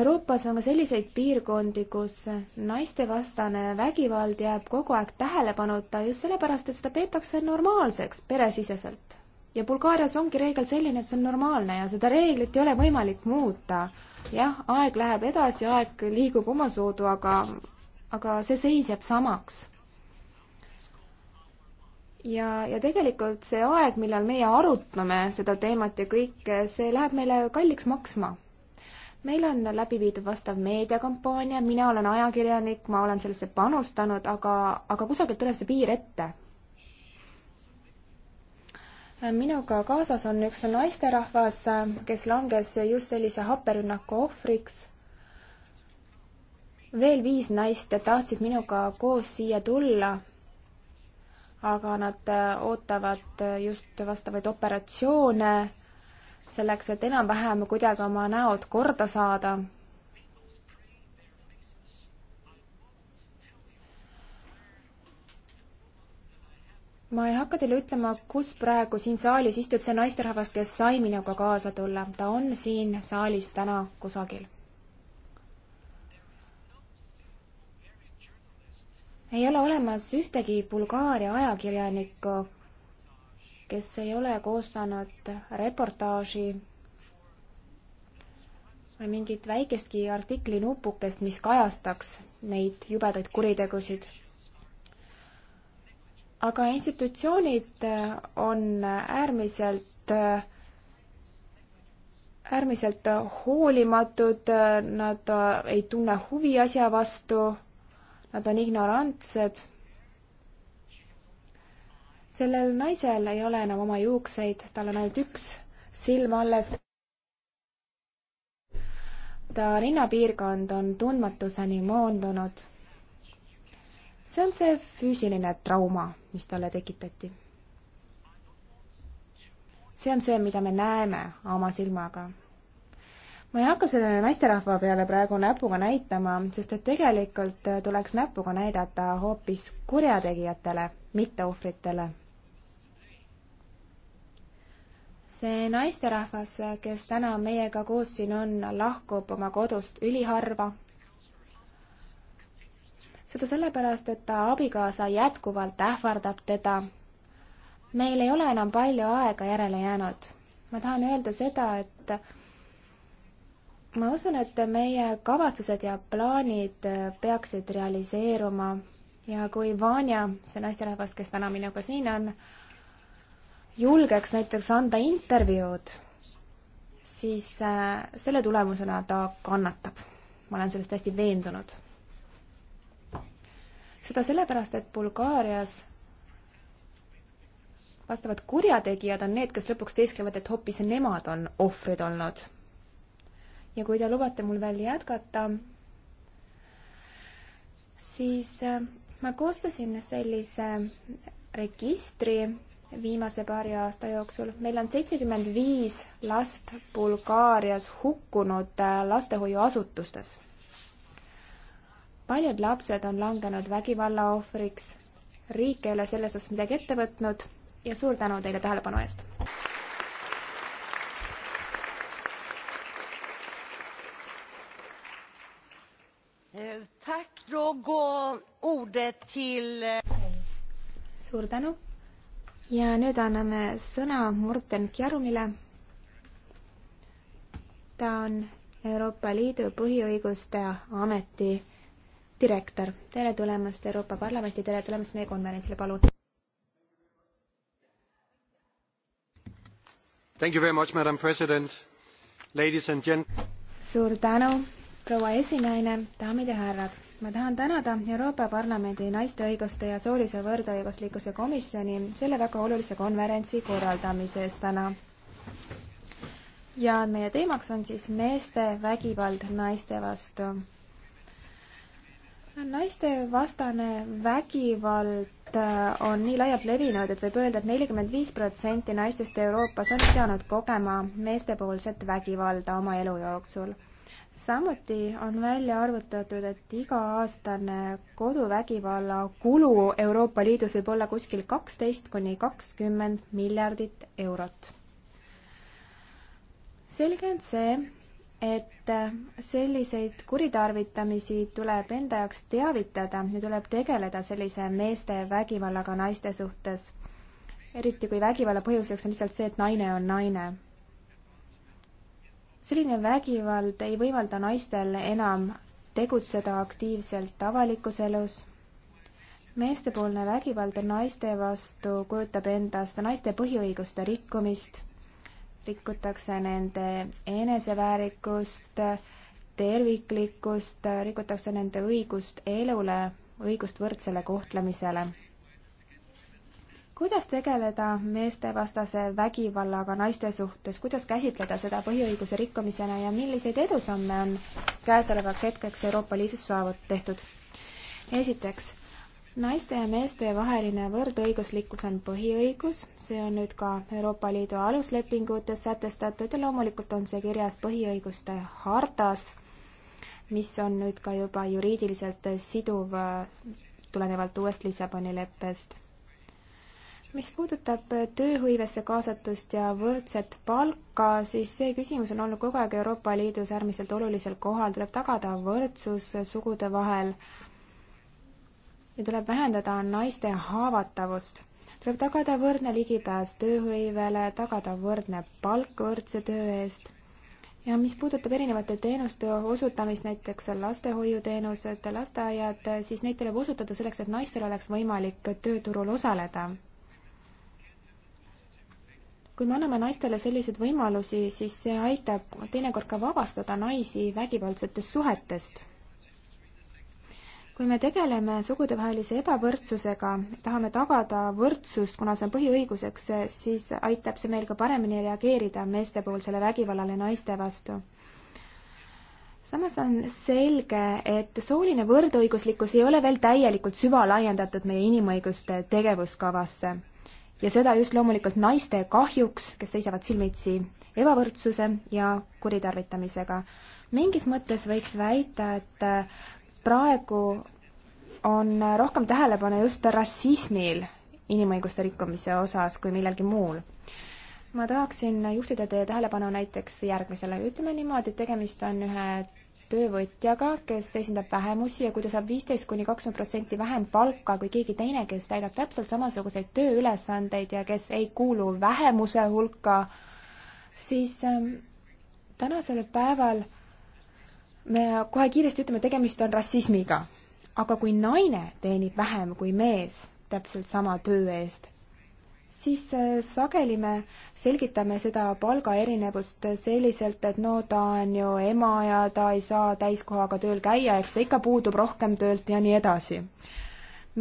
Euroopas on ka selliseid piirkondi, kus naistevastane vägivald jääb kogu aeg tähelepanuta just sellepärast, et seda peetakse normaalseks peresiseselt. ja Bulgaarias ongi reegel selline, et see on normaalne ja seda reeglit ei ole võimalik muuta jah, aeg läheb edasi, aeg liigub omasoodu, aga, aga see seis jääb samaks. ja, ja tegelikult see aeg, millal meie arutame seda teemat ja kõike, see läheb meile kalliks maksma. meil on läbi viidud vastav meediakampaania, mina olen ajakirjanik, ma olen sellesse panustanud, aga, aga kusagilt tuleb see piir ette minuga kaasas on üks naisterahvas, kes langes just sellise happerünnaku ohvriks. veel viis naist tahtsid minuga koos siia tulla, aga nad ootavad just vastavaid operatsioone selleks, et enam-vähem kuidagi oma näod korda saada ma ei hakka teile ütlema, kus praegu siin saalis istub see naisterahvas, kes sai minuga kaasa tulla. ta on siin saalis täna kusagil. ei ole olemas ühtegi Bulgaaria ajakirjanikku, kes ei ole koostanud reportaaži või mingit väikestki artikli nupukest, mis kajastaks neid jubedaid kuritegusid aga institutsioonid äh, on äärmiselt, äh, äärmiselt äh, hoolimatud, nad ei tunne huvi asja vastu, nad on ignorantsed. sellel naisel ei ole enam oma juukseid, tal on ainult üks silm alles. ta rinnapiirkond on tundmatuseni moondunud see on see füüsiline trauma, mis talle tekitati. see on see, mida me näeme oma silmaga ma ei hakka selle naisterahva peale praegu näpuga näitama, sest et tegelikult tuleks näpuga näidata hoopis kurjategijatele, mitte ohvritele. see naisterahvas, kes täna meiega koos siin on, lahkub oma kodust üliharva seda sellepärast, et ta abikaasa jätkuvalt ähvardab teda. meil ei ole enam palju aega järele jäänud. ma tahan öelda seda, et ma usun, et meie kavatsused ja plaanid peaksid realiseeruma ja kui Vanja, see naisterahvas, kes täna minuga siin on, julgeks näiteks anda intervjuud, siis äh, selle tulemusena ta kannatab. ma olen sellest hästi veendunud seda sellepärast, et Bulgaarias vastavad kurjategijad on need, kes lõpuks teesklevad, et hoopis nemad on ohvrid olnud. ja kui te lubate mul veel jätkata, siis äh, ma koostasin sellise registri viimase paari aasta jooksul. meil on seitsekümmend viis last Bulgaarias hukkunud äh, lastehoiuasutustes paljud lapsed on langenud vägivalla ohvriks, riik ei ole selles osas midagi ette võtnud ja suur tänu teile tähelepanu eest! Eh, eh. suur tänu ja nüüd anname sõna Morten Kjarumile. ta on Euroopa Liidu põhiõiguste ameti direktor, tere tulemast Euroopa Parlamenti, tere tulemast meie konverentsile, palun. Thank you very much, madam president, ladies and gen-. suur tänu, proua esinaine, daamid ja härrad. ma tahan tänada Euroopa Parlamendi naiste õiguste ja soolise võrdõiguslikkuse komisjoni selle väga olulise konverentsi korraldamise eest täna ja meie teemaks on siis meeste vägivald naiste vastu naistevastane vägivald äh, on nii laialt levinud, et võib öelda et, et nelikümmend viis protsenti naistest Euroopas on pidanud kogema meestepoolset vägivalda oma elu jooksul. samuti on välja arvutatud, et iga-aastane koduvägivalla kulu Euroopa Liidus võib olla kuskil kaksteist kuni kakskümmend miljardit eurot. selge on see, et äh, selliseid kuritarvitamisi tuleb enda jaoks teavitada ja tuleb tegeleda sellise meeste vägivallaga naiste suhtes. eriti kui vägivalla põhjuseks on lihtsalt see, et naine on naine. selline vägivald ei võimalda naistel enam tegutseda aktiivselt avalikus elus. meestepoolne vägivald naiste vastu kujutab endast naiste põhiõiguste rikkumist rikutakse nende eneseväärikust, terviklikkust, rikutakse nende õigust elule, õigust võrdsele kohtlemisele. kuidas tegeleda meestevastase vägivallaga naiste suhtes, kuidas käsitleda seda põhiõiguse rikkumisena ja milliseid edusamme on käesolevaks hetkeks Euroopa Liidus saavut-, tehtud? esiteks naiste ja meeste vaheline võrdõiguslikkus on põhiõigus, see on nüüd ka Euroopa Liidu aluslepingutes sätestatud ja loomulikult on see kirjas põhiõiguste hartas, mis on nüüd ka juba juriidiliselt siduv äh, tulenevalt uuest Lissaboni leppest. mis puudutab tööhõivesse kaasatust ja võrdset palka, siis see küsimus on olnud kogu aeg Euroopa Liidus äärmiselt olulisel kohal, tuleb tagada võrdsus sugude vahel ja tuleb vähendada naiste haavatavust. tuleb tagada võrdne ligipääs tööhõivele, tagada võrdne palk võrdse töö eest. ja mis puudutab erinevate teenuste osutamist, näiteks lastehoiuteenused, lasteaiad, siis neid tuleb osutada selleks, et naistel oleks võimalik tööturul osaleda. kui me anname naistele selliseid võimalusi, siis see aitab teinekord ka vabastada naisi vägivaldsetest suhetest kui me tegeleme sugudevahelise ebavõrdsusega, tahame tagada võrdsust, kuna see on põhiõiguseks, siis aitab see meil ka paremini reageerida meestepoolsele vägivallale naiste vastu. samas on selge, et sooline võrdõiguslikkus ei ole veel täielikult süvalaiendatud meie inimõiguste tegevuskavasse. ja seda just loomulikult naiste kahjuks, kes seisavad silmitsi ebavõrdsuse ja kuritarvitamisega mingis mõttes võiks väita, et praegu on rohkem tähelepanu just rassismil inimõiguste rikkumise osas kui millelgi muul. ma tahaksin juhtida teie tähelepanu näiteks järgmisele, ütleme niimoodi, et tegemist on ühe töövõtjaga, kes esindab vähemusi ja kui ta saab viisteist kuni kakskümmend protsenti vähem palka kui keegi teine, kes täidab täpselt samasuguseid tööülesandeid ja kes ei kuulu vähemuse hulka, siis ähm, tänasel päeval me kohe kiiresti ütleme, tegemist on rassismiga aga kui naine teenib vähem kui mees täpselt sama töö eest, siis äh, sageli me selgitame seda palgaerinevust selliselt, et no ta on ju ema ja ta ei saa täiskohaga tööl käia, eks ta ikka puudub rohkem töölt ja nii edasi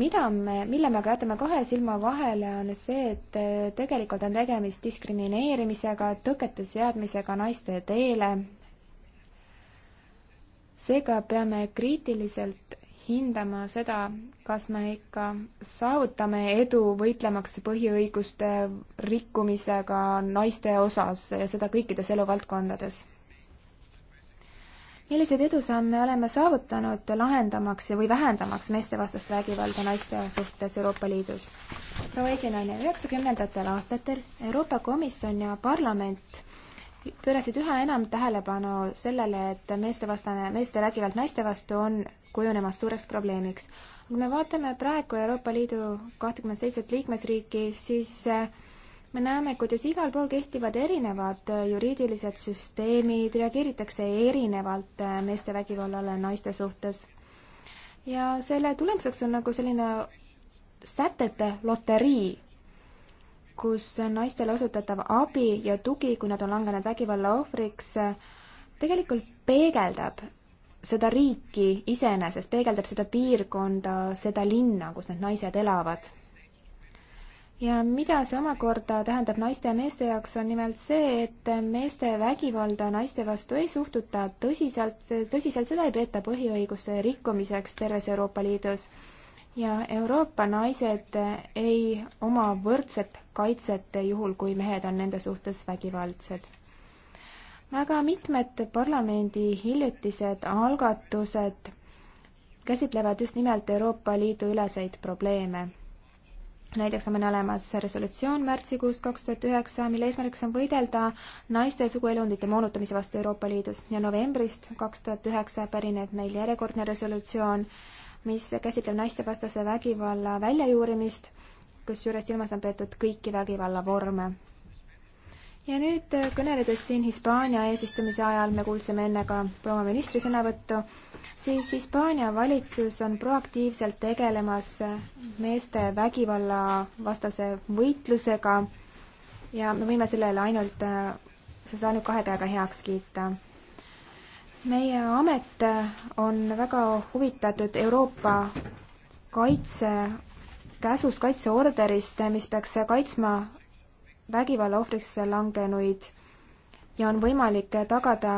mida me, mille me aga jätame kahe silma vahele, on see, et äh, tegelikult on tegemist diskrimineerimisega, tõkete seadmisega naiste teele. seega peame kriitiliselt hindama seda, kas me ikka saavutame edu võitlemaks põhiõiguste rikkumisega naiste osas ja seda kõikides eluvaldkondades. milliseid edusamme oleme saavutanud lahendamaks või vähendamaks meestevastast vägivalda naiste suhtes Euroopa Liidus? proua esinaine, üheksakümnendatel aastatel Euroopa Komisjon ja parlament pöörasid üha enam tähelepanu sellele, et meestevastane, meeste vägivald naiste vastu on kujunemas suureks probleemiks. kui me vaatame praegu Euroopa Liidu kahtekümmet seitset liikmesriiki, siis eh, me näeme, kuidas igal pool kehtivad erinevad eh, juriidilised süsteemid, reageeritakse erinevalt eh, meeste vägivallale naiste suhtes. ja selle tulemuseks on nagu selline sätete loterii kus naistele osutatav abi ja tugi, kui nad on langenud vägivalla ohvriks, tegelikult peegeldab seda riiki iseenesest, peegeldab seda piirkonda, seda linna, kus need naised elavad. ja mida see omakorda tähendab naiste ja meeste jaoks, on nimelt see, et meeste vägivalda naiste vastu ei suhtuta tõsiselt, tõsiselt seda ei peeta põhiõiguste rikkumiseks terves Euroopa Liidus ja Euroopa naised ei oma võrdset kaitset juhul, kui mehed on nende suhtes vägivaldsed. väga mitmed parlamendi hiljutised algatused käsitlevad just nimelt Euroopa Liidu üleseid probleeme näiteks on meil olemas resolutsioon märtsikuust kaks tuhat üheksa, mille eesmärgiks on võidelda naiste suguelundite moonutamise vastu Euroopa Liidus ja novembrist kaks tuhat üheksa pärineb meil järjekordne resolutsioon, mis käsitleb naistevastase vägivalla väljajuurimist kusjuures silmas on peetud kõiki vägivallavorme. ja nüüd äh, kõneledes siin Hispaania eesistumise ajal, me kuulsime enne ka proua ministri sõnavõttu, siis Hispaania valitsus on proaktiivselt tegelemas äh, meeste vägivallavastase võitlusega ja me võime sellele ainult, äh, seda ainult kahe käega heaks kiita meie amet on väga huvitatud Euroopa kaitse käsust kaitseorderist, mis peaks kaitsma vägivalla ohvrisse langenuid ja on võimalik tagada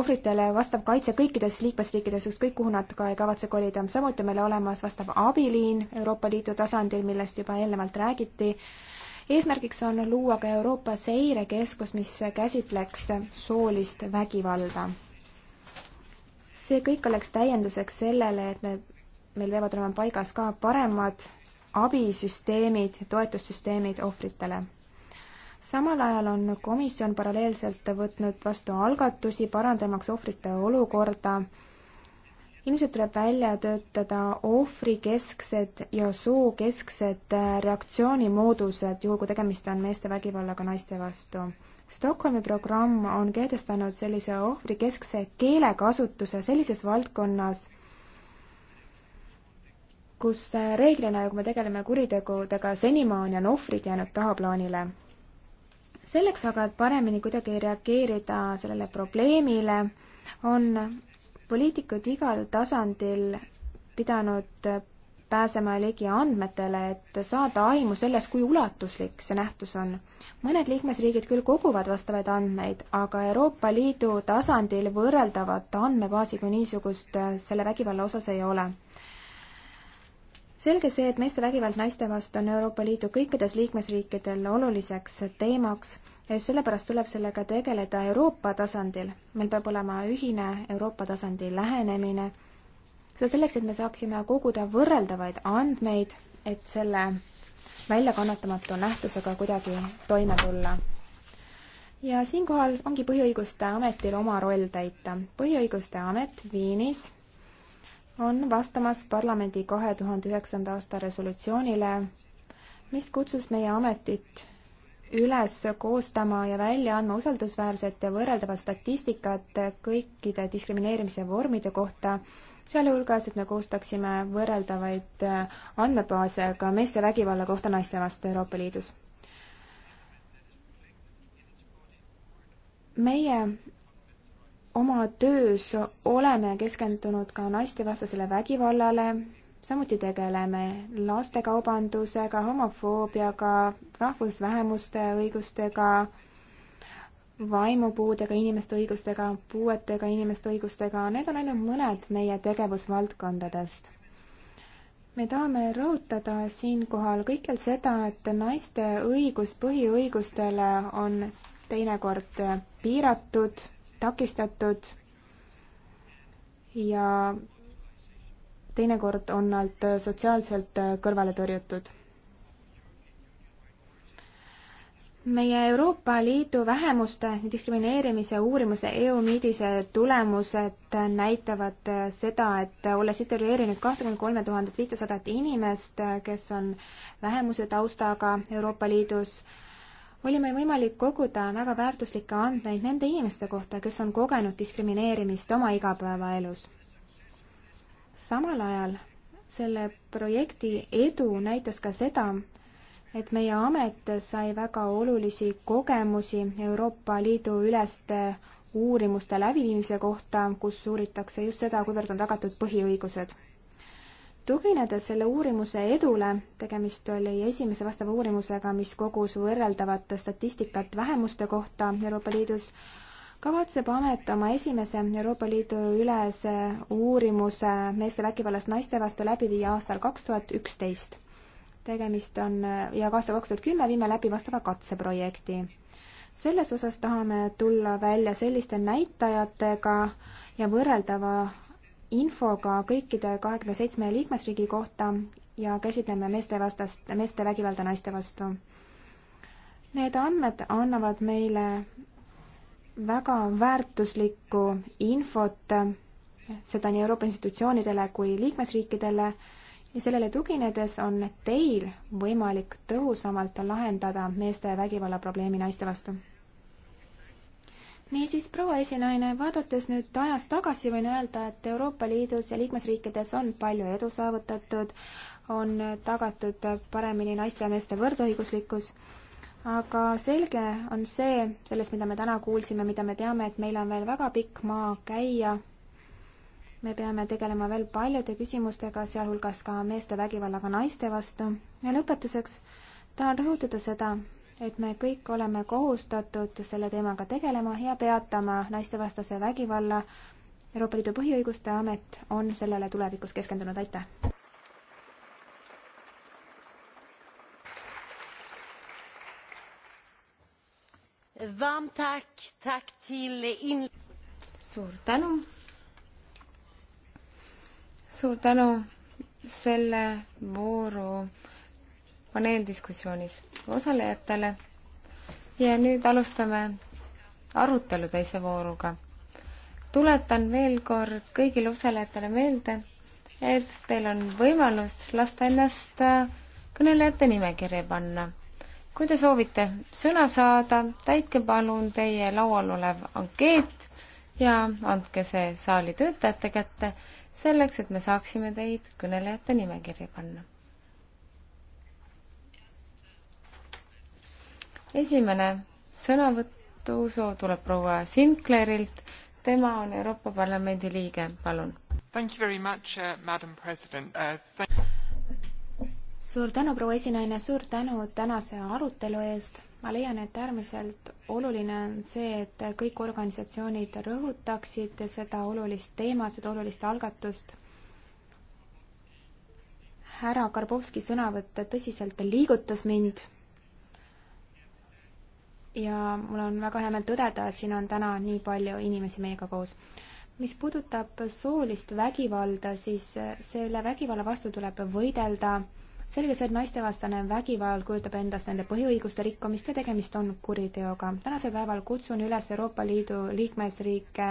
ohvritele vastav kaitse kõikides liikmesriikides, ükskõik kuhu nad ka ei kavatse kolida. samuti on meil olemas vastav abiliin Euroopa Liidu tasandil, millest juba eelnevalt räägiti. eesmärgiks on luua ka Euroopa seirekeskus, mis käsitleks soolist vägivalda. see kõik oleks täienduseks sellele, et me meil peavad olema paigas ka paremad abisüsteemid, toetussüsteemid ohvritele. samal ajal on komisjon paralleelselt võtnud vastu algatusi, parandamaks ohvrite olukorda. ilmselt tuleb välja töötada ohvrikesksed ja sookesksed reaktsioonimoodused, juhul kui tegemist on meeste vägivallaga naiste vastu. Stockholmi programm on kehtestanud sellise ohvrikeskse keelekasutuse sellises valdkonnas kus äh, reeglina, kui me tegeleme kuritegudega, senimaani on ohvrid jäänud tahaplaanile. selleks aga, et paremini kuidagi reageerida sellele probleemile, on poliitikud igal tasandil pidanud pääsema ligi andmetele, et saada aimu sellest, kui ulatuslik see nähtus on. mõned liikmesriigid küll koguvad vastavaid andmeid, aga Euroopa Liidu tasandil võrreldavat andmebaasi kui niisugust äh, selle vägivalla osas ei ole selge see, et meeste vägivald naiste vastu on Euroopa Liidu kõikides liikmesriikidel oluliseks teemaks ja just sellepärast tuleb sellega tegeleda Euroopa tasandil. meil peab olema ühine Euroopa tasandi lähenemine, seda selleks, et me saaksime koguda võrreldavaid andmeid, et selle väljakannatamatu nähtusega kuidagi toime tulla. ja siinkohal ongi Põhiõiguste Ametil oma roll täita. põhiõiguste Amet Viinis on vastamas parlamendi kahe tuhande üheksanda aasta resolutsioonile, mis kutsus meie ametit üles koostama ja välja andma usaldusväärset ja võrreldavat statistikat kõikide diskrimineerimise vormide kohta, sealhulgas, et me koostaksime võrreldavaid andmebaase ka meeste vägivalla kohta naiste vastu Euroopa Liidus. meie oma töös oleme keskendunud ka naistevastasele vägivallale, samuti tegeleme lastekaubandusega, homofoobiaga, rahvusvähemuste õigustega, vaimupuudega inimeste õigustega, puuetega inimeste õigustega, need on ainult mõned meie tegevusvaldkondadest. me tahame rõhutada siinkohal kõikjal seda, et naiste õigus põhiõigustele on teinekord piiratud takistatud ja teinekord on nad sotsiaalselt kõrvale tõrjutud. meie Euroopa Liidu vähemuste diskrimineerimise uurimuse EUMIDise tulemused näitavad seda, et olles intervjueerinud kahtekümmend kolme tuhandet viitesadat inimest, kes on vähemuse taustaga Euroopa Liidus, oli meil võimalik koguda väga väärtuslikke andmeid nende inimeste kohta, kes on kogenud diskrimineerimist oma igapäevaelus. samal ajal selle projekti edu näitas ka seda, et meie amet sai väga olulisi kogemusi Euroopa Liidu üleste uurimuste läbiviimise kohta, kus uuritakse just seda, kuivõrd on tagatud põhiõigused tuginedes selle uurimuse edule, tegemist oli esimese vastava uurimusega, mis kogus võrreldavat statistikat vähemuste kohta Euroopa Liidus, kavatseb amet oma esimese Euroopa Liidu ülese uurimuse meeste vägivallast naiste vastu läbi viia aastal kaks tuhat üksteist. tegemist on, ja ka aastal kaks tuhat kümme viime läbi vastava katseprojekti selles osas tahame tulla välja selliste näitajatega ja võrreldava infoga kõikide kahekümne seitsme liikmesriigi kohta ja käsitleme meestevastast, meeste vägivalda naiste vastu. Need andmed annavad meile väga väärtuslikku infot, seda nii Euroopa institutsioonidele kui liikmesriikidele ja sellele tuginedes on teil võimalik tõhusamalt lahendada meeste vägivalla probleemi naiste vastu niisiis, proua esinaine, vaadates nüüd ajas tagasi, võin öelda, et Euroopa Liidus ja liikmesriikides on palju edu saavutatud, on tagatud paremini naiste ja meeste võrdõiguslikkus, aga selge on see, sellest, mida me täna kuulsime, mida me teame, et meil on veel väga pikk maa käia, me peame tegelema veel paljude küsimustega, sealhulgas ka meeste vägivallaga naiste vastu ja lõpetuseks tahan rõhutada seda, et me kõik oleme kohustatud selle teemaga tegelema ja peatama naistevastase vägivalla. Euroopa Liidu Põhiõiguste Amet on sellele tulevikus keskendunud, aitäh! suur tänu! suur tänu selle vooru paneeldiskussioonis osalejatele ja nüüd alustame arutelu teise vooruga. tuletan veel kord kõigile osalejatele meelde, et teil on võimalus lasta ennast äh, kõnelejate nimekirja panna. kui te soovite sõna saada, täitke palun teie laual olev ankeet ja andke see saali töötajate kätte, selleks et me saaksime teid kõnelejate nimekirja panna esimene sõnavõtusoov tuleb proua Sinclairilt, tema on Euroopa Parlamendi liige, palun. Uh, uh, suur tänu, proua esinaine, suur tänu tänase arutelu eest. ma leian, et äärmiselt oluline on see, et kõik organisatsioonid rõhutaksid seda olulist teemat, seda olulist algatust härra Karbovski sõnavõtt tõsiselt liigutas mind ja mul on väga hea meel tõdeda, et siin on täna nii palju inimesi meiega koos. mis puudutab soolist vägivalda, siis selle vägivalla vastu tuleb võidelda. selge see, et naistevastane vägivald kujutab endast nende põhiõiguste rikkumist ja tegemist on kuriteoga. tänasel päeval kutsun üles Euroopa Liidu liikmesriike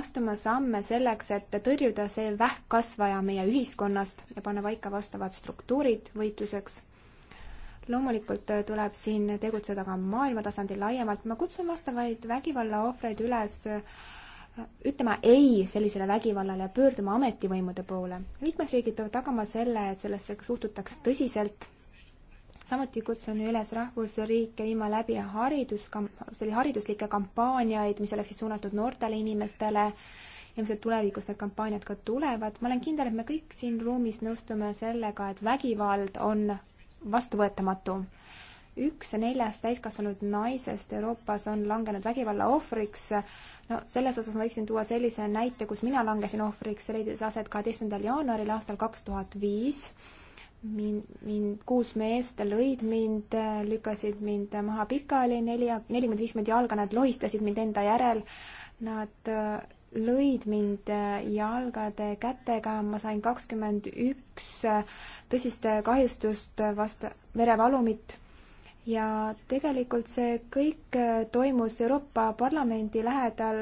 astuma samme selleks, et tõrjuda see vähkkasvaja meie ühiskonnast ja panna paika vastavad struktuurid võitluseks loomulikult äh, tuleb siin tegutseda ka maailma tasandil laiemalt, ma kutsun vastavaid vägivallaohvreid üles äh, ütlema ei sellisele vägivallale ja pöörduma ametivõimude poole. liikmesriigid peavad tagama selle, et sellesse suhtutaks tõsiselt. samuti kutsun üles rahvusriike viima läbi haridus, selliseid hariduslikke kampaaniaid, mis oleksid suunatud noortele inimestele ilmselt tulevikus need kampaaniad ka tulevad. ma olen kindel, et me kõik siin ruumis nõustume sellega, et vägivald on vastuvõetamatu. üks neljast täiskasvanud naisest Euroopas on langenud vägivalla ohvriks. no selles osas ma võiksin tuua sellise näite, kus mina langesin ohvriks, see leidis aset kaheteistkümnendal jaanuaril aastal kaks tuhat viis mind, mind, kuus meest lõid mind, lükkasid mind maha pikali, neli, nelikümmend, viiskümmend jalga, nad lohistasid mind enda järel. Nad lõid mind äh, jalgade kätega, ma sain kakskümmend üks äh, tõsist äh, kahjustust vasta, verevalumit ja tegelikult see kõik toimus Euroopa Parlamendi lähedal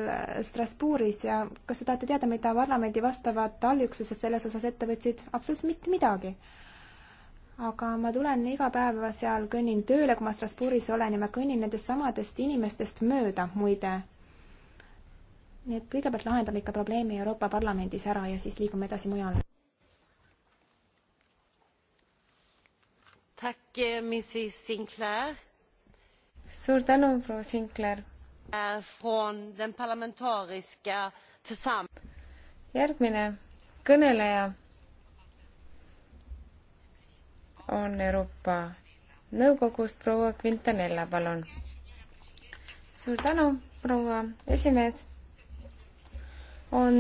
Strasbourgis ja kas te tahate teada, mida parlamendi vastavad allüksused selles osas ette võtsid? absoluutselt mitte midagi. aga ma tulen iga päev seal, kõnnin tööle, kui ma Strasbourgis olen ja ma kõnnin nendest samadest inimestest mööda, muide nii et kõigepealt lahendame ikka probleemi Euroopa Parlamendis ära ja siis liigume edasi mujale. Eh, suur tänu, proua Sinkler. Eh, järgmine kõneleja on Euroopa Nõukogust proua Quintanella, palun. suur tänu, proua esimees on,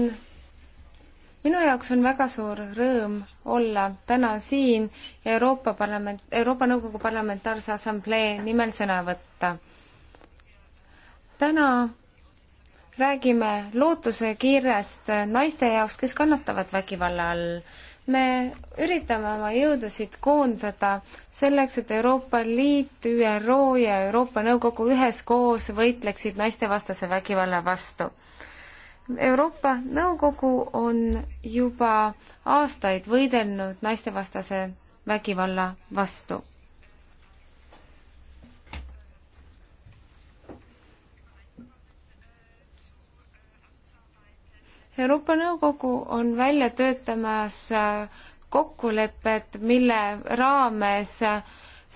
minu jaoks on väga suur rõõm olla täna siin ja Euroopa Parlament, Euroopa Nõukogu Parlamentaarse Assamblee nimel sõna võtta. täna räägime lootuse kiirest naiste jaoks, kes kannatavad vägivalla all me üritame oma jõudusid koondada selleks, et Euroopa Liit, ÜRO ja Euroopa Nõukogu üheskoos võitleksid naistevastase vägivalla vastu. Euroopa Nõukogu on juba aastaid võidelnud naistevastase vägivalla vastu. Euroopa Nõukogu on välja töötamas kokkulepet, mille raames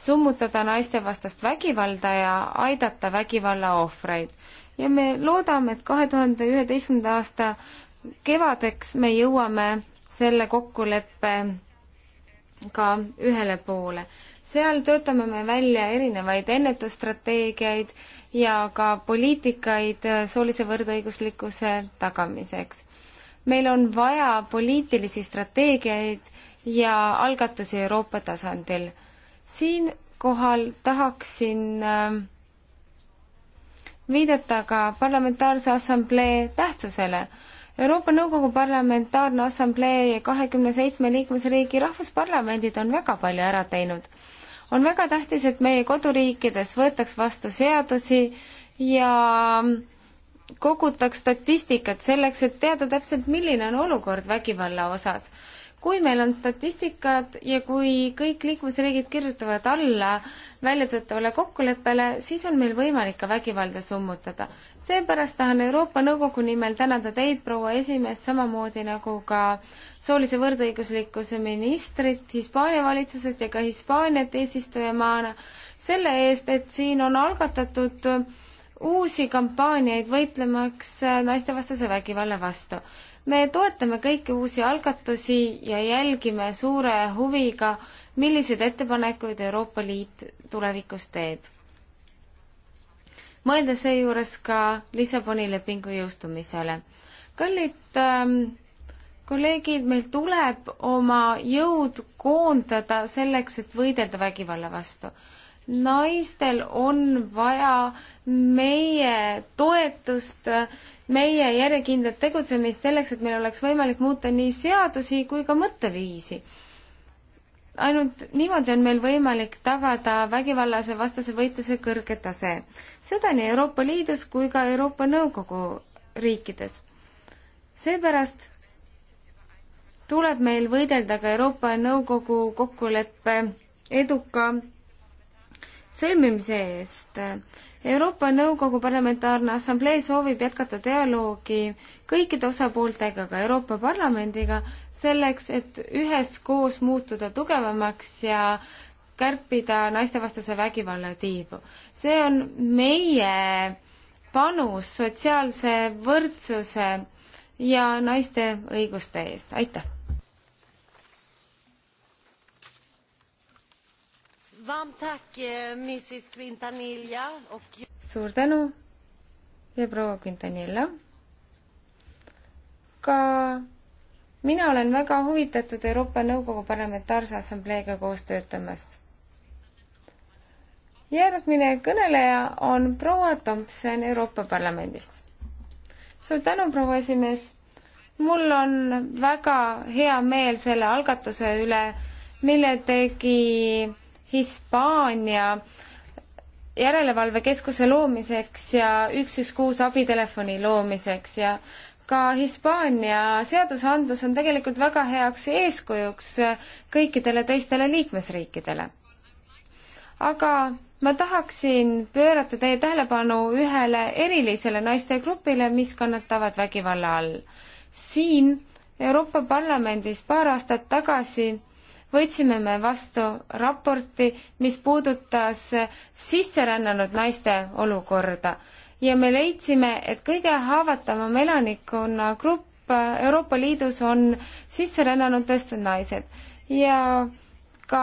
summutada naistevastast vägivalda ja aidata vägivalla ohvreid ja me loodame, et kahe tuhande üheteistkümnenda aasta kevadeks me jõuame selle kokkuleppega ühele poole. seal töötame me välja erinevaid ennetusstrateegiaid ja ka poliitikaid soolise võrdõiguslikkuse tagamiseks. meil on vaja poliitilisi strateegiaid ja algatusi Euroopa tasandil. siinkohal tahaksin äh, viidata ka Parlamentaarse Assamblee tähtsusele. Euroopa Nõukogu Parlamentaarne Assamblee ja kahekümne seitsme liikmesriigi rahvusparlamendid on väga palju ära teinud. on väga tähtis, et meie koduriikides võetaks vastu seadusi ja kogutaks statistikat selleks, et teada täpselt, milline on olukord vägivalla osas kui meil on statistikad ja kui kõik liikmesriigid kirjutavad alla väljatöötavale kokkuleppele, siis on meil võimalik ka vägivalda summutada. seepärast tahan Euroopa Nõukogu nimel tänada teid, proua esimees, samamoodi nagu ka soolise võrdõiguslikkuse ministrit Hispaania valitsusest ja ka Hispaaniat eesistujamaana selle eest, et siin on algatatud uusi kampaaniaid võitlemaks naistevastase vägivalla vastu me toetame kõiki uusi algatusi ja jälgime suure huviga, milliseid ettepanekuid Euroopa Liit tulevikus teeb. mõelda seejuures ka Lissaboni lepingu jõustumisele. kallid ähm, kolleegid, meil tuleb oma jõud koondada selleks, et võidelda vägivalla vastu naistel on vaja meie toetust, meie järjekindlat tegutsemist selleks, et meil oleks võimalik muuta nii seadusi kui ka mõtteviisi. ainult niimoodi on meil võimalik tagada vägivallase vastase võitluse kõrge tase. seda nii Euroopa Liidus kui ka Euroopa Nõukogu riikides. seepärast tuleb meil võidelda ka Euroopa Nõukogu kokkuleppe eduka sõlmimise eest. Euroopa Nõukogu Parlamentaarne Assamblee soovib jätkata dialoogi kõikide osapooltega, ka Euroopa Parlamendiga, selleks, et üheskoos muutuda tugevamaks ja kärpida naistevastase vägivalla tiibu. see on meie panus sotsiaalse võrdsuse ja naiste õiguste eest, aitäh! Eh, suur tänu ja proua Quintanilla. ka mina olen väga huvitatud Euroopa Nõukogu Parlamentaarse Assambleega koos töötamast. järgmine kõneleja on proua Tomson Euroopa Parlamendist. suur tänu, proua esimees. mul on väga hea meel selle algatuse üle, mille tegi Hispaania järelevalvekeskuse loomiseks ja üks üks kuus abitelefoni loomiseks ja ka Hispaania seadusandlus on tegelikult väga heaks eeskujuks kõikidele teistele liikmesriikidele. aga ma tahaksin pöörata teie tähelepanu ühele erilisele naiste grupile, mis kannatavad vägivalla all. siin Euroopa Parlamendis paar aastat tagasi võtsime me vastu raporti, mis puudutas sisserännanud naiste olukorda ja me leidsime, et kõige haavatavam elanikkonnagrupp Euroopa Liidus on sisserännanutest naised ja ka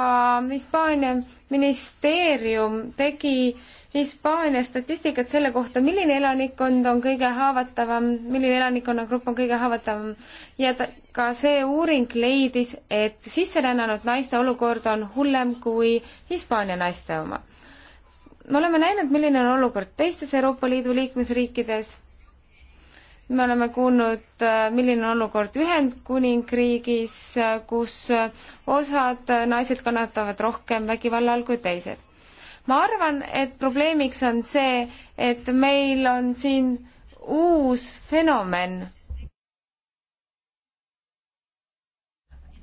Hispaania ministeerium tegi äh, Hispaania statistikat selle kohta, milline elanikkond on kõige haavatavam, milline elanikkonnagrupp on kõige haavatavam ja ta, ka see uuring leidis, et sisserännanud naiste olukord on hullem kui Hispaania naiste oma. me oleme näinud, milline on olukord teistes Euroopa Liidu liikmesriikides, me oleme kuulnud, äh, milline on olukord Ühendkuningriigis, äh, kus äh, osad naised kannatavad rohkem vägivalla all kui teised ma arvan, et probleemiks on see, et meil on siin uus fenomen.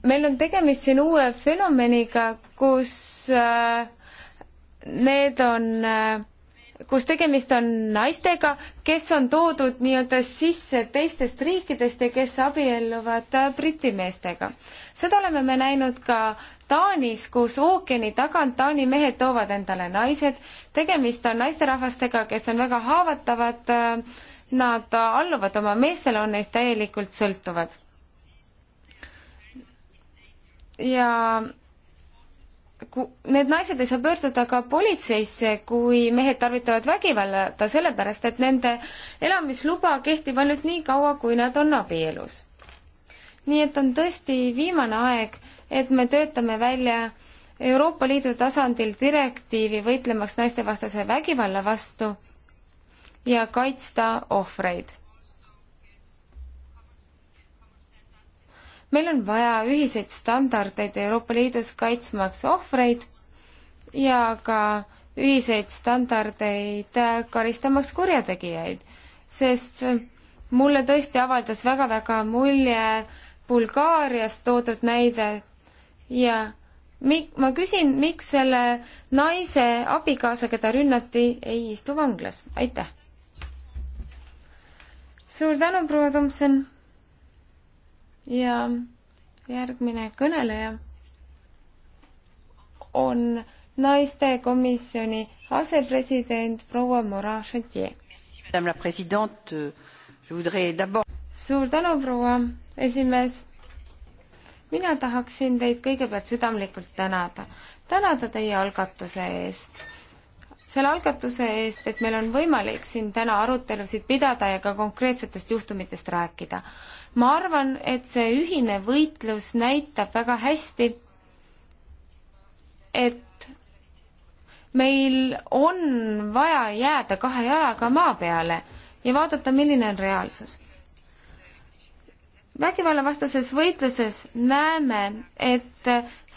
meil on tegemist siin uue fenomeniga, kus äh, need on äh, kus tegemist on naistega, kes on toodud nii-öelda sisse teistest riikidest ja kes abielluvad äh, Briti meestega. seda oleme me näinud ka Taanis, kus ookeani tagant Taani mehed toovad endale naised. tegemist on naisterahvastega, kes on väga haavatavad. Nad alluvad oma meestele, on neist täielikult sõltuvad. ja need naised ei saa pöörduda ka politseisse, kui mehed tarvitavad vägivalda, sellepärast et nende elamisluba kehtib ainult nii kaua, kui nad on abielus. nii et on tõesti viimane aeg et me töötame välja Euroopa Liidu tasandil direktiivi võitlemaks naistevastase vägivalla vastu ja kaitsta ohvreid. meil on vaja ühiseid standardeid Euroopa Liidus kaitsmaks ohvreid ja ka ühiseid standardeid karistamaks kurjategijaid, sest mulle tõesti avaldas väga-väga mulje Bulgaarias toodud näide, ja mi-, ma küsin, miks selle naise abikaasa, keda rünnati, ei istu vanglas, aitäh! suur tänu, proua Tomson! ja järgmine kõneleja on naistekomisjoni asepresident proua Morin Chantier. suur tänu, proua esimees mina tahaksin teid kõigepealt südamlikult tänada, tänada teie algatuse eest. selle algatuse eest, et meil on võimalik siin täna arutelusid pidada ja ka konkreetsetest juhtumitest rääkida. ma arvan, et see ühine võitlus näitab väga hästi, et meil on vaja jääda kahe jalaga maa peale ja vaadata, milline on reaalsus vägivallavastases võitluses näeme, et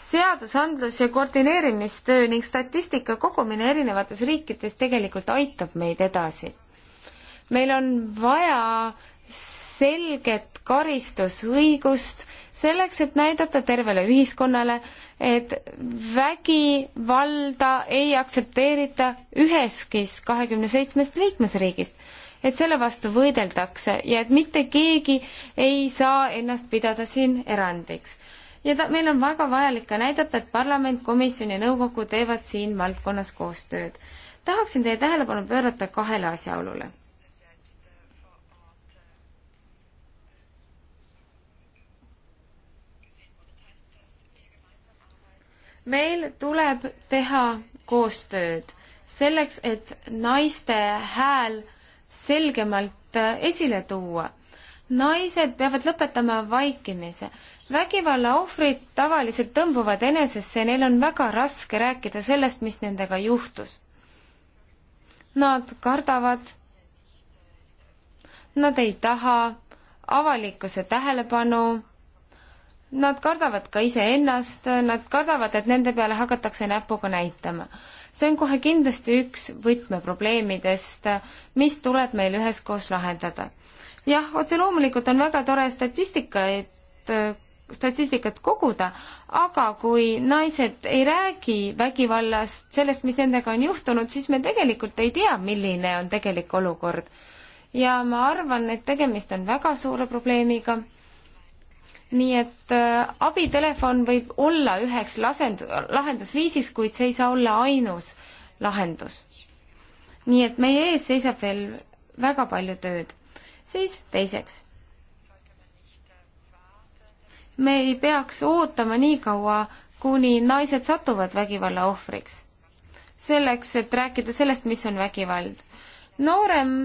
seadusandlus ja koordineerimistöö ning statistika kogumine erinevates riikides tegelikult aitab meid edasi. meil on vaja selget karistusõigust selleks, et näidata tervele ühiskonnale, et vägivalda ei aktsepteerita üheski kahekümne seitsmest liikmesriigist et selle vastu võideldakse ja et mitte keegi ei saa ennast pidada siin erandiks. ja ta, meil on väga vajalik ka näidata, et parlament, komisjon ja nõukogu teevad siin valdkonnas koostööd. tahaksin teie tähelepanu pöörata kahele asjaolule. meil tuleb teha koostööd selleks, et naiste hääl äh, selgemalt äh, esile tuua. naised peavad lõpetama vaikimise. vägivalla ohvrid tavaliselt tõmbuvad enesesse ja neil on väga raske rääkida sellest, mis nendega juhtus. Nad kardavad, nad ei taha avalikkuse tähelepanu Nad kardavad ka iseennast, nad kardavad, et nende peale hakatakse näpuga näitama. see on kohe kindlasti üks võtmeprobleemidest, mis tuleb meil üheskoos lahendada. jah, otse loomulikult on väga tore statistikaid, statistikat koguda, aga kui naised ei räägi vägivallast, sellest, mis nendega on juhtunud, siis me tegelikult ei tea, milline on tegelik olukord. ja ma arvan, et tegemist on väga suure probleemiga nii et äh, abitelefon võib olla üheks lasend-, lahendusviisiks, kuid see ei saa olla ainus lahendus. nii et meie ees seisab veel väga palju tööd. siis teiseks. me ei peaks ootama nii kaua, kuni naised satuvad vägivalla ohvriks. selleks, et rääkida sellest, mis on vägivald. noorem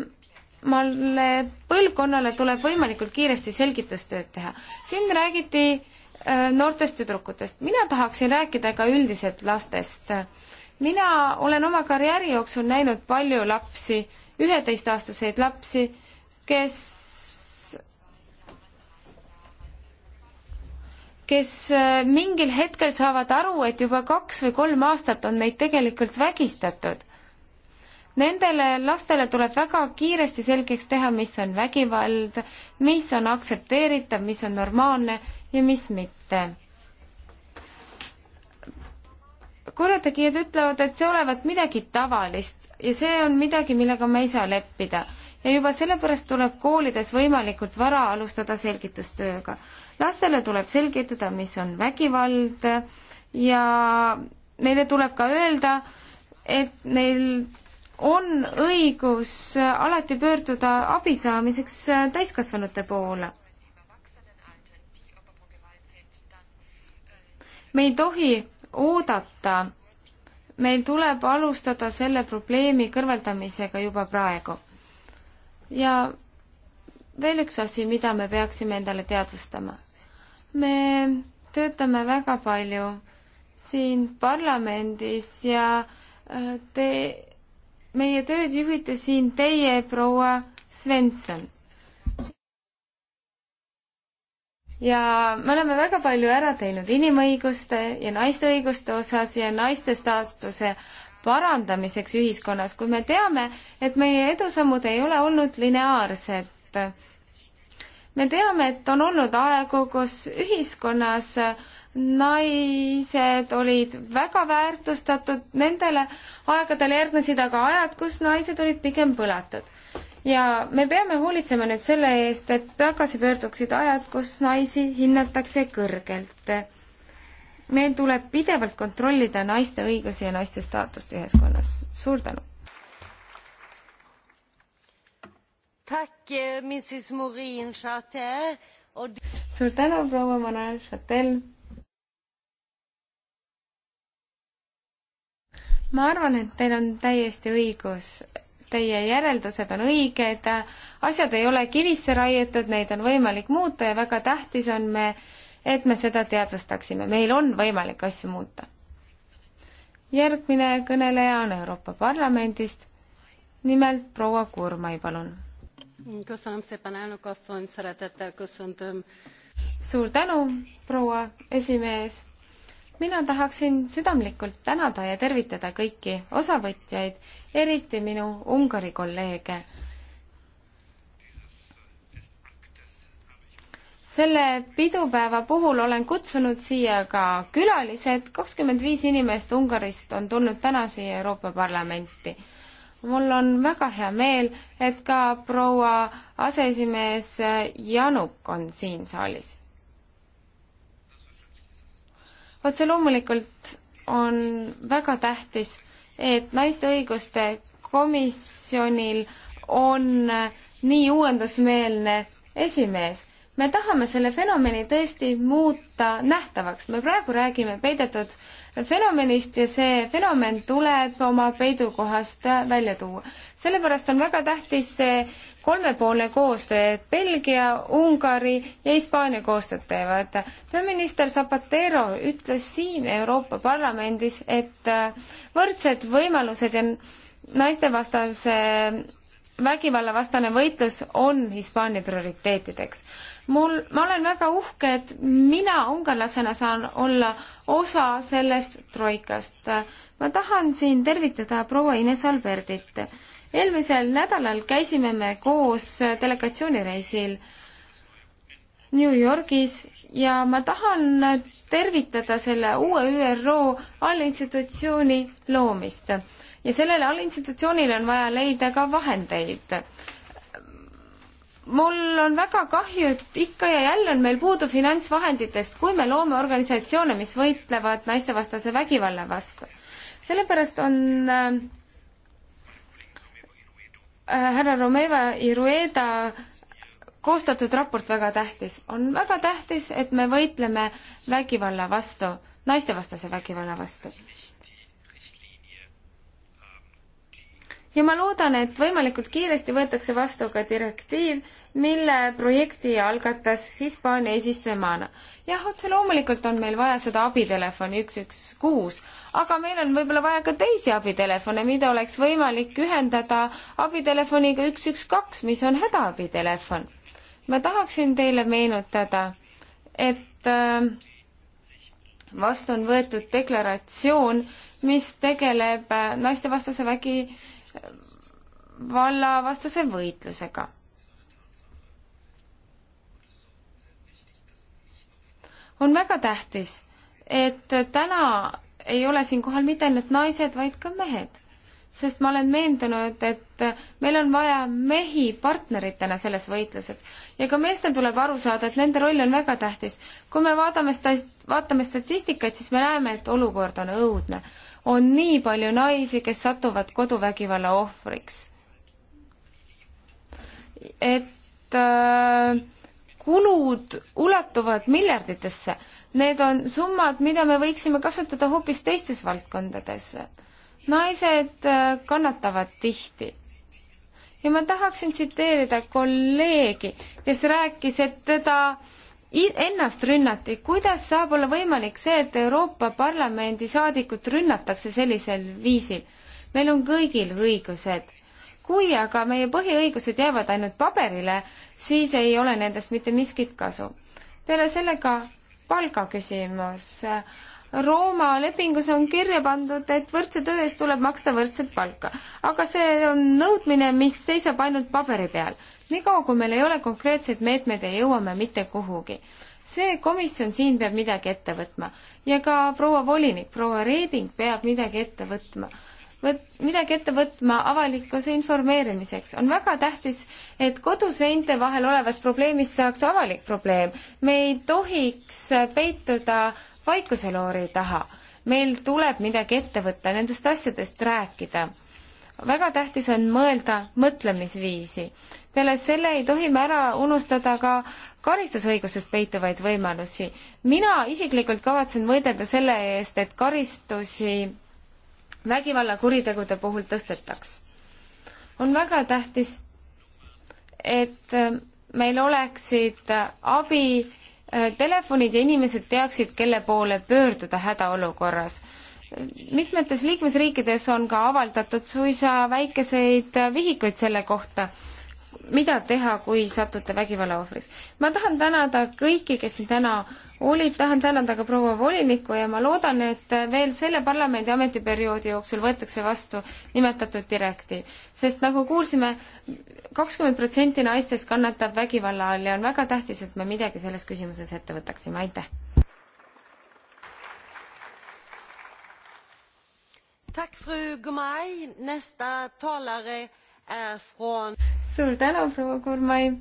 nooremale põlvkonnale tuleb võimalikult kiiresti selgitustööd teha. siin räägiti äh, noortest tüdrukutest, mina tahaksin rääkida ka üldiselt lastest. mina olen oma karjääri jooksul näinud palju lapsi, üheteistaastaseid lapsi, kes kes äh, mingil hetkel saavad aru, et juba kaks või kolm aastat on neid tegelikult vägistatud Nendele lastele tuleb väga kiiresti selgeks teha, mis on vägivald, mis on aktsepteeritav, mis on normaalne ja mis mitte. kurjategijad ütlevad, et see olevat midagi tavalist ja see on midagi, millega me ei saa leppida ja juba sellepärast tuleb koolides võimalikult vara alustada selgitustööga. lastele tuleb selgitada, mis on vägivald ja neile tuleb ka öelda, et neil on õigus alati pöörduda abi saamiseks täiskasvanute poole. me ei tohi oodata, meil tuleb alustada selle probleemi kõrvaldamisega juba praegu. ja veel üks asi, mida me peaksime endale teadvustama. me töötame väga palju siin parlamendis ja äh, te meie tööd juhite siin teie, proua Svensson. ja me oleme väga palju ära teinud inimõiguste ja naiste õiguste osas ja naiste staatuse parandamiseks ühiskonnas, kui me teame, et meie edusammud ei ole olnud lineaarsed. me teame, et on olnud aegu, kus ühiskonnas äh, naised olid väga väärtustatud, nendele aegadele järgnesid aga ajad, kus naised olid pigem põlatud. ja me peame hoolitsema nüüd selle eest, et tagasi pöörduksid ajad, kus naisi hinnatakse kõrgelt. meil tuleb pidevalt kontrollida naiste õigusi ja naiste staatust ühiskonnas. suur tänu! Eh, suur tänu, proua Manel Chatel! ma arvan, et teil on täiesti õigus. Teie järeldused on õiged, asjad ei ole kivisse raiutud, neid on võimalik muuta ja väga tähtis on me, et me seda teadvustaksime, meil on võimalik asju muuta. järgmine kõneleja on Euroopa Parlamendist, nimelt proua Kurmai, palun. suur tänu, proua esimees mina tahaksin südamlikult tänada ja tervitada kõiki osavõtjaid, eriti minu Ungari kolleege. selle pidupäeva puhul olen kutsunud siia ka külalised, kakskümmend viis inimest Ungarist on tulnud täna siia Euroopa Parlamenti. mul on väga hea meel, et ka proua aseesimees Januk on siin saalis otse loomulikult on väga tähtis, et naiste õiguste komisjonil on nii uuendusmeelne esimees me tahame selle fenomeni tõesti muuta nähtavaks. me praegu räägime peidetud fenomenist ja see fenomen tuleb oma peidukohast välja tuua. sellepärast on väga tähtis see kolmepoolne koostöö, et Belgia, Ungari ja Hispaania koostööd teevad. peaminister Zapatero ütles siin Euroopa Parlamendis, et võrdsed võimalused ja naistevastase vägivallavastane võitlus on Hispaania prioriteetideks. mul, ma olen väga uhke, et mina ungarlasena saan olla osa sellest troikast. ma tahan siin tervitada proua Ines Albertit. eelmisel nädalal käisime me koos delegatsioonireisil New Yorgis ja ma tahan tervitada selle uue ÜRO allinstitutsiooni loomist ja sellele institutsioonile on vaja leida ka vahendeid mul on väga kahju, et ikka ja jälle on meil puudu finantsvahenditest, kui me loome organisatsioone, mis võitlevad naistevastase vägivalla vastu. sellepärast on äh, äh härra Romeva Irueda koostatud raport väga tähtis. on väga tähtis, et me võitleme vägivalla vastu, naistevastase vägivalla vastu ja ma loodan, et võimalikult kiiresti võetakse vastu ka direktiiv, mille projekti algatas Hispaania eesistujamaana. jah, otse loomulikult on meil vaja seda abitelefoni üks, üks, kuus, aga meil on võib-olla vaja ka teisi abitelefone, mida oleks võimalik ühendada abitelefoniga üks, üks, kaks, mis on hädaabitelefon. ma tahaksin teile meenutada, et äh, vastu on võetud deklaratsioon, mis tegeleb äh, naistevastase vägi, vägivallavastase võitlusega. on väga tähtis, et täna ei ole siinkohal mitte ainult naised, vaid ka mehed. sest ma olen meenunud, et meil on vaja mehi partneritena selles võitluses ja ka meestel tuleb aru saada, et nende roll on väga tähtis. kui me vaatame sta-, vaatame statistikat, siis me näeme, et olukord on õudne. on nii palju naisi, kes satuvad koduvägivalla ohvriks et äh, kulud ulatuvad miljarditesse. Need on summad, mida me võiksime kasutada hoopis teistes valdkondades. naised äh, kannatavad tihti. ja ma tahaksin tsiteerida kolleegi, kes rääkis, et teda ennast rünnati, kuidas saab olla võimalik see, et Euroopa Parlamendi saadikut rünnatakse sellisel viisil? meil on kõigil õigused kui aga meie põhiõigused jäävad ainult paberile, siis ei ole nendest mitte miskit kasu. peale selle ka palgaküsimus. Rooma lepingus on kirja pandud, et võrdse töö eest tuleb maksta võrdset palka, aga see on nõudmine, mis seisab ainult paberi peal. niikaua, kui meil ei ole konkreetseid meetmeid, ei jõua me mitte kuhugi see komisjon siin peab midagi ette võtma ja ka proua volinik, proua Reeding peab midagi ette võtma võt-, midagi ette võtma avalikkuse informeerimiseks. on väga tähtis, et koduseinte vahel olevast probleemist saaks avalik probleem. me ei tohiks peituda vaikuseloori taha. meil tuleb midagi ette võtta, nendest asjadest rääkida väga tähtis on mõelda mõtlemisviisi. peale selle ei tohi me ära unustada ka karistusõiguses peituvaid võimalusi. mina isiklikult kavatsen võidelda selle eest, et karistusi vägivallakuritegude puhul tõstetaks. on väga tähtis, et äh, meil oleksid äh, abi äh, telefonid ja inimesed teaksid, kelle poole pöörduda hädaolukorras. mitmetes liikmesriikides on ka avaldatud suisa väikeseid vihikuid selle kohta, mida teha, kui satute vägivalla ohvriks. ma tahan tänada kõiki, kes siin täna olid, tahan tänada ka proua volinikku ja ma loodan, et veel selle parlamendi ametiperioodi jooksul võetakse vastu nimetatud direktiiv. sest nagu kuulsime, kakskümmend protsenti naistest kannatab vägivalla all ja on väga tähtis, et me midagi selles küsimuses ette võtaksime, aitäh! suur tänu, proua Gurmai!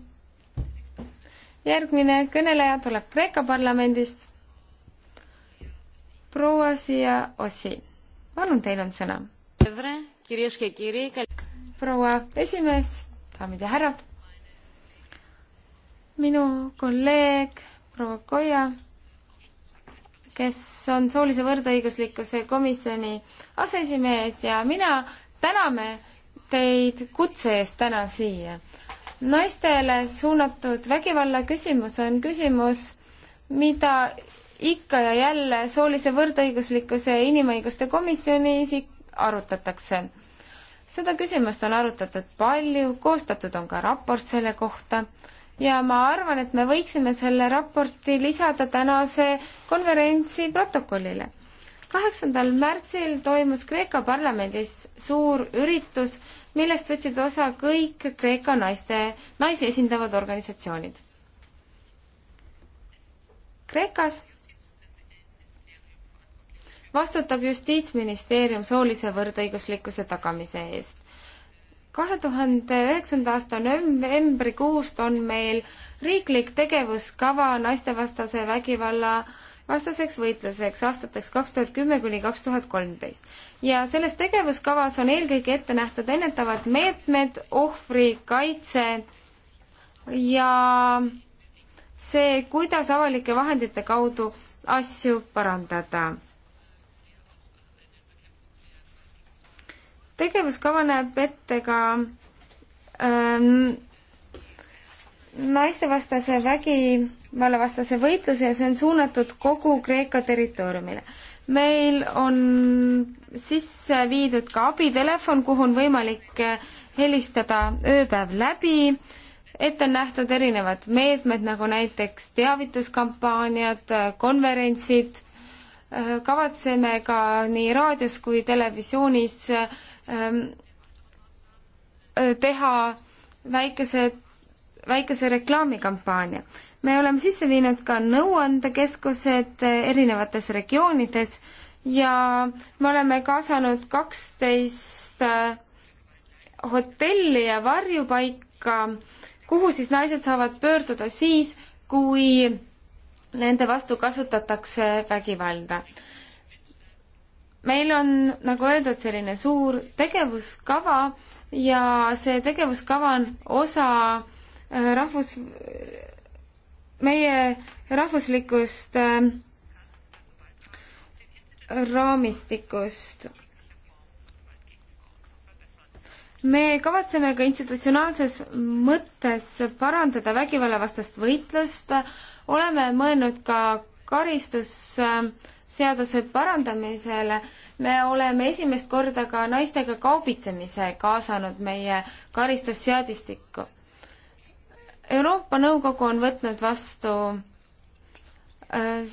järgmine kõneleja tuleb Kreeka parlamendist. proua Siia Ossi, palun, teil on sõna. proua esimees, daamid ja härrad. minu kolleeg proua Koja kes on soolise võrdõiguslikkuse komisjoni aseesimees ja mina täname teid kutse eest täna siia naistele suunatud vägivalla küsimus on küsimus, mida ikka ja jälle soolise võrdõiguslikkuse ja inimõiguste komisjonis arutatakse. seda küsimust on arutatud palju, koostatud on ka raport selle kohta ja ma arvan, et me võiksime selle raporti lisada tänase konverentsi protokollile kaheksandal märtsil toimus Kreeka parlamendis suur üritus, millest võtsid osa kõik Kreeka naiste, naisi esindavad organisatsioonid. Kreekas vastutab Justiitsministeerium soolise võrdõiguslikkuse tagamise eest. kahe tuhande üheksanda aasta novembrikuust on meil riiklik tegevuskava naistevastase vägivalla vastaseks võitluseks aastateks kaks tuhat kümme kuni kaks tuhat kolmteist. ja selles tegevuskavas on eelkõige ette nähtud ennetavad meetmed, ohvrikaitse ja see, kuidas avalike vahendite kaudu asju parandada. tegevuskava näeb ette ka ähm, naistevastase vägivallavastase võitluse ja see on suunatud kogu Kreeka territooriumile. meil on sisse viidud ka abitelefon, kuhu on võimalik helistada ööpäev läbi, ette on nähtud erinevad meetmed, nagu näiteks teavituskampaaniad, konverentsid, kavatseme ka nii raadios kui televisioonis ehm, teha väikesed väikese reklaamikampaania. me oleme sisse viinud ka nõuandekeskused erinevates regioonides ja me oleme kaasanud kaksteist äh, hotelli ja varjupaika, kuhu siis naised saavad pöörduda siis, kui nende vastu kasutatakse vägivalda. meil on, nagu öeldud, selline suur tegevuskava ja see tegevuskava on osa Äh, rahvus, meie rahvuslikust äh, raamistikust. me kavatseme ka institutsionaalses mõttes parandada vägivallavastast võitlust, oleme mõelnud ka karistusseaduse parandamisele. me oleme esimest korda ka naistega kaubitsemise kaasanud meie karistusseadistikku Euroopa Nõukogu on võtnud vastu äh,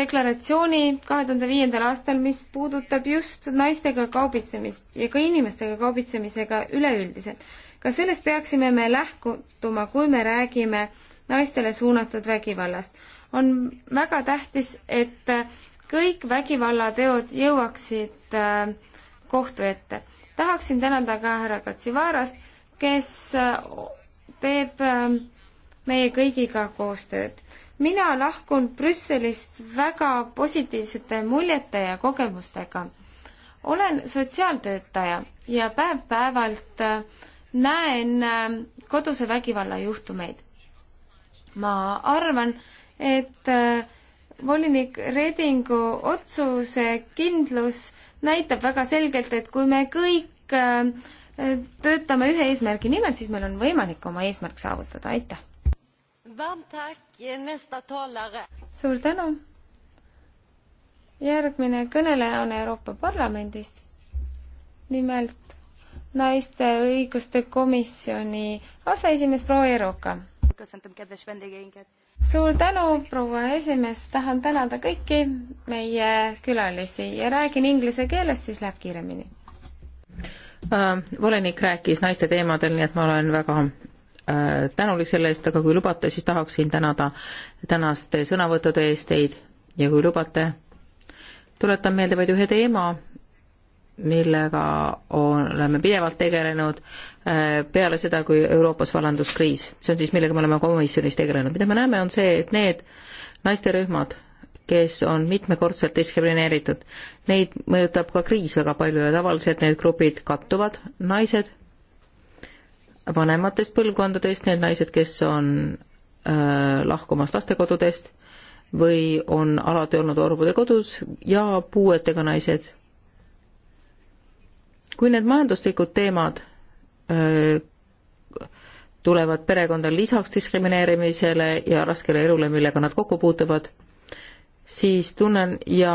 deklaratsiooni kahe tuhande viiendal aastal, mis puudutab just naistega kaubitsemist ja ka inimestega kaubitsemisega üleüldiselt. ka sellest peaksime me lähtuma, kui me räägime naistele suunatud vägivallast. on väga tähtis, et kõik vägivallateod jõuaksid äh, kohtu ette. tahaksin tänada ka härra Katsivarast, kes äh, teeb ähm, meie kõigiga koostööd. mina lahkun Brüsselist väga positiivsete muljete ja kogemustega. olen sotsiaaltöötaja ja päev-päevalt äh, näen äh, koduse vägivalla juhtumeid. ma arvan, et äh, volinik Redingu otsuse kindlus näitab väga selgelt, et kui me kõik kõik töötame ühe eesmärgi nimel, siis meil on võimalik oma eesmärk saavutada, aitäh! suur tänu! järgmine kõneleja on Euroopa Parlamendist, nimelt naiste õiguste komisjoni aseesimees proua Eroka. suur tänu, proua esimees, tahan tänada kõiki meie külalisi ja räägin inglise keeles, siis läheb kiiremini Äh, volinik rääkis naiste teemadel, nii et ma olen väga äh, tänulik selle eest, aga kui lubate, siis tahaksin tänada tänaste sõnavõttude eest teid ja kui lubate, tuletan meelde vaid ühe teema, millega oleme pidevalt tegelenud äh, peale seda, kui Euroopas vallandus kriis. see on siis, millega me oleme komisjonis tegelenud. mida me näeme, on see, et need naisterühmad, kes on mitmekordselt diskrimineeritud. Neid mõjutab ka kriis väga palju ja tavaliselt need grupid kattuvad, naised vanematest põlvkondadest, need naised, kes on äh, lahkumas lastekodudest või on alati olnud orbude kodus ja puuetega naised. kui need majanduslikud teemad öö, äh, tulevad perekonda lisaks diskrimineerimisele ja raskele elule, millega nad kokku puutuvad, siis tunnen ja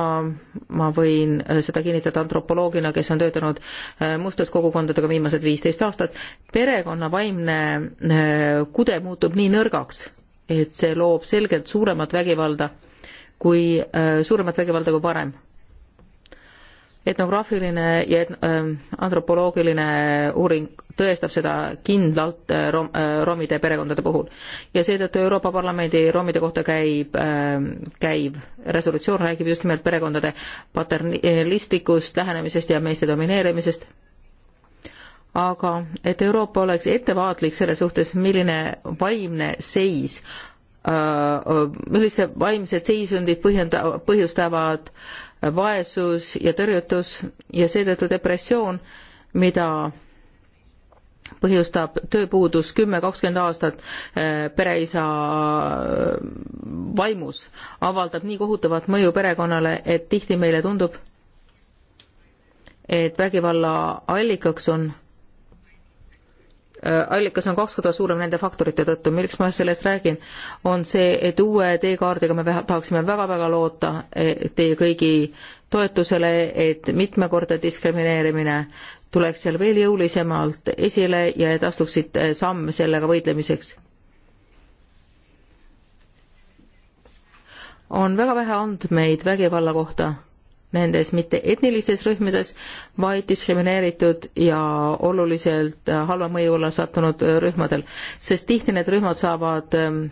ma võin äh, seda kinnitada antropoloogina, kes on töötanud äh, mustes kogukondadega viimased viisteist aastat, perekonna vaimne äh, kude muutub nii nõrgaks, et see loob selgelt suuremat vägivalda kui, suuremat vägivalda kui varem etnograafiline ja ähm, antropoloogiline uuring tõestab seda kindlalt äh, rom-, äh, romide perekondade puhul. ja seetõttu Euroopa Parlamendi romide kohta käib, ähm, käiv resolutsioon räägib just nimelt perekondade paternalistlikust lähenemisest ja meeste domineerimisest, aga et Euroopa oleks ettevaatlik selle suhtes, milline vaimne seis äh, millise vaimsed seisundid põhjenda-, põhjustavad äh, vaesus ja tõrjutus ja seetõttu depressioon, mida põhjustab tööpuudus kümme, kakskümmend aastat eh, pereisa eh, vaimus, avaldab nii kohutavat mõju perekonnale, et tihti meile tundub, et vägivalla allikaks on Äh, allikas on kaks korda suurem nende faktorite tõttu, miks ma sellest räägin, on see, et uue teekaardiga me tahaksime väga-väga loota e, teie kõigi toetusele, et mitmekordne diskrimineerimine tuleks seal veel jõulisemalt esile ja et astuksid äh, samme sellega võitlemiseks. on väga vähe andmeid vägivalla kohta nendes mitte etnilistes rühmades, vaid diskrimineeritud ja oluliselt äh, halva mõju alla sattunud äh, rühmadel, sest tihti need rühmad saavad ähm,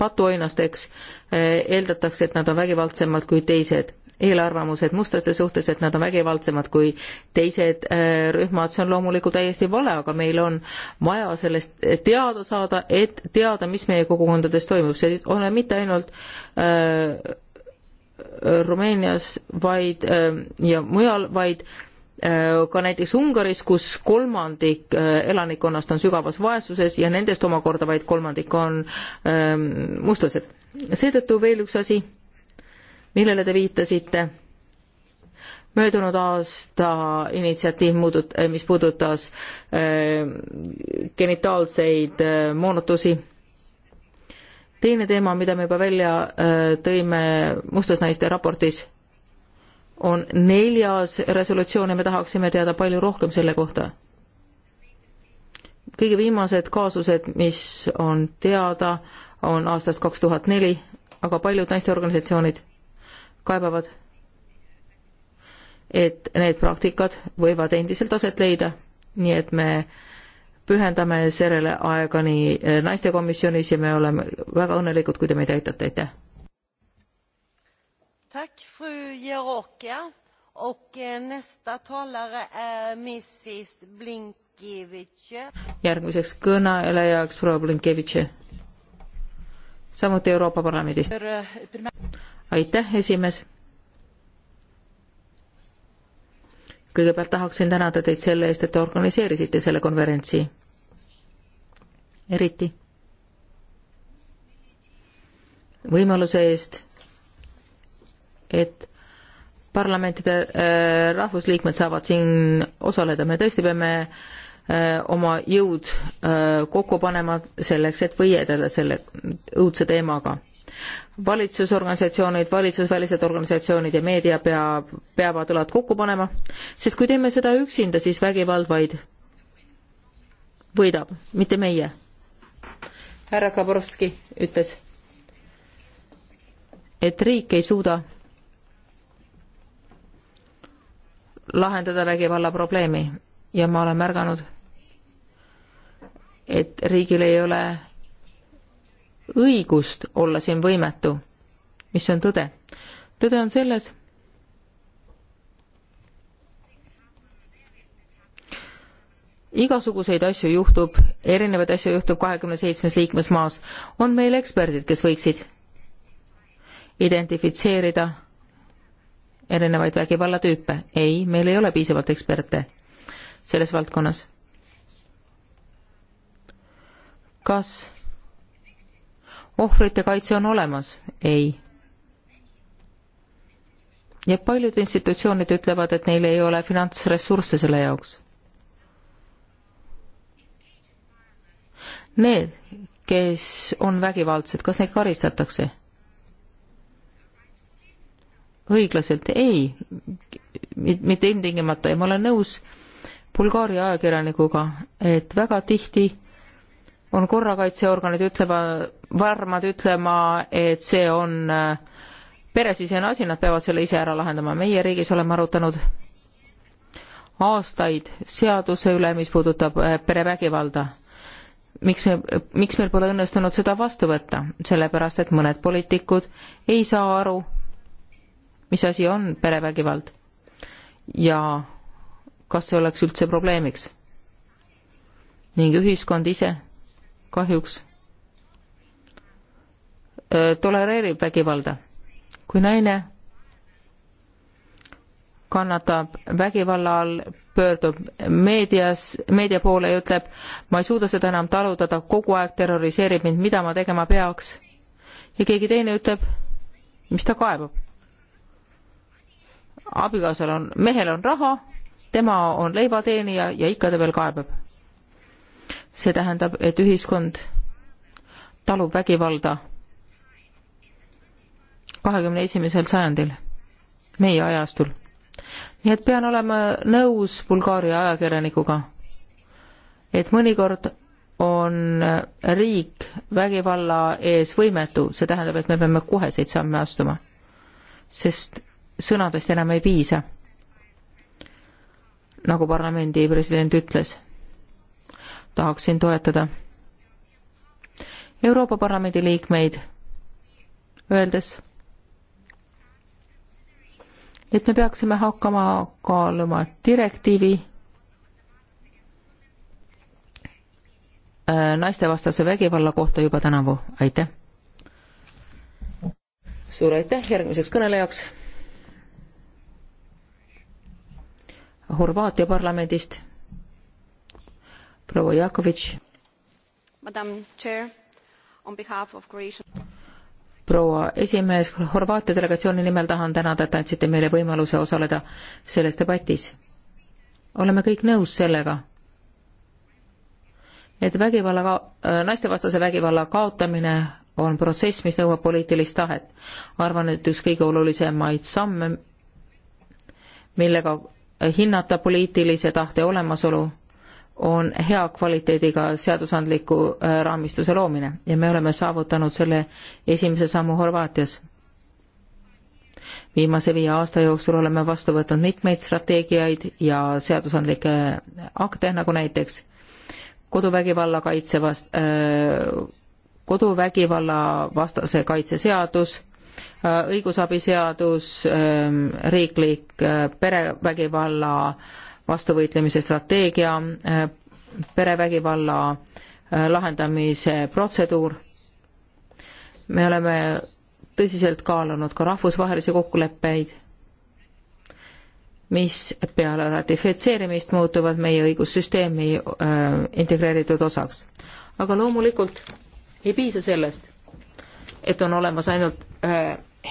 patuoinasteks, äh, eeldatakse, et nad on vägivaldsemad kui teised eelarvamused mustlaste suhtes, et nad on vägivaldsemad kui teised rühmad, see on loomulikult täiesti vale, aga meil on vaja sellest teada saada, et teada, mis meie kogukondades toimub, see ei ole mitte ainult öö, Rumeenias vaid ähm, ja mujal, vaid äh, ka näiteks Ungaris, kus kolmandik äh, elanikkonnast on sügavas vaesuses ja nendest omakorda vaid kolmandik on ähm, mustlased. seetõttu veel üks asi, millele te viitasite, möödunud aasta initsiatiiv muudut-, mis puudutas äh, genitaalseid moonutusi teine teema, mida me juba välja äh, tõime Mustas naiste raportis, on neljas resolutsioon ja me tahaksime teada palju rohkem selle kohta. kõige viimased kaasused, mis on teada, on aastast kaks tuhat neli, aga paljud naisteorganisatsioonid kaebavad, et need praktikad võivad endiselt aset leida, nii et me äh, pühendame sellele aega nii eh, naistekomisjonis ja me oleme väga õnnelikud, kui te meid aitate, aitäh! Tack fru Jerocka och eh, nästa talare är Mrs Blinkevitje. järgmiseks kõnelejaks proua Blinkevitje, samuti Euroopa Parlamendist. aitäh, esimees. kõigepealt tahaksin tänada teid selle eest, et te organiseerisite selle konverentsi eriti võimaluse eest, et parlamentide äh, rahvusliikmed saavad siin osaleda, me tõesti peame äh, oma jõud äh, kokku panema selleks, et võidelda selle õudse teemaga. valitsusorganisatsioonid, valitsusvälised organisatsioonid ja meedia pea, peavad õlad kokku panema, sest kui teeme seda üksinda, siis vägivald vaid võidab, mitte meie härra Kaborovski ütles, et riik ei suuda lahendada vägivalla probleemi ja ma olen märganud, et riigil ei ole õigust olla siin võimetu, mis on tõde. tõde on selles, igasuguseid asju juhtub, erinevaid asju juhtub kahekümne seitsmes liikmesmaas, on meil eksperdid, kes võiksid identifitseerida erinevaid vägivallatüüpe. ei, meil ei ole piisavalt eksperte selles valdkonnas. kas ohvrite kaitse on olemas? ei. ja paljud institutsioonid ütlevad, et neil ei ole finantsressursse selle jaoks need, kes on vägivaldsed, kas neid karistatakse? õiglaselt ei, mitte ilmtingimata ja ma olen nõus Bulgaaria ajakirjanikuga, et väga tihti on korrakaitseorganid ütlema, varmad ütlema, et see on äh, peresisene asi, nad peavad selle ise ära lahendama. meie riigis oleme arutanud aastaid seaduse üle, mis puudutab äh, perevägivalda miks me, miks meil pole õnnestunud seda vastu võtta, sellepärast et mõned poliitikud ei saa aru, mis asi on perevägivald ja kas see oleks üldse probleemiks. ning ühiskond ise kahjuks äh, tolereerib vägivalda. kui naine kannatab vägivalla all, pöördub meedias, meedia poole ja ütleb, ma ei suuda seda enam taluda, ta kogu aeg terroriseerib mind, mida ma tegema peaks. ja keegi teine ütleb, mis ta kaebab. abikaasal on, mehel on raha, tema on leivateenija ja ikka ta veel kaebab. see tähendab, et ühiskond talub vägivalda kahekümne esimesel sajandil, meie ajastul nii et pean olema nõus Bulgaaria ajakirjanikuga, et mõnikord on riik vägivalla ees võimetu, see tähendab, et me peame koheseid samme astuma, sest sõnadest enam ei piisa, nagu parlamendi president ütles. tahaksin toetada Euroopa Parlamendi liikmeid, öeldes et me peaksime hakkama kaaluma direktiivi äh, naistevastase vägivalla kohta juba tänavu, aitäh! suur aitäh järgmiseks kõnelejaks! Horvaatia parlamendist proua Jakovitš proua esimees, Horvaatia delegatsiooni nimel tahan tänada, et andsite meile võimaluse osaleda selles debatis. oleme kõik nõus sellega, et vägivalla, äh, naistevastase vägivalla kaotamine on protsess, mis nõuab poliitilist tahet. arvan, et üks kõige olulisemaid samme, millega hinnata poliitilise tahte olemasolu on hea kvaliteediga seadusandliku äh, raamistuse loomine ja me oleme saavutanud selle esimese sammu Horvaatias. viimase viie aasta jooksul oleme vastu võtnud mitmeid strateegiaid ja seadusandlikke äh, akte, nagu näiteks koduvägivalla kaitse vast-, äh, koduvägivalla vastase kaitse seadus, õigusabiseadus, ähm, riiklik perevägivalla vastuvõitlemise strateegia, äh, perevägivalla äh, lahendamise protseduur. me oleme tõsiselt kaalunud ka rahvusvahelisi kokkuleppeid, mis peale ratifitseerimist muutuvad meie õigussüsteemi äh, integreeritud osaks. aga loomulikult ei piisa sellest, et on olemas ainult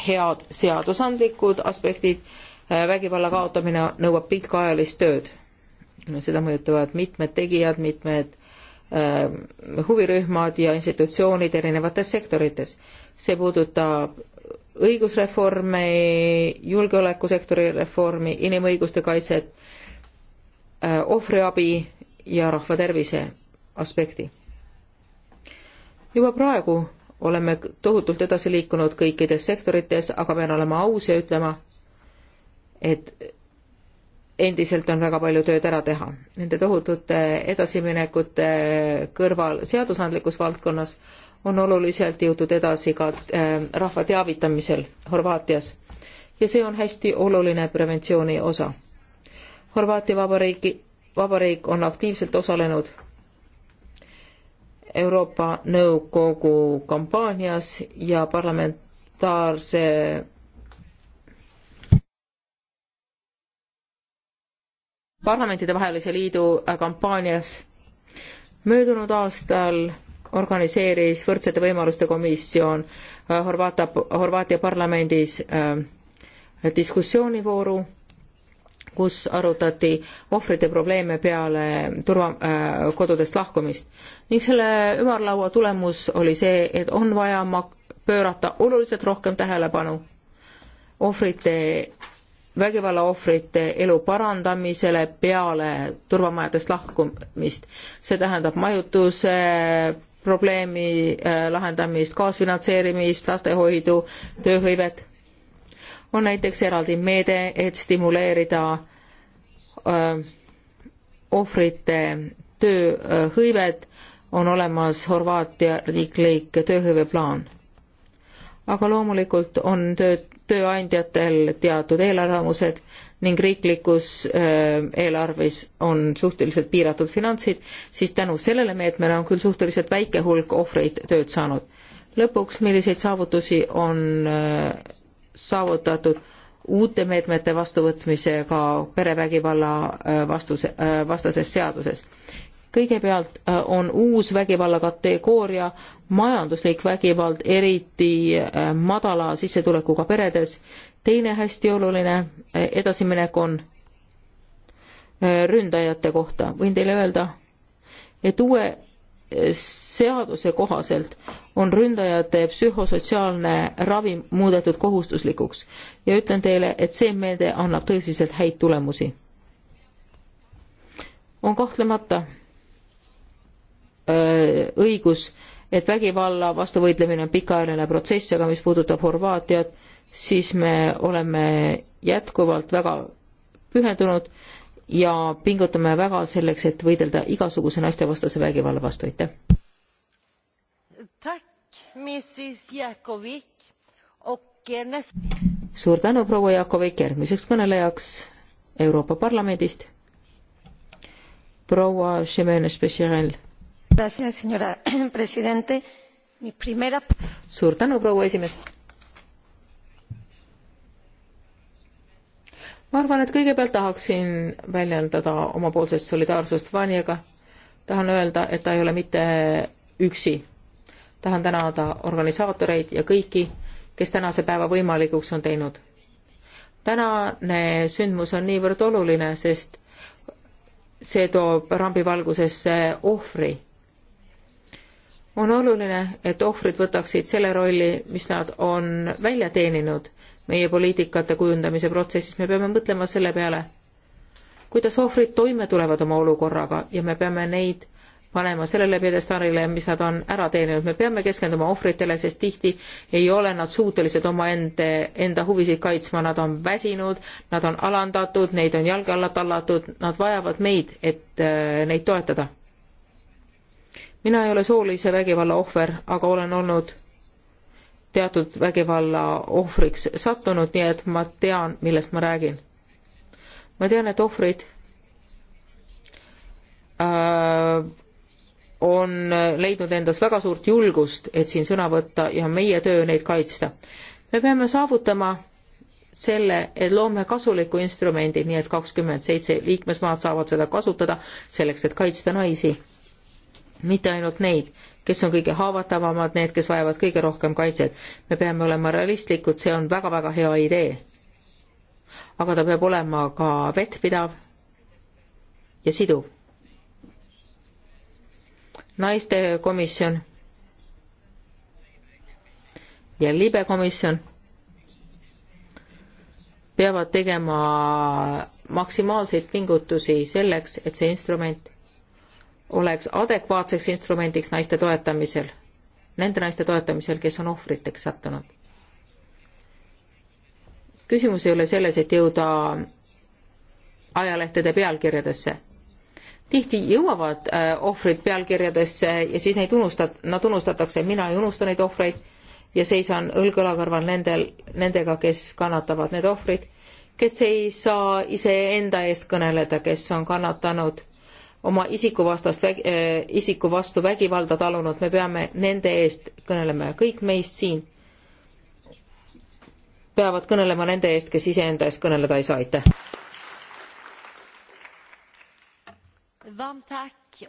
head seadusandlikud aspektid Äh, vägivalla kaotamine nõuab pikaajalist tööd. seda mõjutavad mitmed tegijad, mitmed äh, huvirühmad ja institutsioonid erinevates sektorites. see puudutab õigusreformi, julgeolekusektori reformi, inimõiguste kaitset, äh, ohvriabi ja rahvatervise aspekti. juba praegu oleme tohutult edasi liikunud kõikides sektorites, aga pean olema aus ja ütlema, et endiselt on väga palju tööd ära teha. Nende tohutute edasiminekute kõrval seadusandlikus valdkonnas on oluliselt jõutud edasi ka äh, rahva teavitamisel Horvaatias ja see on hästi oluline preventsiooni osa. Horvaatia vabariigi, vabariik on aktiivselt osalenud Euroopa Nõukogu kampaanias ja parlamentaarse parlamentidevahelise liidu äh, kampaanias. möödunud aastal organiseeris Võrdsete Võimaluste Komisjon äh, Horvaata, Horvaatia parlamendis äh, diskussioonivooru, kus arutati ohvrite probleeme peale turva, kodudest lahkumist. ning selle ümarlaua tulemus oli see, et on vaja mak-, pöörata oluliselt rohkem tähelepanu ohvrite vägivallaohvrite elu parandamisele peale turvamajadest lahkumist. see tähendab majutuse probleemi äh, lahendamist, kaasfinantseerimist, lastehoidu, tööhõivet. on näiteks eraldi meede, et stimuleerida äh, ohvrite tööhõivet, on olemas Horvaatia riiklik tööhõiveplaan. aga loomulikult on tööd tööandjatel teatud eelarvamused ning riiklikus äh, eelarves on suhteliselt piiratud finantsid, siis tänu sellele meetmele on küll suhteliselt väike hulk ohvreid tööd saanud. lõpuks, milliseid saavutusi on äh, saavutatud uute meetmete vastuvõtmisega perevägivalla äh, vastuse, vastases seaduses kõigepealt äh, on uus vägivalla kategooria majanduslik vägivald, eriti äh, madala sissetulekuga peredes. teine hästi oluline äh, edasiminek on ründajate kohta. võin teile öelda, et uue seaduse kohaselt on ründajate psühhosotsiaalne ravi muudetud kohustuslikuks ja ütlen teile, et see meede annab tõsiselt häid tulemusi. on kahtlemata Äh, õigus, et vägivalla vastu võitlemine on pikaajaline protsess, aga mis puudutab Horvaatiat, siis me oleme jätkuvalt väga pühendunud ja pingutame väga selleks, et võidelda igasuguse naistevastase vägivalla vastu, aitäh. Eh, suur tänu, proua Jakovik, järgmiseks kõnelejaks Euroopa Parlamendist proua Šemene Spešerel suur tänu, proua esimees. ma arvan, et kõigepealt tahaksin väljendada omapoolset solidaarsust Vaniaga. tahan öelda, et ta ei ole mitte üksi. tahan tänada organisaatoreid ja kõiki, kes tänase päeva võimalikuks on teinud. tänane sündmus on niivõrd oluline, sest see toob rambivalgusesse ohvri on oluline, et ohvrid võtaksid selle rolli, mis nad on välja teeninud meie poliitikate kujundamise protsessis, me peame mõtlema selle peale, kuidas ohvrid toime tulevad oma olukorraga ja me peame neid panema sellele pjedestaalile, mis nad on ära teeninud, me peame keskenduma ohvritele, sest tihti ei ole nad suutelised omaenda, enda huvisid kaitsma, nad on väsinud, nad on alandatud, neid on jalge alla tallatud, nad vajavad meid, et äh, neid toetada mina ei ole soolise vägivalla ohver, aga olen olnud teatud vägivalla ohvriks sattunud, nii et ma tean, millest ma räägin. ma tean, et ohvrid äh, on leidnud endas väga suurt julgust, et siin sõna võtta ja meie töö neid kaitsta. me peame saavutama selle, et loome kasuliku instrumendi, nii et kakskümmend seitse liikmesmaad saavad seda kasutada selleks, et kaitsta naisi mitte ainult neid, kes on kõige haavatavamad, need, kes vajavad kõige rohkem kaitset. me peame olema realistlikud, see on väga-väga hea idee. aga ta peab olema ka vettpidav ja siduv. naistekomisjon ja libekomisjon peavad tegema maksimaalseid pingutusi selleks, et see instrument oleks adekvaatseks instrumendiks naiste toetamisel, nende naiste toetamisel, kes on ohvriteks sattunud. küsimus ei ole selles, et jõuda ajalehtede pealkirjadesse. tihti jõuavad äh, ohvrid pealkirjadesse ja siis neid unustad, nad unustatakse, mina ei unusta neid ohvreid ja seisan õlg-õla kõrval nendel, nendega, kes kannatavad, need ohvrid, kes ei saa iseenda eest kõneleda, kes on kannatanud oma isiku vastast väg-, äh, isiku vastu vägivalda talunud, me peame nende eest kõnelema ja kõik meist siin peavad kõnelema nende eest, kes iseenda eest kõneleda ei saa, aitäh.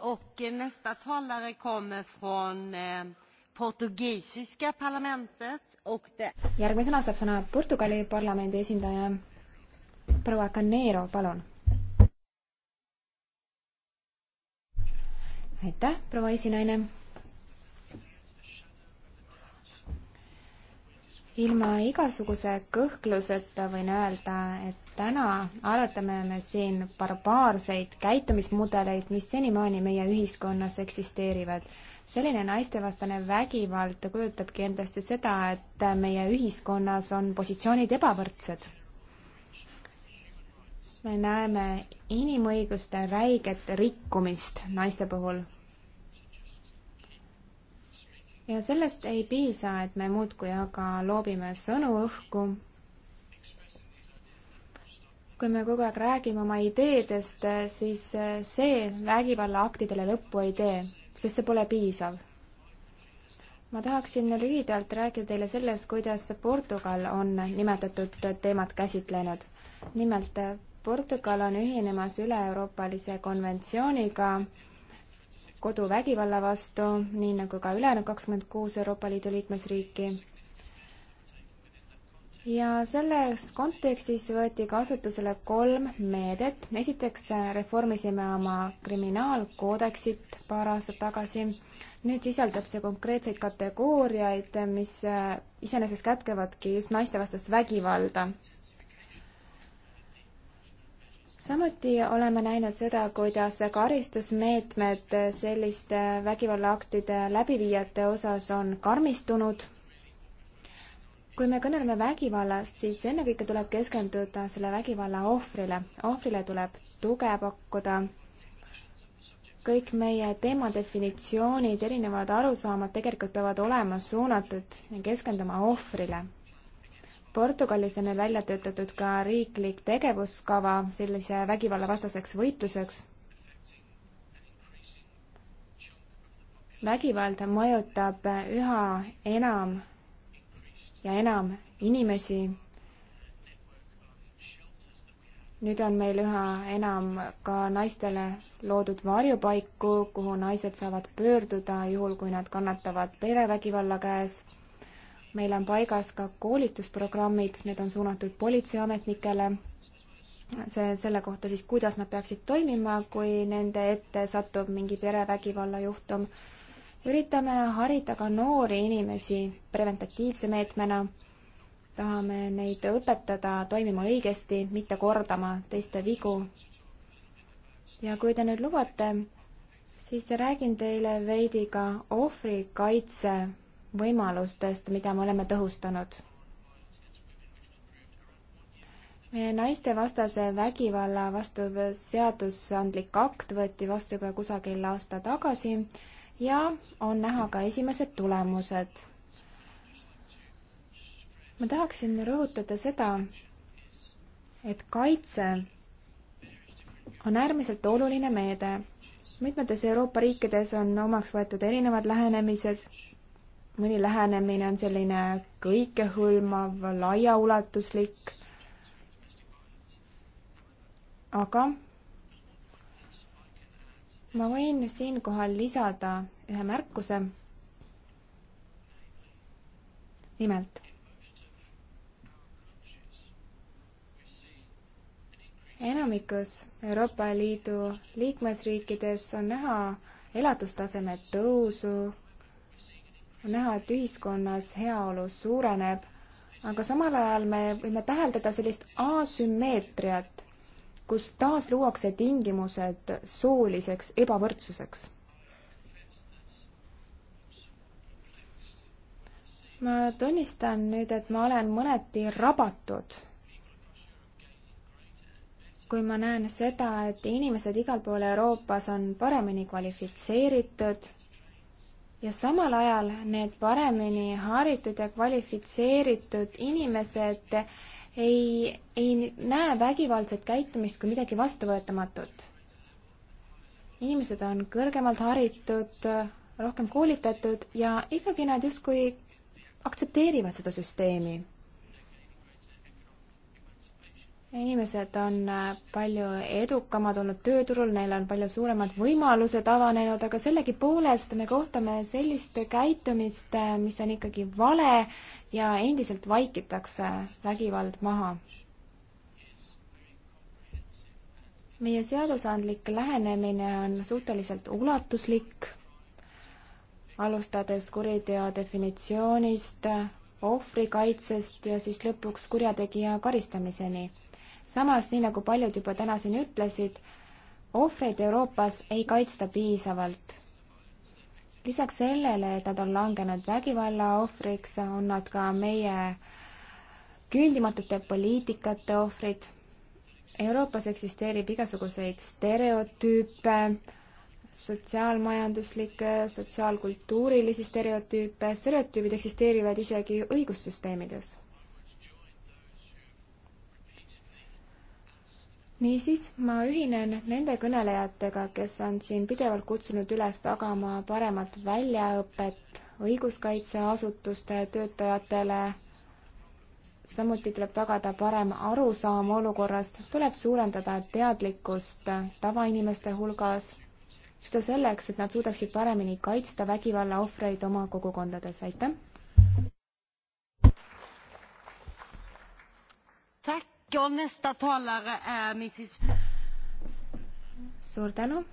Och eh, nästa talare kommer från eh, portugisiska parlamentet och det... järgmisena saab sõna Portugali parlamendi esindaja proua Caneiro, palun aitäh, proua esinaine. ilma igasuguse kõhkluseta võin öelda, et täna arutame me siin barbaarseid käitumismudeleid, mis senimaani meie ühiskonnas eksisteerivad. selline naistevastane vägivald kujutabki endast ju seda, et meie ühiskonnas on positsioonid ebavõrdsed me näeme inimõiguste räiget rikkumist naiste puhul. ja sellest ei piisa, et me muudkui aga loobime sõnu õhku. kui me kogu aeg räägime oma ideedest, siis see vägivallaaktidele lõppu ei tee, sest see pole piisav ma tahaksin lühidalt rääkida teile sellest, kuidas Portugal on nimetatud teemat käsitlenud. nimelt Portugal on ühinemas üle-euroopalise konventsiooniga koduvägivalla vastu, nii nagu ka ülejäänud kakskümmend kuus Euroopa Liidu liikmesriiki. ja selles kontekstis võeti kasutusele kolm meedet. esiteks reformisime oma kriminaalkoodeksit paar aastat tagasi. nüüd sisaldab see konkreetseid kategooriaid, mis iseenesest kätkevadki just naistevastast vägivalda samuti oleme näinud seda, kuidas karistusmeetmed selliste vägivallaaktide läbiviijate osas on karmistunud. kui me kõneleme vägivallast, siis ennekõike tuleb keskenduda selle vägivalla ohvrile. ohvrile tuleb tuge pakkuda. kõik meie teema definitsioonid, erinevad arusaamad tegelikult peavad olema suunatud ja keskenduma ohvrile Portugalis on neil välja töötatud ka riiklik tegevuskava sellise vägivallavastaseks võitluseks. vägivald mõjutab üha enam ja enam inimesi. nüüd on meil üha enam ka naistele loodud varjupaiku, kuhu naised saavad pöörduda juhul, kui nad kannatavad perevägivalla käes meil on paigas ka koolitusprogrammid, need on suunatud politseiametnikele, see, selle kohta siis, kuidas nad peaksid toimima, kui nende ette satub mingi perevägivalla juhtum. üritame harida ka noori inimesi preventatiivse meetmena. tahame neid õpetada toimima õigesti, mitte kordama teiste vigu. ja kui te nüüd lubate, siis räägin teile veidi ka ohvrikaitse võimalustest, mida me oleme tõhustanud. meie naistevastase vägivalla vastu seadusandlik akt võeti vastu juba kusagil aasta tagasi ja on näha ka esimesed tulemused. ma tahaksin rõhutada seda, et kaitse on äärmiselt oluline meede. mitmetes Euroopa riikides on omaks võetud erinevad lähenemised mõni lähenemine on selline kõikehõlmav, laiaulatuslik. aga ma võin siinkohal lisada ühe märkuse. nimelt. enamikus Euroopa Liidu liikmesriikides on näha elatustaseme tõusu on näha, et ühiskonnas heaolu suureneb, aga samal ajal me võime täheldada sellist asümmeetriat, kus taas luuakse tingimused sooliseks ebavõrdsuseks. ma tunnistan nüüd, et ma olen mõneti rabatud, kui ma näen seda, et inimesed igal pool Euroopas on paremini kvalifitseeritud ja samal ajal need paremini haritud ja kvalifitseeritud inimesed ei, ei näe vägivaldset käitumist kui midagi vastuvõetamatut. inimesed on kõrgemalt haritud, rohkem koolitatud ja ikkagi nad justkui aktsepteerivad seda süsteemi inimesed on äh, palju edukamad olnud tööturul, neil on palju suuremad võimalused avanenud, aga sellegipoolest me kohtame sellist käitumist, äh, mis on ikkagi vale ja endiselt vaikitakse vägivald maha. meie seadusandlik lähenemine on suhteliselt ulatuslik, alustades kuriteo definitsioonist, ohvrikaitsest ja siis lõpuks kurjategija karistamiseni samas, nii nagu paljud juba täna siin ütlesid, ohvreid Euroopas ei kaitsta piisavalt. lisaks sellele, et nad on langenud vägivalla ohvriks, on nad ka meie küündimatute poliitikate ohvrid. Euroopas eksisteerib igasuguseid stereotüüpe, sotsiaalmajanduslikke, sotsiaalkultuurilisi stereotüüpe, stereotüübid eksisteerivad isegi õigussüsteemides niisiis, ma ühinen nende kõnelejatega, kes on siin pidevalt kutsunud üles tagama paremat väljaõpet õiguskaitseasutuste töötajatele. samuti tuleb tagada parem arusaam olukorrast, tuleb suurendada teadlikkust tavainimeste hulgas, seda selleks, et nad suudaksid paremini kaitsta vägivalla ohvreid oma kogukondades, aitäh! och nästa talare är eh, Mrs. suur tänu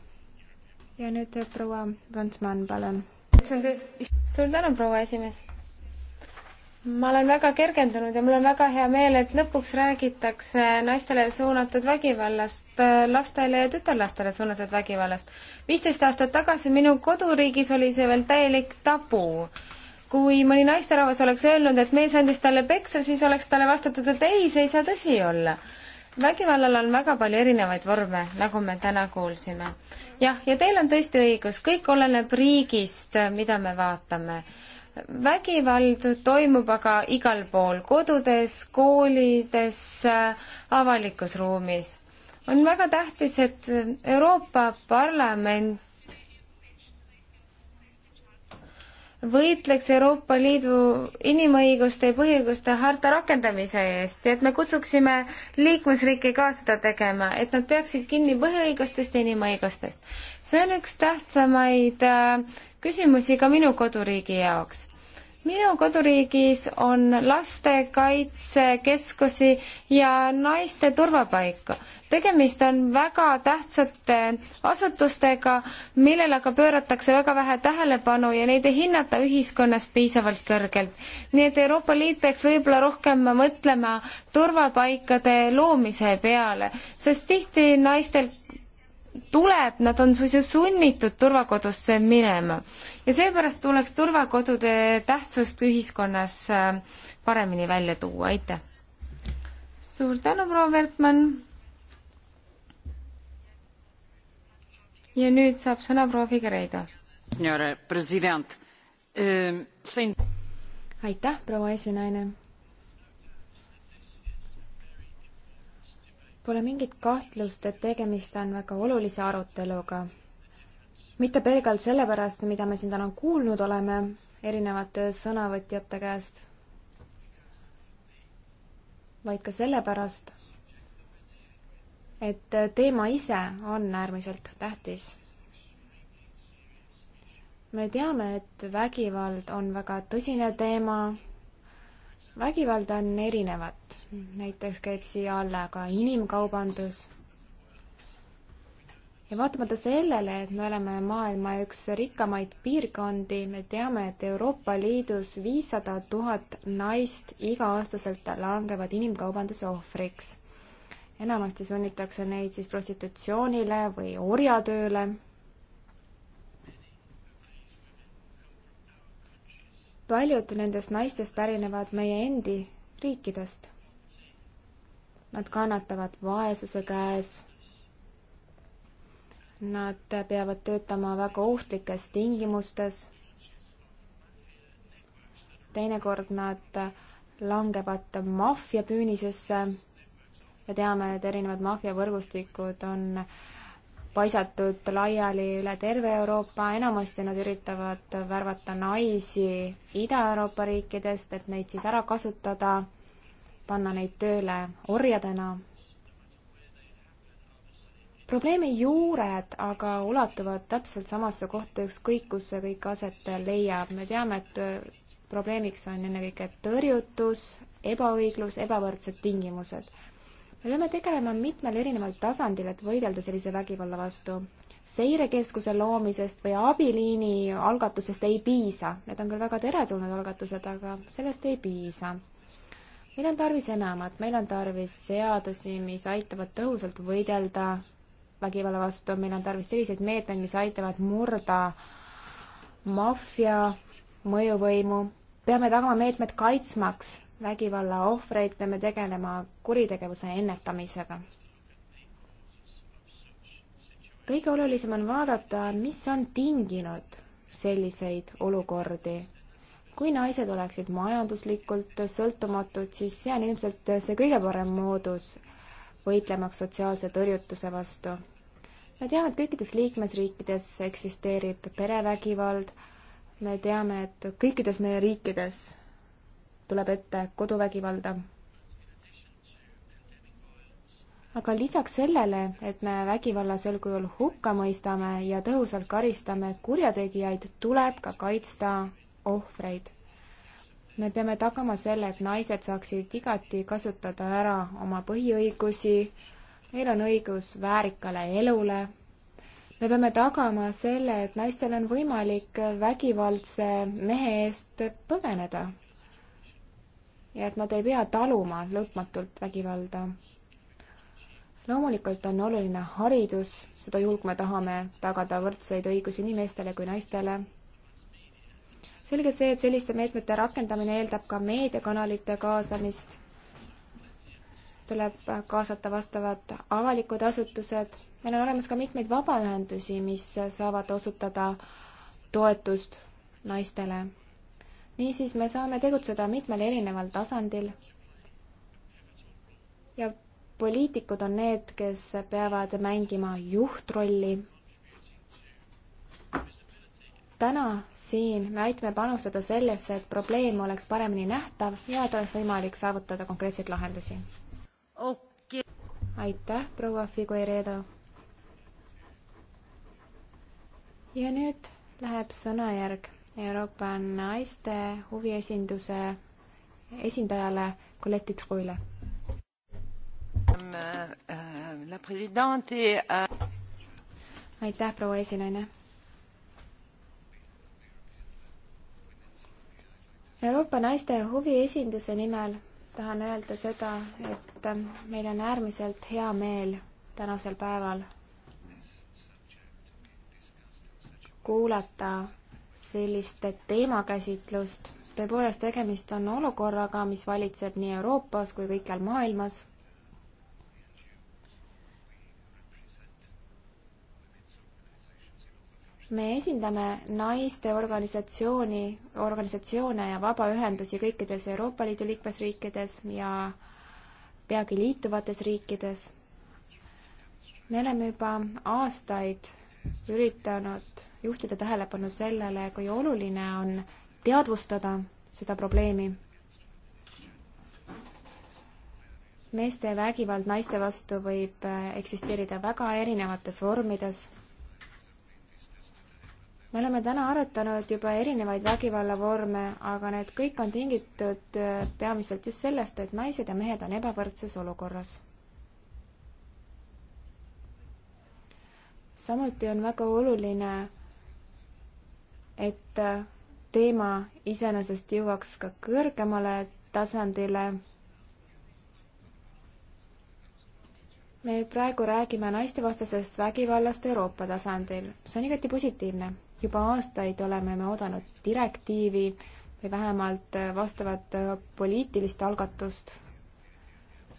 ja nüüd eh, proua Brandsmann, palun. suur tänu, proua esimees. ma olen väga kergendunud ja mul on väga hea meel, et lõpuks räägitakse naistele suunatud vägivallast, eh, lastele ja tütarlastele suunatud vägivallast. viisteist aastat tagasi minu koduriigis oli see veel täielik tabu kui mõni naisterahvas oleks öelnud, et mees andis talle peksa, siis oleks talle vastatud, et ei, see ei saa tõsi olla. vägivallal on väga palju erinevaid vorme, nagu me täna kuulsime. jah, ja teil on tõesti õigus, kõik oleneb riigist, mida me vaatame. vägivald toimub aga igal pool, kodudes, koolides, avalikus ruumis on väga tähtis, et Euroopa Parlament võitleks Euroopa Liidu inimõiguste ja põhiõiguste harta rakendamise eest ja et me kutsuksime liikmesriike ka seda tegema, et nad peaksid kinni põhiõigustest ja inimõigustest. see on üks tähtsamaid äh, küsimusi ka minu koduriigi jaoks minu koduriigis on lastekaitsekeskusi ja naiste turvapaiku. tegemist on väga tähtsate asutustega, millele aga pööratakse väga vähe tähelepanu ja neid ei hinnata ühiskonnas piisavalt kõrgelt. nii et Euroopa Liit peaks võib-olla rohkem mõtlema turvapaikade loomise peale, sest tihti naistel tuleb, nad on suisa sunnitud turvakodusse minema. ja seepärast tuleks turvakodude tähtsust ühiskonnas äh, paremini välja tuua, aitäh! suur tänu, proua Veltmann! ja nüüd saab sõna proua Figueiredo. Ähm, aitäh, proua esinaine! Pole mingit kahtlust, et tegemist on väga olulise aruteluga. mitte pelgalt sellepärast, mida me siin täna kuulnud oleme erinevate sõnavõtjate käest, vaid ka sellepärast, et teema ise on äärmiselt tähtis. me teame, et vägivald on väga tõsine teema vägivalda on erinevat, näiteks käib siia alla ka inimkaubandus. ja vaatamata sellele, et me oleme maailma üks rikkamaid piirkondi, me teame, et Euroopa Liidus viissada tuhat naist iga-aastaselt langevad inimkaubanduse ohvriks. enamasti sunnitakse neid siis prostitutsioonile või orjatööle paljud nendest naistest pärinevad meie endi riikidest. Nad kannatavad vaesuse käes. Nad peavad töötama väga ohtlikes tingimustes. teinekord nad langevad maffia püünisesse. me teame, et erinevad maffiavõrgustikud on äh, paisatud laiali üle terve Euroopa, enamasti nad üritavad värvata naisi Ida-Euroopa riikidest, et neid siis ära kasutada, panna neid tööle orjadena. probleemi juured aga ulatuvad täpselt samasse kohta, ükskõik kus see kõik aset leiab. me teame, et probleemiks on ennekõike tõrjutus, ebaõiglus, ebavõrdsed tingimused me peame tegelema mitmel erineval tasandil, et võidelda sellise vägivalla vastu. seirekeskuse loomisest või abiliini algatusest ei piisa, need on küll väga teretulnud algatused, aga sellest ei piisa meil on tarvis enamat, meil on tarvis seadusi, mis aitavad tõhusalt võidelda vägivalla vastu, meil on tarvis selliseid meetmeid, mis aitavad murda maffia mõjuvõimu, peame tagama meetmed kaitsmaks vägivalla ohvreid, peame tegelema kuritegevuse ennetamisega. kõige olulisem on vaadata, mis on tinginud selliseid olukordi. kui naised oleksid majanduslikult sõltumatud, siis see on ilmselt see kõige parem moodus võitlemaks sotsiaalse tõrjutuse vastu. me teame, et kõikides liikmesriikides eksisteerib perevägivald, me teame, et kõikides meie riikides tuleb ette koduvägivalda. aga lisaks sellele, et me vägivalla sel kujul hukka mõistame ja tõhusalt karistame kurjategijaid, tuleb ka kaitsta ohvreid. me peame tagama selle, et naised saaksid igati kasutada ära oma põhiõigusi, neil on õigus väärikale elule, me peame tagama selle, et naistel on võimalik vägivaldse mehe eest põgeneda ja et nad ei pea taluma lõpmatult vägivalda. loomulikult on oluline haridus, seda juhul, kui me tahame tagada võrdseid õigusi nii meestele kui naistele. selge see, et selliste meetmete rakendamine eeldab ka meediakanalite kaasamist. tuleb kaasata vastavad avalikud asutused. meil on olemas ka mitmeid vabaühendusi, mis saavad osutada toetust naistele niisiis, me saame tegutseda mitmel erineval tasandil. ja poliitikud on need, kes peavad mängima juhtrolli. täna siin me aitame panustada sellesse, et probleem oleks paremini nähtav ja et oleks võimalik saavutada konkreetseid lahendusi okay.. aitäh, proua Figueredo. ja nüüd läheb sõnajärg Euroopa naiste huviesinduse esindajale Colette Truile. aitäh, proua esinaine. Euroopa naiste huviesinduse nimel tahan öelda seda, et meil on äärmiselt hea meel tänasel päeval kuulata sellist teemakäsitlust. tõepoolest, tegemist on olukorraga, mis valitseb nii Euroopas kui kõikjal maailmas. me esindame naiste organisatsiooni, organisatsioone ja vabaühendusi kõikides Euroopa Liidu liikmesriikides ja peagi liituvates riikides. me oleme juba aastaid üritanud juhtida tähelepanu sellele, kui oluline on teadvustada seda probleemi. meeste vägivald naiste vastu võib äh, eksisteerida väga erinevates vormides. me oleme täna arutanud juba erinevaid vägivallavorme, aga need kõik on tingitud äh, peamiselt just sellest, et naised ja mehed on ebavõrdses olukorras samuti on väga oluline et äh, teema iseenesest jõuaks ka kõrgemale tasandile. me praegu räägime naistevastasest vägivallast Euroopa tasandil. see on igati positiivne. juba aastaid oleme me oodanud direktiivi või vähemalt äh, vastavat äh, poliitilist algatust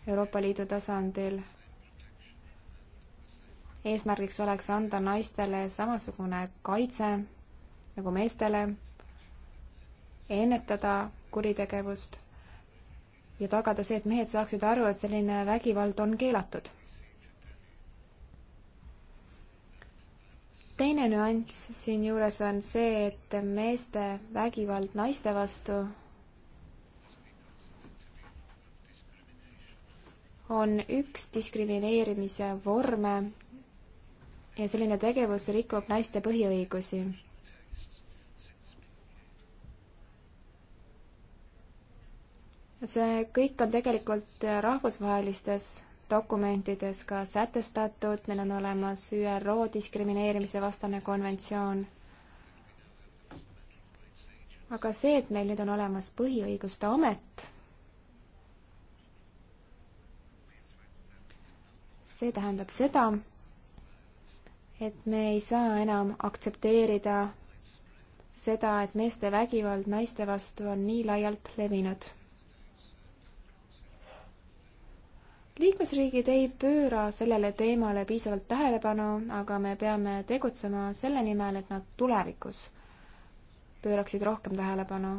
Euroopa Liidu tasandil. eesmärgiks oleks anda naistele samasugune kaitse nagu meestele, ennetada kuritegevust ja tagada see, et mehed saaksid aru, et selline vägivald on keelatud. teine nüanss siinjuures on see, et meeste vägivald naiste vastu on üks diskrimineerimise vorme ja selline tegevus rikub naiste põhiõigusi see kõik on tegelikult rahvusvahelistes dokumentides ka sätestatud, meil on olemas ÜRO diskrimineerimise vastane konventsioon. aga see, et meil nüüd on olemas põhiõiguste amet, see tähendab seda, et me ei saa enam aktsepteerida seda, et meeste vägivald naiste vastu on nii laialt levinud liikmesriigid ei pööra sellele teemale piisavalt tähelepanu, aga me peame tegutsema selle nimel, et nad tulevikus pööraksid rohkem tähelepanu.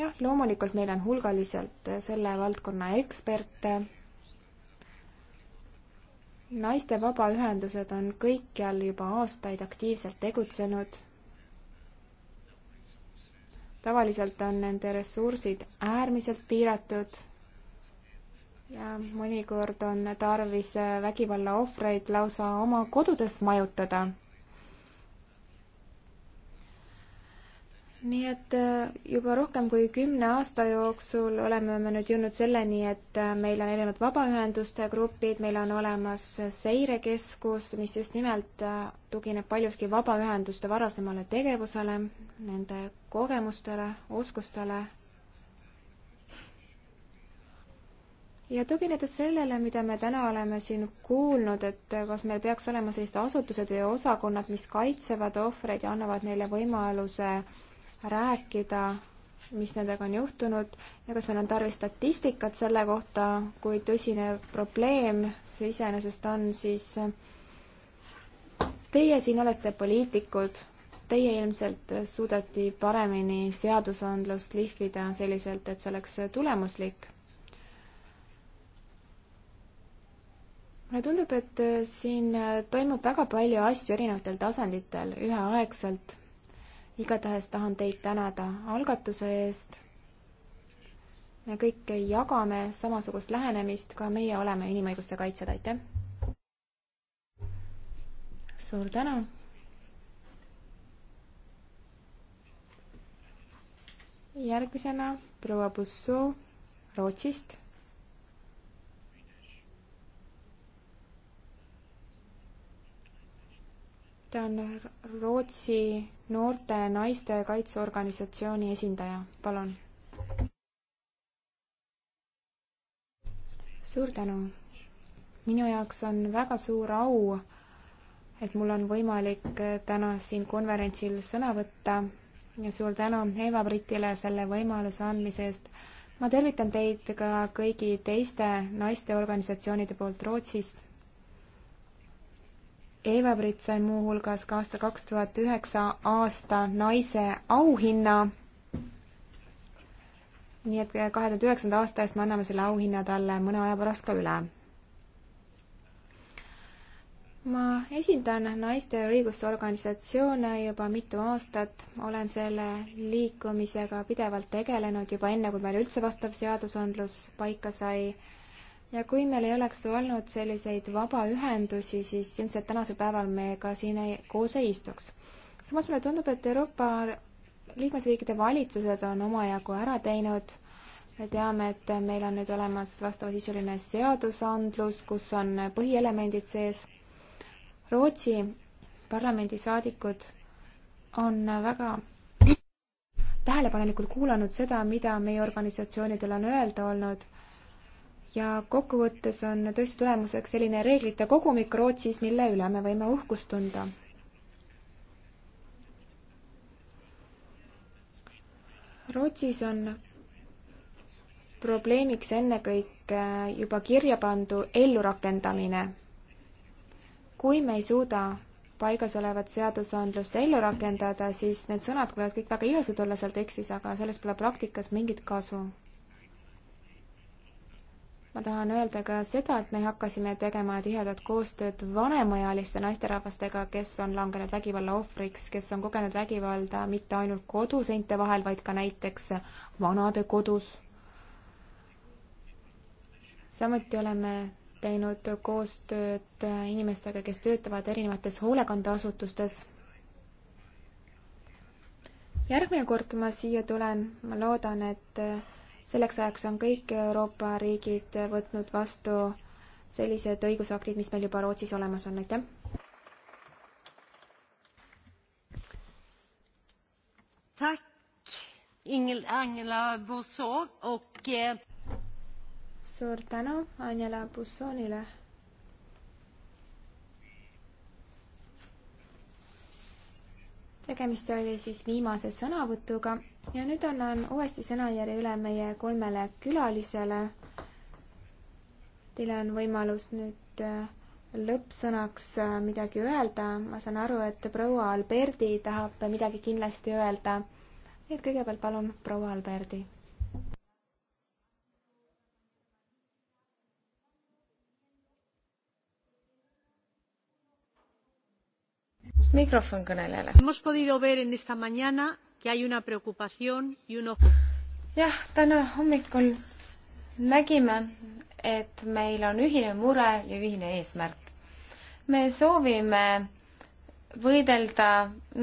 jah, loomulikult meil on hulgaliselt selle valdkonna eksperte. naiste vabaühendused on kõikjal juba aastaid aktiivselt tegutsenud tavaliselt on nende ressursid äärmiselt piiratud ja mõnikord on tarvis äh, vägivalla ohvreid lausa oma kodudes majutada. nii et äh, juba rohkem kui kümne aasta jooksul oleme me nüüd jõudnud selleni, et äh, meil on erinevad vabaühenduste grupid, meil on olemas seirekeskus, mis just nimelt tugineb paljuski vabaühenduste varasemale tegevusele, nende kogemustele, oskustele ja tuginedes sellele, mida me täna oleme siin kuulnud, et kas meil peaks olema sellised asutused või osakonnad, mis kaitsevad ohvreid ja annavad neile võimaluse rääkida, mis nendega on juhtunud ja kas meil on tarvis statistikat selle kohta, kui tõsine probleem see iseenesest on, siis teie siin olete poliitikud, teie ilmselt suudeti paremini seadusandlust lihvida selliselt, et see oleks tulemuslik mulle tundub, et äh, siin äh, toimub väga palju asju erinevatel tasanditel üheaegselt. igatahes tahan teid tänada algatuse eest. me kõik jagame samasugust lähenemist, ka meie oleme inimõiguste kaitsjad, aitäh! suur tänu! järgmisena proua Bussu Rootsist ta on Rootsi noorte naiste kaitseorganisatsiooni esindaja, palun. suur tänu. minu jaoks on väga suur au, et mul on võimalik täna siin konverentsil sõna võtta ja suur tänu Eva Britile selle võimaluse andmise eest. ma tervitan teid ka kõigi teiste naisteorganisatsioonide poolt Rootsist Eva Brit sai muuhulgas ka aasta kaks tuhat üheksa aasta naise auhinna. nii et kahe tuhande üheksanda aasta eest me anname selle auhinna talle mõne aja pärast ka üle. ma esindan naiste õiguste organisatsioone juba mitu aastat, olen selle liikumisega pidevalt tegelenud juba enne, kui meil üldse vastav seadusandlus paika sai ja kui meil ei oleks olnud selliseid vabaühendusi, siis ilmselt tänasel päeval me ka siin ei, koos ei istuks. samas mulle tundub, et Euroopa liikmesriikide valitsused on omajagu ära teinud. me teame, et meil on nüüd olemas vastavasisuline seadusandlus, kus on põhielemendid sees. Rootsi parlamendisaadikud on väga tähelepanelikult kuulanud seda, mida meie organisatsioonidel on öelda olnud ja kokkuvõttes on tõesti tulemuseks selline reeglite kogumik Rootsis, mille üle me võime uhkust tunda. Rootsis on probleemiks ennekõike juba kirja pandu ellurakendamine. kui me ei suuda paigas olevat seadusandlust ellu rakendada, siis need sõnad võivad kõik väga ilusad olla seal tekstis, aga sellest pole praktikas mingit kasu ma tahan öelda ka seda, et me hakkasime tegema tihedat koostööd vanemaealiste naisterahvastega, kes on langenud vägivalla ohvriks, kes on kogenud vägivalda mitte ainult koduseinte vahel, vaid ka näiteks vanadekodus. samuti oleme teinud koostööd inimestega, kes töötavad erinevates hoolekandeasutustes. järgmine kord, kui ma siia tulen, ma loodan, et selleks ajaks on kõik Euroopa riigid võtnud vastu sellised õigusaktid, mis meil juba Rootsis olemas on, aitäh! Ingel, Angela Busson och... Eh, Suur tänu Angela Bussonile. tegemist oli siis viimase sõnavõtuga ja nüüd annan uuesti sõnajärje üle meie kolmele külalisele. Teil on võimalus nüüd äh, lõppsõnaks äh, midagi öelda, ma saan aru, et proua Alberdi tahab midagi kindlasti öelda. nii et kõigepealt palun, proua Alberdi. mikrofon kõnelejale que hay una preocupación y uno... jah, täna hommikul nägime, et meil on ühine mure ja ühine eesmärk. me soovime võidelda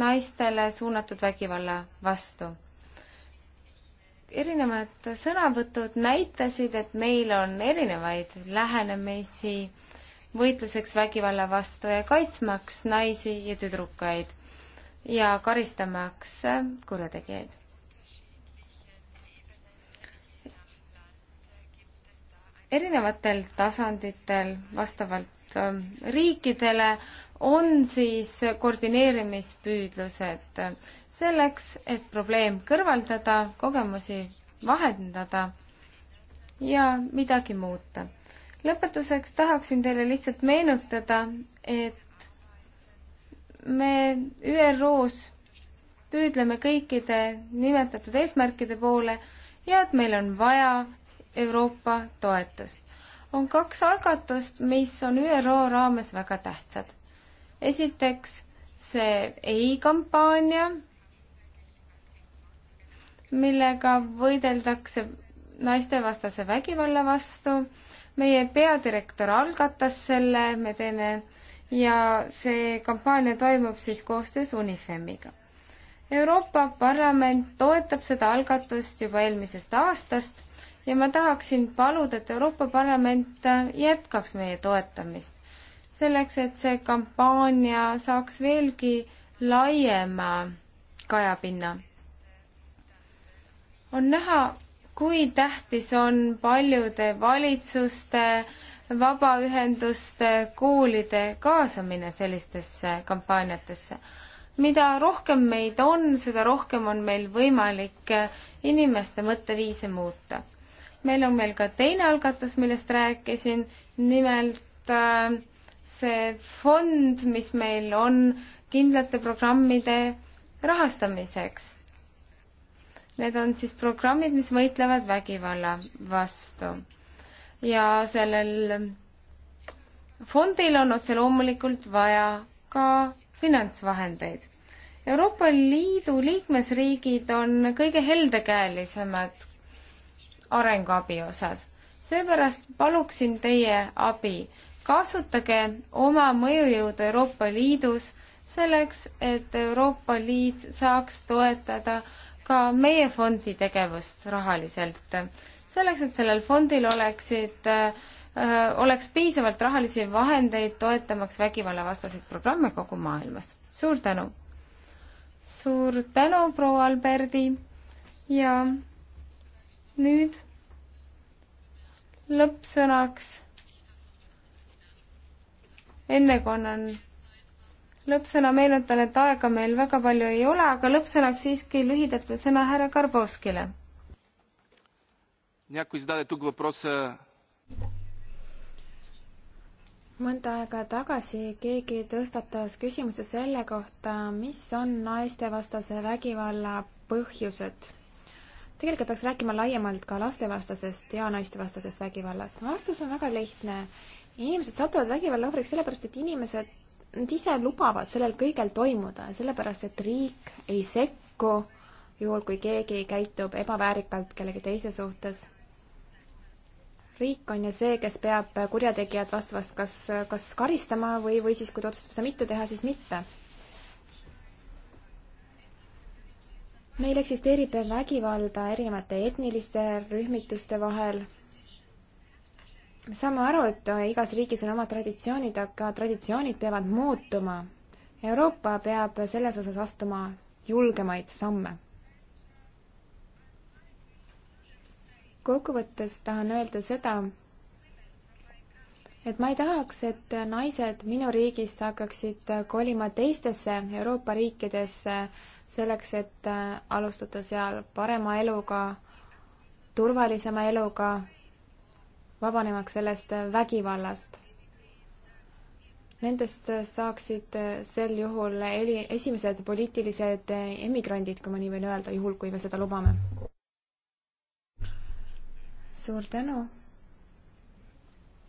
naistele suunatud vägivalla vastu. erinevad sõnavõtud näitasid, et meil on erinevaid lähenemisi võitluseks vägivalla vastu ja kaitsmaks naisi ja tüdrukaid ja karistamaks kurjategijaid. erinevatel tasanditel vastavalt ähm, riikidele on siis koordineerimispüüdlused selleks, et probleem kõrvaldada, kogemusi vahendada ja midagi muuta. lõpetuseks tahaksin teile lihtsalt meenutada, et me ÜRO-s püüdleme kõikide nimetatud eesmärkide poole ja et meil on vaja Euroopa toetust. on kaks algatust, mis on ÜRO raames väga tähtsad. esiteks see ei-kampaania, millega võideldakse naistevastase vägivalla vastu. meie peadirektor algatas selle, me teeme äh, ja see kampaania toimub siis koostöös UNIFEM-iga. Euroopa Parlament toetab seda algatust juba eelmisest aastast ja ma tahaksin paluda, et Euroopa Parlament jätkaks meie toetamist, selleks et see kampaania saaks veelgi laiema kajapinna. on näha, kui tähtis on paljude valitsuste äh, vabaühenduste, koolide kaasamine sellistesse kampaaniatesse. mida rohkem meid on, seda rohkem on meil võimalik inimeste mõtteviise muuta. meil on veel ka teine algatus, millest rääkisin, nimelt äh, see fond, mis meil on kindlate programmide rahastamiseks. Need on siis programmid, mis võitlevad vägivalla vastu ja sellel fondil on otse loomulikult vaja ka finantsvahendeid. Euroopa Liidu liikmesriigid on kõige heldekäelisemad arenguabi osas. seepärast paluksin teie abi. kasutage oma mõjujõudu Euroopa Liidus selleks, et Euroopa Liit saaks toetada ka meie fondi tegevust rahaliselt selleks, et sellel fondil oleksid äh, oleks piisavalt rahalisi vahendeid toetamaks vägivallavastaseid programme kogu maailmas. suur tänu! suur tänu, proua Alberdi ja nüüd lõppsõnaks, enne kui annan lõppsõna, meenutan, et aega meil väga palju ei ole, aga lõppsõnaks siiski lühidalt veel sõna härra Karbovskile Някой зададе тук въпроса mõnda aega tagasi keegi tõstatas küsimuse selle kohta, mis on naistevastase vägivalla põhjused. tegelikult peaks rääkima laiemalt ka lastevastasest ja naistevastasest vägivallast. vastus on väga lihtne. inimesed satuvad vägivalla ohvriks sellepärast, et inimesed, nad ise lubavad sellel kõigel toimuda, sellepärast et riik ei sekku, juhul kui keegi käitub ebaväärikalt kellegi teise suhtes riik on ju see, kes peab kurjategijad vastavast kas, kas karistama või, või siis, kui ta otsustab seda mitte teha, siis mitte. meil eksisteerib vägivalda erinevate etniliste rühmituste vahel. me saame aru, et igas riigis on oma traditsioonid, aga traditsioonid peavad muutuma. Euroopa peab selles osas astuma julgemaid samme kokkuvõttes tahan öelda seda, et ma ei tahaks, et naised minu riigist hakkaksid kolima teistesse Euroopa riikidesse selleks, et äh, alustada seal parema eluga, turvalisema eluga, vabanemaks sellest vägivallast nendest saaksid äh, sel juhul eri, esimesed poliitilised äh, emigrandid, kui ma nii võin öelda, juhul kui me seda lubame suur tänu.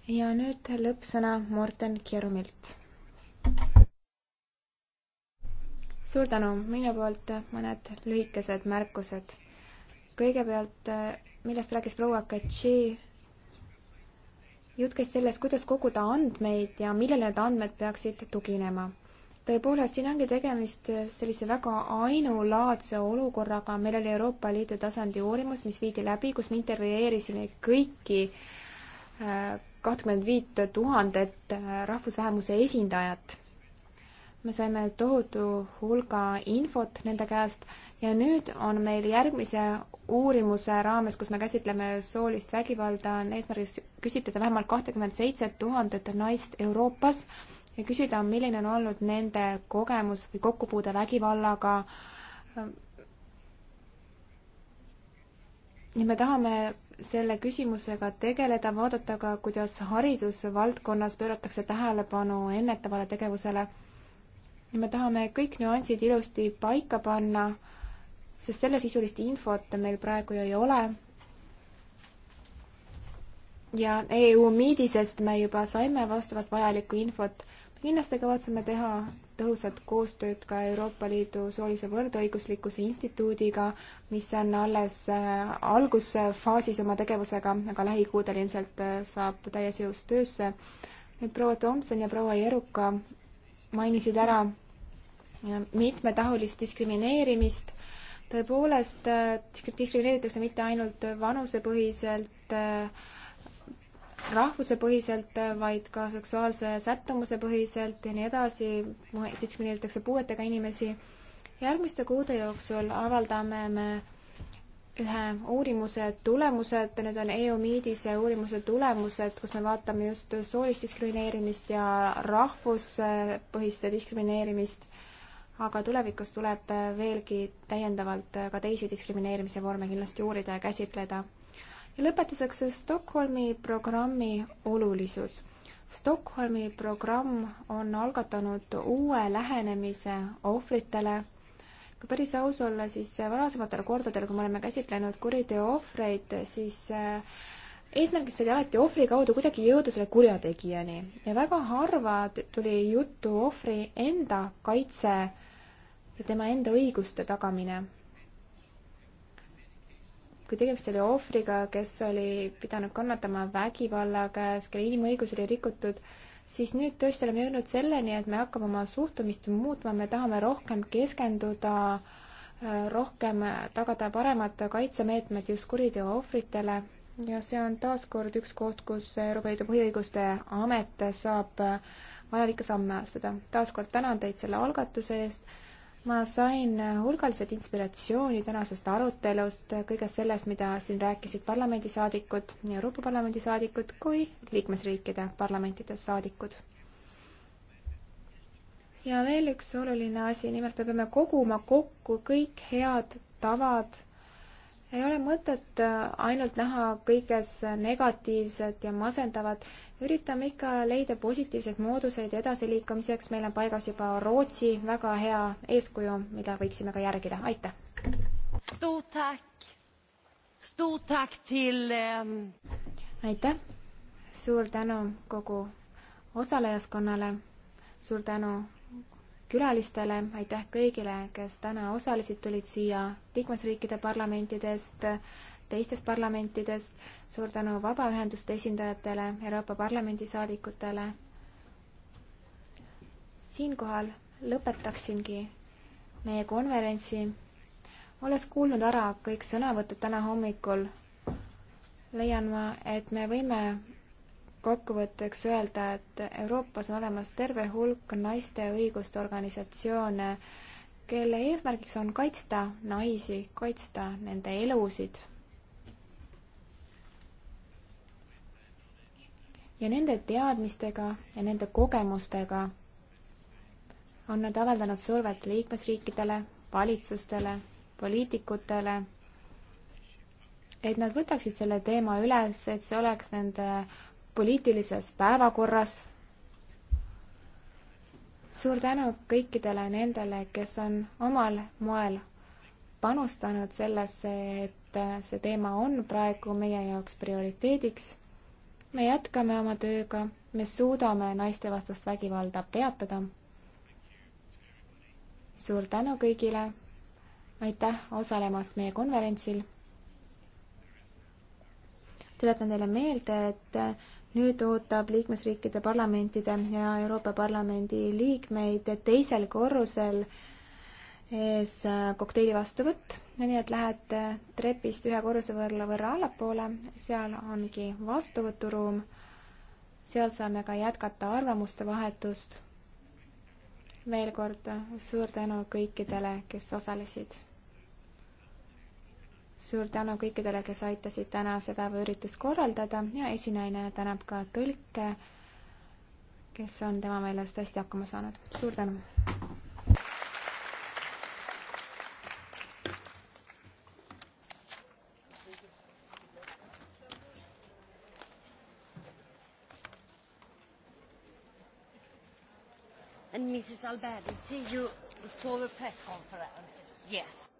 ja nüüd lõppsõna Morten Kierumilt. suur tänu, minu poolt mõned lühikesed märkused. kõigepealt, millest rääkis proua Katši jutt käis sellest, kuidas koguda andmeid ja millele need andmed peaksid tuginema tõepoolest, siin ongi tegemist sellise väga ainulaadse olukorraga, meil oli Euroopa Liidu tasandi uurimus, mis viidi läbi, kus me intervjueerisime kõiki äh, kahtekümmend viit tuhandet äh, rahvusvähemuse esindajat. me saime tohutu hulga infot nende käest ja nüüd on meil järgmise uurimuse raames, kus me käsitleme soolist vägivalda, on eesmärgiks küsitleda vähemalt kahtekümmet seitset tuhandet naist Euroopas ja küsida, milline on olnud nende kogemus või kokkupuude vägivallaga. ja me tahame selle küsimusega tegeleda, vaadata ka, kuidas haridusvaldkonnas pööratakse tähelepanu ennetavale tegevusele. ja me tahame kõik nüansid ilusti paika panna, sest sellesisulist infot meil praegu ju ei ole. ja EU Meedisest me juba saime vastavat vajalikku infot kindlasti kavatseme teha tõhusat koostööd ka Euroopa Liidu soolise võrdõiguslikkuse instituudiga, mis on alles äh, algusfaasis oma tegevusega, aga lähikuudel ilmselt äh, saab täies jõus töösse. nüüd proua Tomson ja proua Jeruka mainisid ära äh, mitmetahulist diskrimineerimist. tõepoolest diskrimineeritakse mitte ainult vanusepõhiselt äh, rahvusepõhiselt, vaid ka seksuaalse sättumuse põhiselt ja nii edasi, diskrimineeritakse puuetega inimesi. järgmiste kuude jooksul avaldame me ühe uurimuse tulemused, need on EOMIDise uurimuse tulemused, kus me vaatame just soolist diskrimineerimist ja rahvuspõhist diskrimineerimist. aga tulevikus tuleb veelgi täiendavalt ka teisi diskrimineerimise vorme kindlasti uurida ja käsitleda ja lõpetuseks Stockholmi programmi olulisus. Stockholmi programm on algatanud uue lähenemise ohvritele kui päris aus olla, siis varasematel kordadel, kui me oleme käsitlenud kuriteo ohvreid, siis äh, eesmärgiks oli alati ohvri kaudu kuidagi jõuda selle kurjategijani ja väga harva tuli juttu ohvri enda kaitse ja tema enda õiguste tagamine kui tegemist oli ohvriga, kes oli pidanud kannatama vägivalla käes, kelle inimõigusi oli rikutud, siis nüüd tõesti oleme jõudnud selleni, et me hakkame oma suhtumist muutma, me tahame rohkem keskenduda, rohkem tagada paremad kaitsemeetmed just kuriteo ohvritele ja see on taaskord üks koht, kus Euroopa Liidu põhiõiguste amet saab vajalikke samme astuda. taaskord tänan teid selle algatuse eest ma sain hulgaliselt inspiratsiooni tänasest arutelust, kõigest sellest, mida siin rääkisid parlamendisaadikud, nii Euroopa Parlamendi saadikud kui liikmesriikide parlamentide saadikud. ja veel üks oluline asi, nimelt me peame koguma kokku kõik head tavad ei ole mõtet äh, ainult näha kõiges negatiivset ja masendavat, üritame ikka leida positiivseid mooduseid edasiliikumiseks, meil on paigas juba Rootsi väga hea eeskuju, mida võiksime ka järgida, aitäh! Ähm, aitäh, suur tänu kogu osalejaskonnale, suur tänu külalistele, aitäh kõigile, kes täna osalesid, tulid siia liikmesriikide parlamentidest, teistest parlamentidest, suur tänu vabaühenduste esindajatele, Euroopa Parlamendi saadikutele. siinkohal lõpetaksingi meie konverentsi. olles kuulnud ära kõik sõnavõtud täna hommikul, leian ma, et me võime kokkuvõtteks öelda, et Euroopas on olemas terve hulk naiste õiguste organisatsioone, kelle eesmärgiks on kaitsta naisi, kaitsta nende elusid. ja nende teadmistega ja nende kogemustega on nad avaldanud survet liikmesriikidele, valitsustele, poliitikutele, et nad võtaksid selle teema üles, et see oleks nende poliitilises päevakorras. suur tänu kõikidele nendele, kes on omal moel panustanud sellesse, et see teema on praegu meie jaoks prioriteediks. me jätkame oma tööga, me suudame naistevastast vägivalda peatada. suur tänu kõigile. aitäh osalemast meie konverentsil. tuletan teile meelde, et nüüd ootab liikmesriikide parlamentide ja Euroopa Parlamendi liikmeid teisel korrusel ees äh, kokteili vastuvõtt, nii et lähed trepist ühe korruse võrra, võrra allapoole, seal ongi vastuvõturuum. seal saame ka jätkata arvamuste vahetust. veel kord suur tänu kõikidele, kes osalesid suur tänu kõikidele, kes aitasid tänase päeva üritust korraldada ja esinaine tänab ka tõlke, kes on tema meelest hästi hakkama saanud. suur tänu! and Mrs. Alberti, see you before the press conference. Yes.